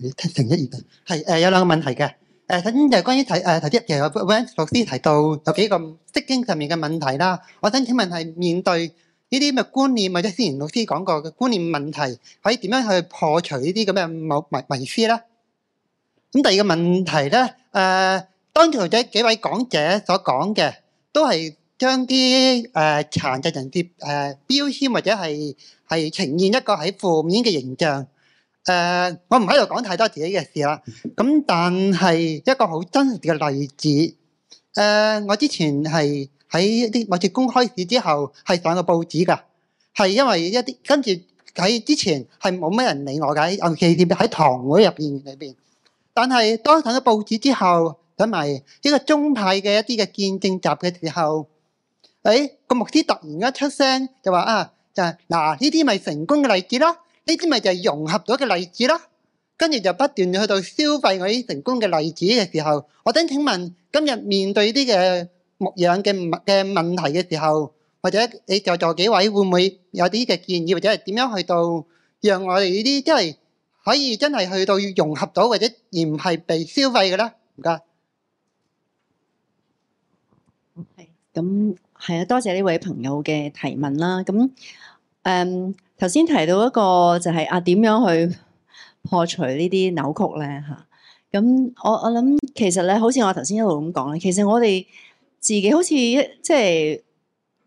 我聽成一頁嘅，係誒有兩個問題嘅。誒，首先就關於提誒頭先嘅嘢，或者老師提到有幾個釋經上面嘅問題啦。我想請問係面對呢啲嘅觀念，或者之前老師講過嘅觀念問題，可以點樣去破除呢啲咁嘅某迷迷思咧？咁第二個問題咧，誒當場者幾位講者所講嘅，都係將啲誒殘疾人士誒標籤或者係係呈現一個喺負面嘅形象。誒，uh, 我唔喺度講太多自己嘅事啦。咁但係一個好真實嘅例子。誒、uh,，我之前係喺一啲某次公開試之後，係上個報紙噶，係因為一啲跟住喺之前係冇咩人理我嘅，尤其是喺堂會入邊裏邊。但係當上咗報紙之後，同埋一個中派嘅一啲嘅見證集嘅時候，誒個牧師突然一出聲就話啊，啊就係嗱呢啲咪成功嘅例子咯。呢啲咪就係融合咗嘅例子啦，跟住就不斷去到消費嗰啲成功嘅例子嘅時候，我想請問今日面對啲嘅牧養嘅問嘅問題嘅時候，或者你在座幾位會唔會有啲嘅建議，或者係點樣去到讓我哋呢啲即係可以真係去到融合到，或者而唔係被消費嘅咧？唔該。係。咁係啊，多謝呢位朋友嘅提問啦。咁誒。頭先提到一個就係啊，點樣去破除呢啲扭曲咧嚇？咁、嗯、我我諗其實咧，好似我頭先一路咁講咧，其實我哋自己好似即係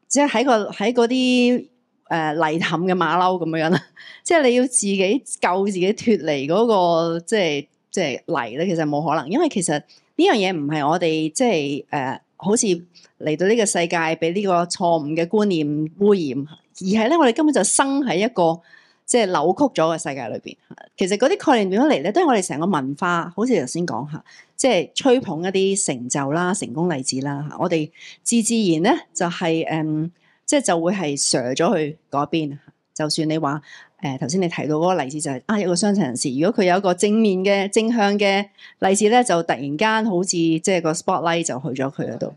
即係喺個喺嗰啲誒泥凼嘅馬騮咁樣啦。即係、呃、你要自己救自己脫離嗰、嗰個即係即係泥咧，其實冇可能，因為其實呢樣嘢唔係我哋即係誒、呃，好似嚟到呢個世界俾呢個錯誤嘅觀念污染。而係咧，我哋根本就生喺一個即係扭曲咗嘅世界裏邊。其實嗰啲概念變咗嚟咧，都係我哋成個文化。好似頭先講下，即係吹捧一啲成就啦、成功例子啦。我哋自自然咧就係、是、誒、嗯，即係就會係錫咗去嗰邊。就算你話誒頭先你提到嗰個例子、就是，就係啊一個傷殘人士。如果佢有一個正面嘅正向嘅例子咧，就突然間好似即係個 spotlight 就去咗佢嗰度。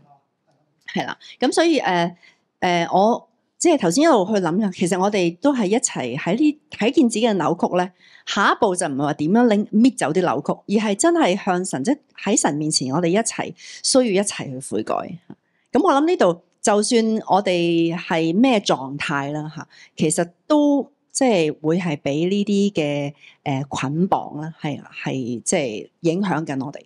係啦，咁所以誒誒、呃呃、我。即係頭先一路去諗啦，其實我哋都係一齊喺呢睇見自己嘅扭曲咧，下一步就唔係話點樣擰搣走啲扭曲，而係真係向神，即喺神面前我，我哋一齊需要一齊去悔改。咁、啊嗯、我諗呢度就算我哋係咩狀態啦，吓、啊、其實都即係會係俾呢啲嘅誒捆綁啦，係係即係影響緊我哋。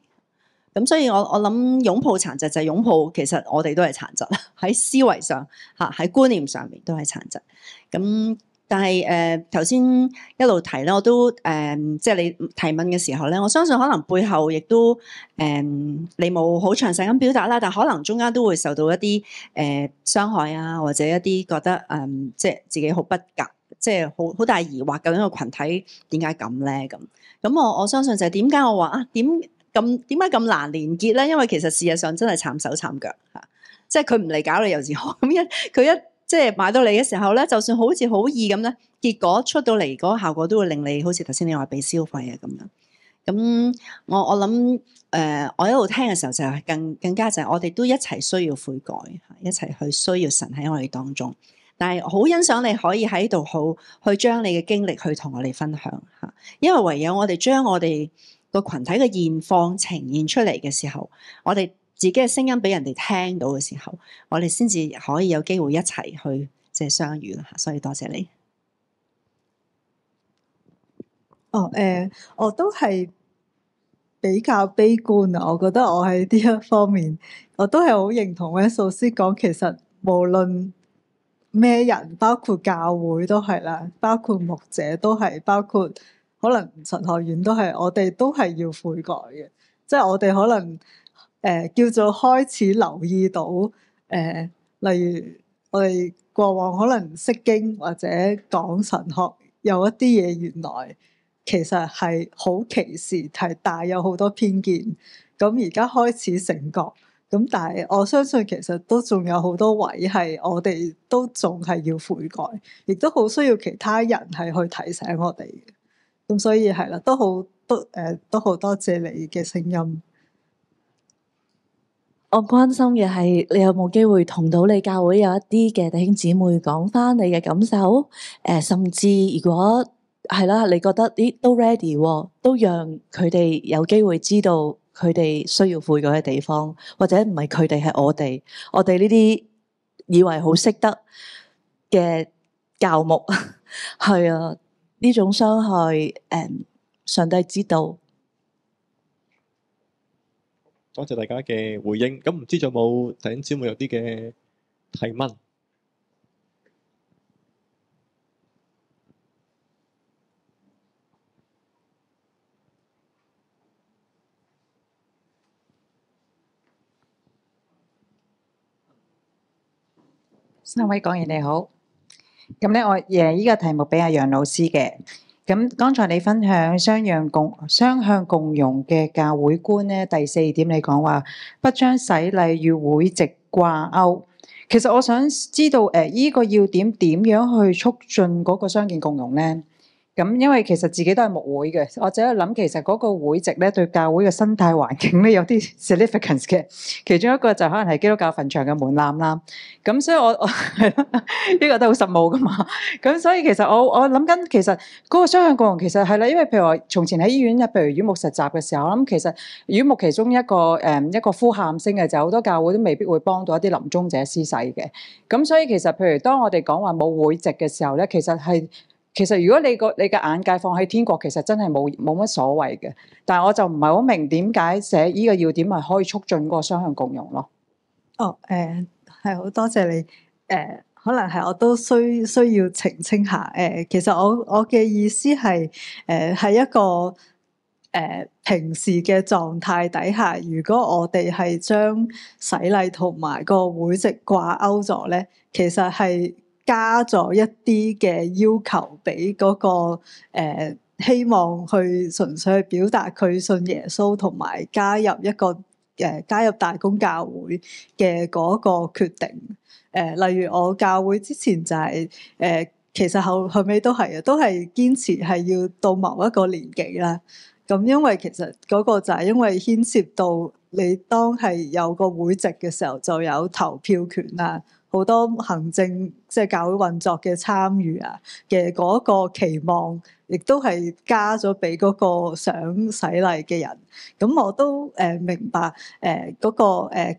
咁所以我，我我諗擁抱殘疾就係擁抱，其實我哋都係殘疾啦。喺 思維上，嚇喺觀念上面都係殘疾。咁但係誒頭先一路提咧，我都誒即係你提問嘅時候咧，我相信可能背後亦都誒、呃、你冇好詳細咁表達啦，但係可能中間都會受到一啲誒傷害啊，或者一啲覺得誒即係自己好不夾，即係好好大疑惑嘅一個群體呢，點解咁咧？咁咁我我相信就係點解我話啊點？咁點解咁難連結咧？因為其實事實上真係殘手殘腳吓、啊，即係佢唔嚟搞你又、啊、如何咁樣？佢一即係買到嚟嘅時候咧，就算好似好易咁咧，結果出到嚟嗰個效果都會令你好似頭先你話畀消費啊咁樣。咁、啊、我我諗誒、呃，我一路聽嘅時候就係更更加就係我哋都一齊需要悔改吓，一齊去需要神喺我哋當中。但係好欣賞你可以喺度好去將你嘅經歷去同我哋分享吓、啊，因為唯有我哋將我哋。個群體嘅現況呈現出嚟嘅時候，我哋自己嘅聲音俾人哋聽到嘅時候，我哋先至可以有機會一齊去即係相遇啦。所以多謝你。哦，誒、呃，我都係比較悲觀啊。我覺得我喺呢一方面，我都係好認同。我喺韶師講，其實無論咩人，包括教會都係啦，包括牧者都係，包括。可能神學院都係，我哋都係要悔改嘅。即係我哋可能誒、呃、叫做開始留意到誒、呃，例如我哋過往可能釋經或者講神學有一啲嘢，原來其實係好歧視，係帶有好多偏見。咁而家開始醒覺，咁但係我相信其實都仲有好多位係我哋都仲係要悔改，亦都好需要其他人係去提醒我哋嘅。咁所以係啦，都好都誒，都好多謝你嘅聲音。我關心嘅係，你有冇機會同到你教會有一啲嘅弟兄姊妹講翻你嘅感受？誒，甚至如果係啦，你覺得啲都 ready，都讓佢哋有機會知道佢哋需要悔改嘅地方，或者唔係佢哋係我哋，我哋呢啲以為好識得嘅教牧，係啊。呢種傷害，誒，上帝知道。多謝大家嘅回應，咁唔知仲有冇弟兄姊妹有啲嘅提問？三位講員你好。咁咧、嗯，我誒依、這個題目俾阿楊老師嘅。咁、嗯、剛才你分享雙樣共雙向共融嘅教會觀咧，第四點你講話不將洗禮與會籍掛鈎。其實我想知道誒、依、呃，這個要點點樣去促進嗰個雙向共融咧？咁因為其實自己都係牧會嘅，我就喺度諗，其實嗰個會籍咧對教會嘅生態環境咧有啲 significance 嘅。其中一個就可能係基督教墳場嘅門檻啦。咁所以我我係咯，呢 個都好實務噶嘛。咁所以其實我我諗緊、那個，其實嗰個雙向共融其實係咧，因為譬如話從前喺醫院，入，譬如雨木實習嘅時候啦，咁其實雨木其中一個誒、嗯、一個呼喊聲嘅就係、是、好多教會都未必會幫到一啲臨終者施洗嘅。咁所以其實譬如當我哋講話冇會籍嘅時候咧，其實係。其實如果你個你嘅眼界放喺天國，其實真係冇冇乜所謂嘅。但係我就唔係好明點解寫依個要點咪可以促進個雙向共融咯。哦，誒係，好多謝你。誒，可能係我都需需要澄清下。誒，其實我我嘅意思係誒喺一個誒平時嘅狀態底下，如果我哋係將洗禮同埋個會籍掛鈎咗咧，其實係。加咗一啲嘅要求俾嗰、嗰個、呃、希望去純粹去表達佢信耶穌同埋加入一個誒、呃、加入大公教會嘅嗰個決定誒、呃。例如我教會之前就係、係、誒、呃，其實後後尾都係啊，都係堅持係要到某一個年紀啦。咁因為其實嗰個就係因為牽涉到你當係有個會籍嘅時候就有投票權啦。好多行政即係教會運作嘅參與啊，嘅嗰個期望，亦都係加咗俾嗰個想洗禮嘅人。咁、嗯、我都誒、呃、明白誒嗰個誒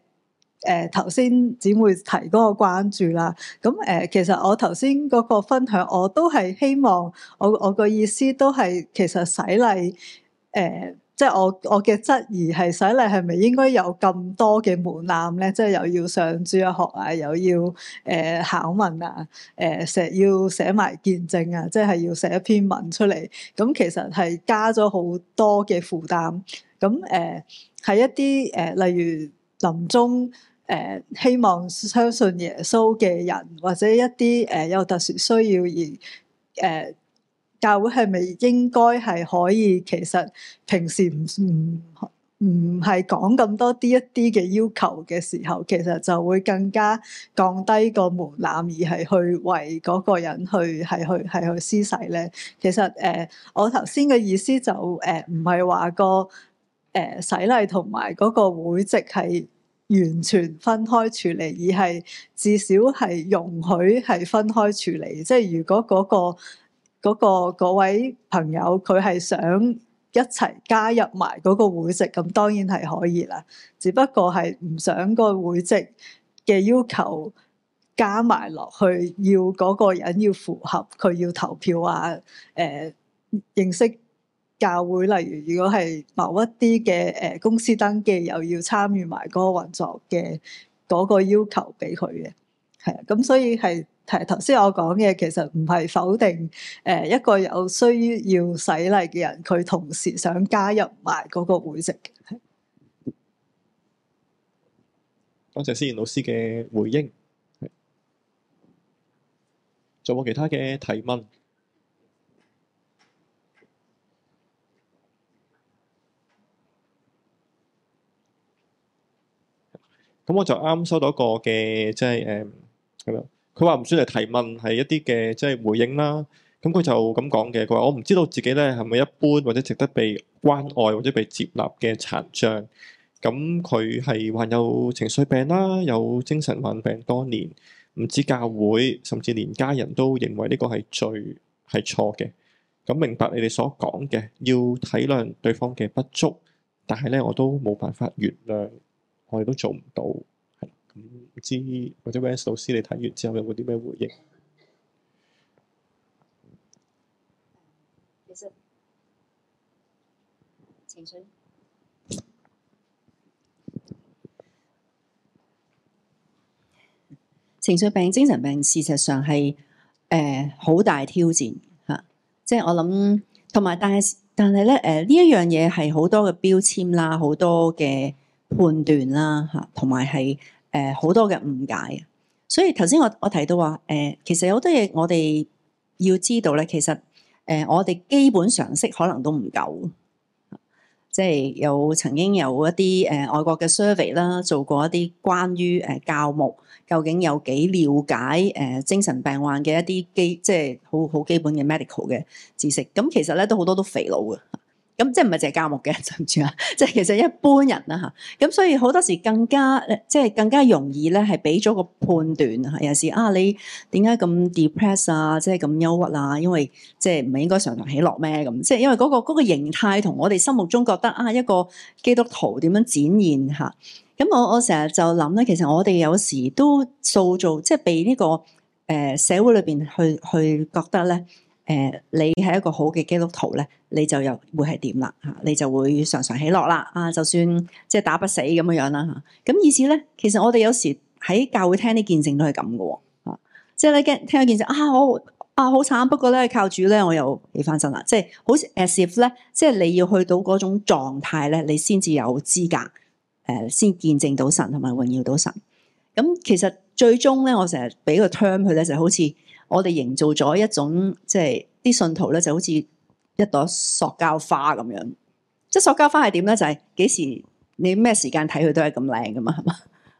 誒頭先姊妹提嗰個關注啦。咁、嗯、誒、呃、其實我頭先嗰個分享，我都係希望我我個意思都係其實洗禮誒。呃即係我我嘅質疑係使嚟係咪應該有咁多嘅門檻咧？即係又要上主日學啊，又要誒、呃、考問啊，誒、呃、成日要寫埋見證啊，即係要寫一篇文出嚟。咁其實係加咗好多嘅負擔。咁誒係一啲誒、呃、例如臨終誒、呃、希望相信耶穌嘅人，或者一啲誒、呃、有特殊需要而誒。呃教會係咪應該係可以？其實平時唔唔唔係講咁多啲一啲嘅要求嘅時候，其實就會更加降低個門檻，而係去為嗰個人去係去係去施洗咧。其實誒、呃，我頭先嘅意思就誒唔係話個誒洗禮同埋嗰個會籍係完全分開處理，而係至少係容許係分開處理。即係如果嗰、嗰個嗰個嗰位朋友佢係想一齊加入埋嗰個會籍，咁當然係可以啦。只不過係唔想個會籍嘅要求加埋落去，要嗰個人要符合佢要投票啊，誒認識教會。例如，如果係某一啲嘅誒公司登記，又要參與埋嗰個運作嘅嗰個要求俾佢嘅。咁所以係，誒，頭先我講嘅，其實唔係否定誒，一個有需要洗禮嘅人，佢同時想加入埋嗰個會籍嘅。多謝思賢老師嘅回應。仲有冇其他嘅提問？咁我就啱收到一個嘅，即係誒。佢話唔算係提問，係一啲嘅即係回應啦。咁佢就咁講嘅。佢話我唔知道自己咧係咪一般或者值得被關愛或者被接納嘅殘障。咁佢係患有情緒病啦，有精神患病多年，唔知教會甚至連家人都認為呢個係罪係錯嘅。咁明白你哋所講嘅，要體諒對方嘅不足，但係咧我都冇辦法原諒，我哋都做唔到。唔知道或者 Wes 老師你睇完之後有冇啲咩回應？其實情緒、情緒病、精神病，事實上係誒好大挑戰嚇、啊。即係我諗，同埋但係但係咧誒呢一、呃、樣嘢係好多嘅標籤啦，好、啊、多嘅判斷啦嚇，同埋係。誒，好多嘅誤解啊！所以頭先我我提到話，誒、呃，其實好多嘢我哋要知道咧，其實誒、呃，我哋基本常識可能都唔夠，即係有曾經有一啲誒、呃、外國嘅 survey 啦，做過一啲關於誒、呃、教牧究竟有幾了解誒、呃、精神病患嘅一啲基，即係好好基本嘅 medical 嘅知識，咁、嗯、其實咧都好多都肥佬嘅。咁即係唔係淨係教牧嘅，對唔住啊。即係 其實一般人啦嚇，咁、啊、所以好多時更加，即係更加容易咧，係俾咗個判斷啊。有時啊，你點解咁 depress 啊？即係咁憂鬱啊？因為即係唔係應該常常喜樂咩？咁、啊、即係因為嗰、嗰個嗰個形態同我哋心目中覺得啊，一個基督徒點樣展現嚇？咁、啊、我我成日就諗咧，其實我哋有時都塑造，即係被呢、呢個誒、呃、社會裏邊去去覺得咧。誒、呃，你係一個好嘅基督徒咧，你就又會係點啦吓，你就會常常喜樂啦啊！就算即係打不死咁樣樣啦吓，咁、啊、意思咧，其實我哋有時喺教會聽啲見證都係咁嘅，吓，即係你驚聽咗見證啊，我啊，啊好慘，不過咧靠主咧我又起翻身啦，即係好似 as if 咧，即係你要去到嗰種狀態咧，你先至有資格誒、呃，先見證到神同埋榮耀到神。咁、啊、其實最終咧，我成日俾個 term 佢咧，就好似。我哋營造咗一種即係啲信徒咧就好似一朵塑膠花咁樣，即係塑膠花係點咧？就係、是、幾時你咩時間睇佢都係咁靚噶嘛，係嘛？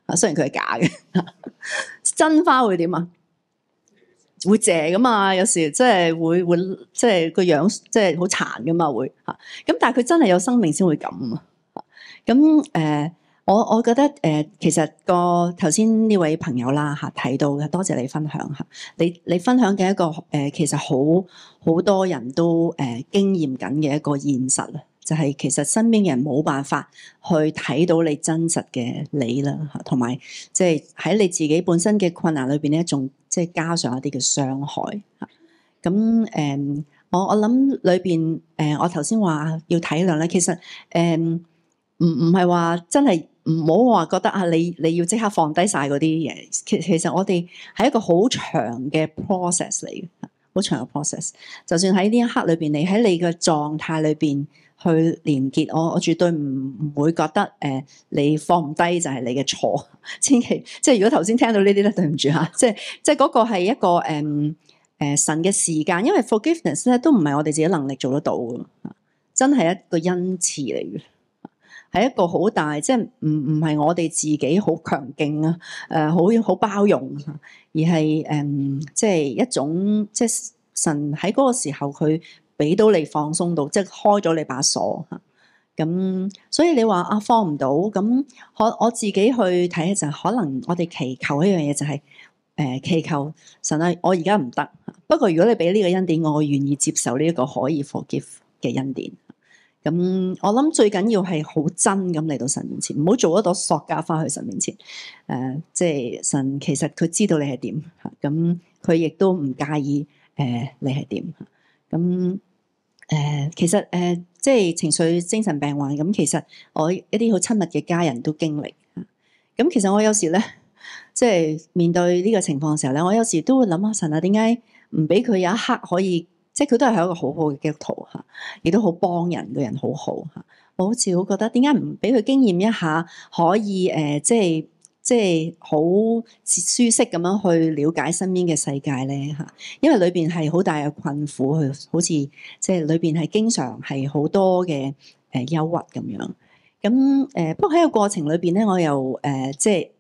啊，雖然佢係假嘅，真花會點啊？會謝噶嘛？有時即係會會即係個樣即係好殘噶嘛會，咁但係佢真係有生命先會咁啊！咁、嗯、誒。呃我我覺得誒、呃，其實個頭先呢位朋友啦嚇，睇、啊、到嘅多謝你分享嚇、啊。你你分享嘅一個誒、呃，其實好好多人都誒、呃、經驗緊嘅一個現實啦，就係、是、其實身邊人冇辦法去睇到你真實嘅你啦嚇，同埋即係喺你自己本身嘅困難裏邊咧，仲即係加上一啲嘅傷害嚇。咁、啊、誒、呃，我我諗裏邊誒，我頭先話要體諒咧，其實誒唔唔係話真係。唔好話覺得啊，你你要即刻放低晒嗰啲嘢。其其實我哋係一個好長嘅 process 嚟嘅，好長嘅 process。就算喺呢一刻裏邊，你喺你嘅狀態裏邊去連結我，我絕對唔唔會覺得誒、呃，你放唔低就係你嘅錯。千祈即係如果頭先聽到呢啲咧，對唔住吓。即係即係嗰個係一個誒誒、嗯呃、神嘅時間，因為 forgiveness 咧都唔係我哋自己能力做得到嘅，真係一個恩賜嚟嘅。係一個好大，即係唔唔係我哋自己好強勁啊？誒、呃，好好包容，而係誒，即、嗯、係、就是、一種即係、就是、神喺嗰個時候佢俾到你放鬆到，即、就、係、是、開咗你把鎖嚇。咁、啊、所以你話啊放唔到，咁我我自己去睇就係、是、可能我哋祈求一樣嘢就係、是、誒、呃、祈求神啊，我而家唔得。不過如果你俾呢個恩典，我願意接受呢一個可以 forgive 嘅恩典。咁我諗最緊要係好真咁嚟到神面前，唔好做一朵塑膠花去神面前。誒、呃，即係神其實佢知道你係點，咁、啊、佢亦都唔介意誒、呃、你係點。咁、啊、誒、呃、其實誒、呃、即係情緒精神病患，咁、嗯、其實我一啲好親密嘅家人都經歷。咁、啊嗯、其實我有時咧，即係面對呢個情況嘅時候咧，我有時都會諗下神啊，點解唔俾佢有一刻可以？即係佢都係一個好好嘅基督徒嚇，亦都好幫人個人好好嚇。我好似好覺得點解唔俾佢經驗一下，可以誒、呃，即係即係好舒適咁樣去了解身邊嘅世界咧嚇。因為裏邊係好大嘅困苦，好似即係裏邊係經常係好多嘅誒、呃、憂鬱咁樣。咁誒、呃，不過喺個過程裏邊咧，我又誒、呃、即係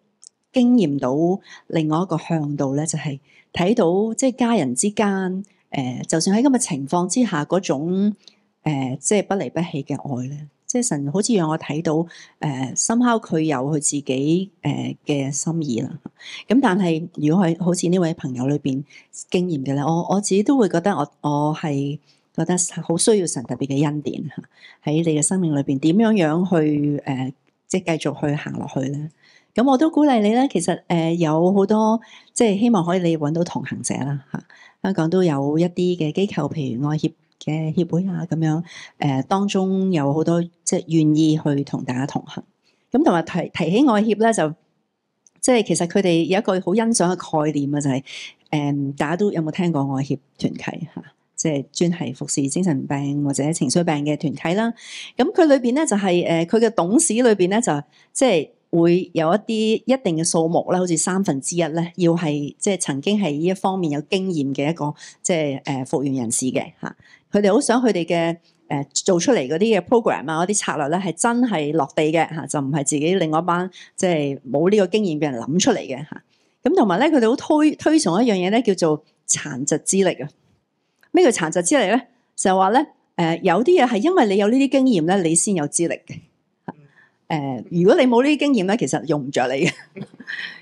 經驗到另外一個向度咧，就係、是、睇到即係家人之間。誒、呃，就算喺咁嘅情況之下，嗰種誒、呃，即係不離不棄嘅愛咧，即係神好似讓我睇到誒，somehow 佢有佢自己誒嘅、呃、心意啦。咁但係如果係好似呢位朋友裏邊經驗嘅咧，我我自己都會覺得我我係覺得好需要神特別嘅恩典吓，喺你嘅生命裏邊點樣樣去誒、呃，即係繼續去行落去咧。咁我都鼓勵你咧，其實誒、呃、有好多即係希望可以你揾到同行者啦嚇、啊。香港都有一啲嘅機構，譬如愛協嘅協會啊咁樣，誒、呃、當中有好多即係願意去同大家同行。咁同埋提提起愛協咧，就即係其實佢哋有一個好欣賞嘅概念啊，就係、是、誒、嗯、大家都有冇聽過愛協團體嚇，即係專係服侍精神病或者情緒病嘅團體啦。咁佢裏邊咧就係誒佢嘅董事裏邊咧就即係。即會有一啲一定嘅數目咧，好似三分之一咧，要係即係曾經係呢一方面有經驗嘅一個即係誒、呃、復原人士嘅嚇，佢哋好想佢哋嘅誒做出嚟嗰啲嘅 program 啊，嗰啲策略咧係真係落地嘅嚇，就唔係自己另外一班即係冇呢個經驗嘅人諗出嚟嘅嚇。咁同埋咧，佢哋好推推崇一樣嘢咧，叫做殘疾資歷啊。咩叫殘疾資歷咧？就話咧誒，有啲嘢係因為你有呢啲經驗咧，你先有資歷嘅。誒，如果你冇呢啲經驗咧，其實用唔着你嘅。咁、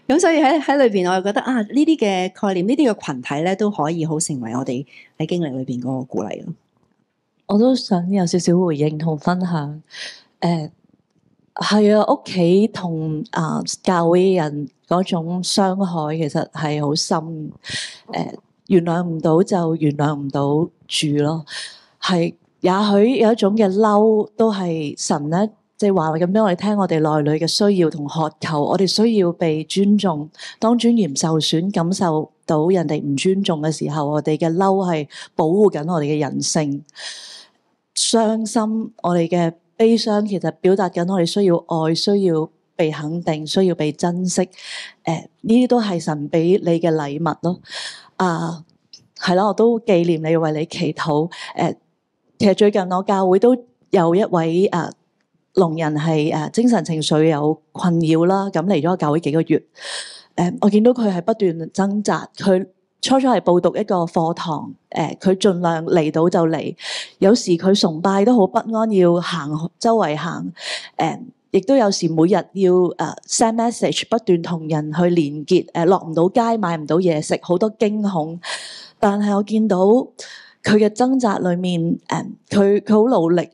嗯、所以喺喺裏邊，裏面我又覺得啊，呢啲嘅概念，呢啲嘅群體咧，都可以好成為我哋喺經歷裏邊嗰個鼓勵咯。我都想有少少回應同分享。誒、呃，係啊，屋企同啊教會人嗰種傷害，其實係好深。誒、呃，原諒唔到就原諒唔到住咯。係，也許有一種嘅嬲都係神咧。即係話為咁樣，我哋聽我哋內裏嘅需要同渴求，我哋需要被尊重。當尊嚴受損、感受到人哋唔尊重嘅時候，我哋嘅嬲係保護緊我哋嘅人性。傷心，我哋嘅悲傷，其實表達緊我哋需要愛，需要被肯定，需要被珍惜。誒、呃，呢啲都係神俾你嘅禮物咯。啊、呃，係啦，我都紀念你，為你祈禱。誒、呃，其實最近我教會都有一位啊。呃聾人係誒精神情緒有困擾啦，咁嚟咗教會幾個月，誒我見到佢係不斷掙扎，佢初初係報讀一個課堂，誒佢盡量嚟到就嚟，有時佢崇拜都好不安，要行周圍行，誒亦都有時每日要誒 send message 不斷同人去連結，誒落唔到街買唔到嘢食，好多驚恐，但係我見到佢嘅掙扎裏面，誒佢佢好努力。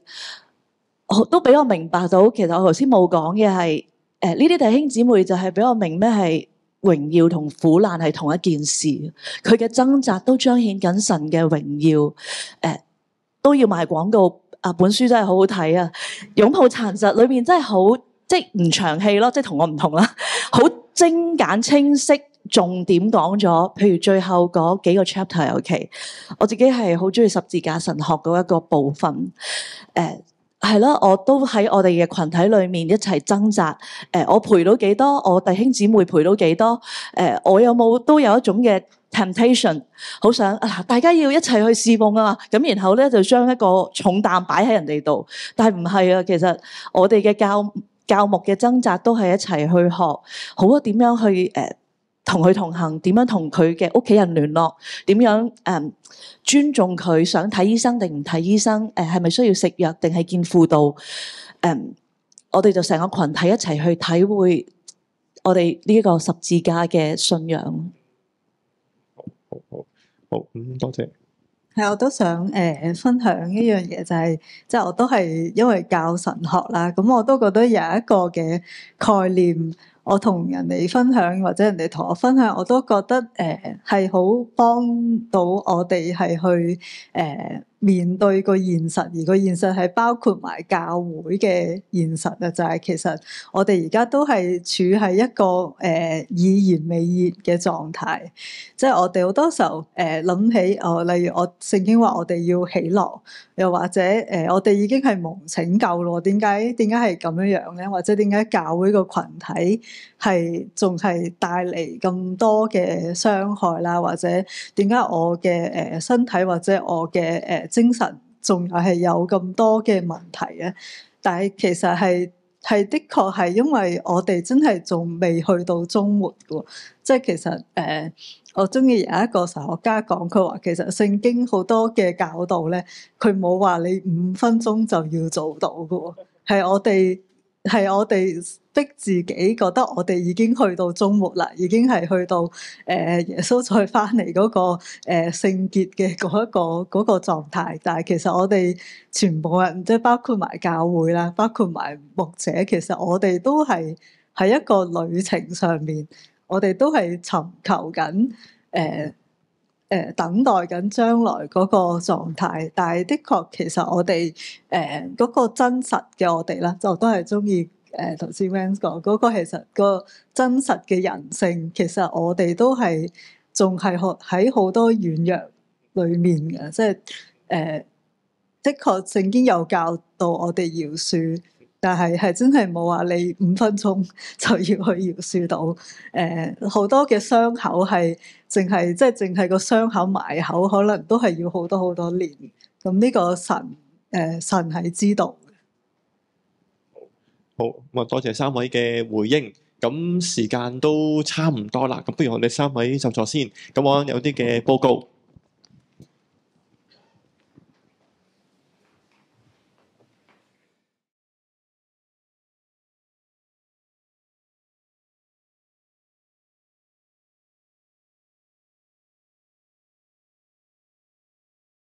都比較明白到，其實我頭先冇講嘅係，誒呢啲弟兄姊妹就係比較明白咩係榮耀同苦難係同一件事，佢嘅掙扎都彰顯緊神嘅榮耀。誒，都要賣廣告啊！本書真係好好睇啊，《擁抱殘疾》裏面真係好，即係唔長氣咯，即係同我唔同啦，好精簡清晰，重點講咗。譬如最後嗰幾個 chapter 尤其，我自己係好中意十字架神學嗰一個部分。誒。係咯，我都喺我哋嘅群體裏面一齊掙扎。誒、呃，我陪到幾多？我弟兄姊妹陪到幾多？誒、呃，我有冇都有一種嘅 temptation，好想嗱、啊，大家要一齊去侍奉啊嘛。咁然後咧就將一個重擔擺喺人哋度，但係唔係啊。其實我哋嘅教教牧嘅掙扎都係一齊去學，好啊，點樣去誒？呃同佢同行，點樣同佢嘅屋企人聯絡？點樣誒、嗯、尊重佢？想睇醫生定唔睇醫生？誒係咪需要食藥定係見輔導？誒、嗯，我哋就成個群體一齊去體會我哋呢個十字架嘅信仰。好好好，好多謝。係，我都想誒、呃、分享一樣嘢，就係即係我都係因為教神學啦，咁我都覺得有一個嘅概念。我同人哋分享，或者人哋同我分享，我都覺得誒，係好幫到我哋係去誒。呃面對個現實，而個現實係包括埋教會嘅現實啊！就係、是、其實我哋而家都係處喺一個誒已然未然嘅狀態，即、就、係、是、我哋好多時候誒諗、呃、起哦，例如我聖經話我哋要喜樂，又或者誒、呃、我哋已經係蒙拯救咯。點解？點解係咁樣樣咧？或者點解教會個群體係仲係帶嚟咁多嘅傷害啦？或者點解我嘅誒、呃、身體或者我嘅誒？呃精神仲係有咁多嘅問題啊！但係其實係係的確係因為我哋真係仲未去到終末嘅，即係其實誒、呃，我鍾意有一個神學家講，佢話其實聖經好多嘅教導咧，佢冇話你五分鐘就要做到嘅，係我哋。係我哋逼自己，覺得我哋已經去到終末啦，已經係去到誒耶穌再翻嚟嗰個誒聖潔嘅嗰一個嗰個狀態。但係其實我哋全部人，即係包括埋教會啦，包括埋牧者，其實我哋都係喺一個旅程上面，我哋都係尋求緊誒。呃誒、呃、等待緊將來嗰個狀態，但係的確其實我哋誒嗰個真實嘅我哋啦，就都係中意誒，頭先 Van 講嗰個其實、嗰個真實嘅人性，其實我哋都係仲係學喺好多軟弱裡面嘅，即係誒、呃、的確聖經有教導我哋饒恕。但係係真係冇話你五分鐘就要去饒恕到，誒、呃，好多嘅傷口係淨係即係淨係個傷口埋口，可能都係要好多好多年。咁呢個神誒、呃、神係知道。好，咁啊多謝三位嘅回應。咁時間都差唔多啦，咁不如我哋三位就坐先。咁我有啲嘅報告。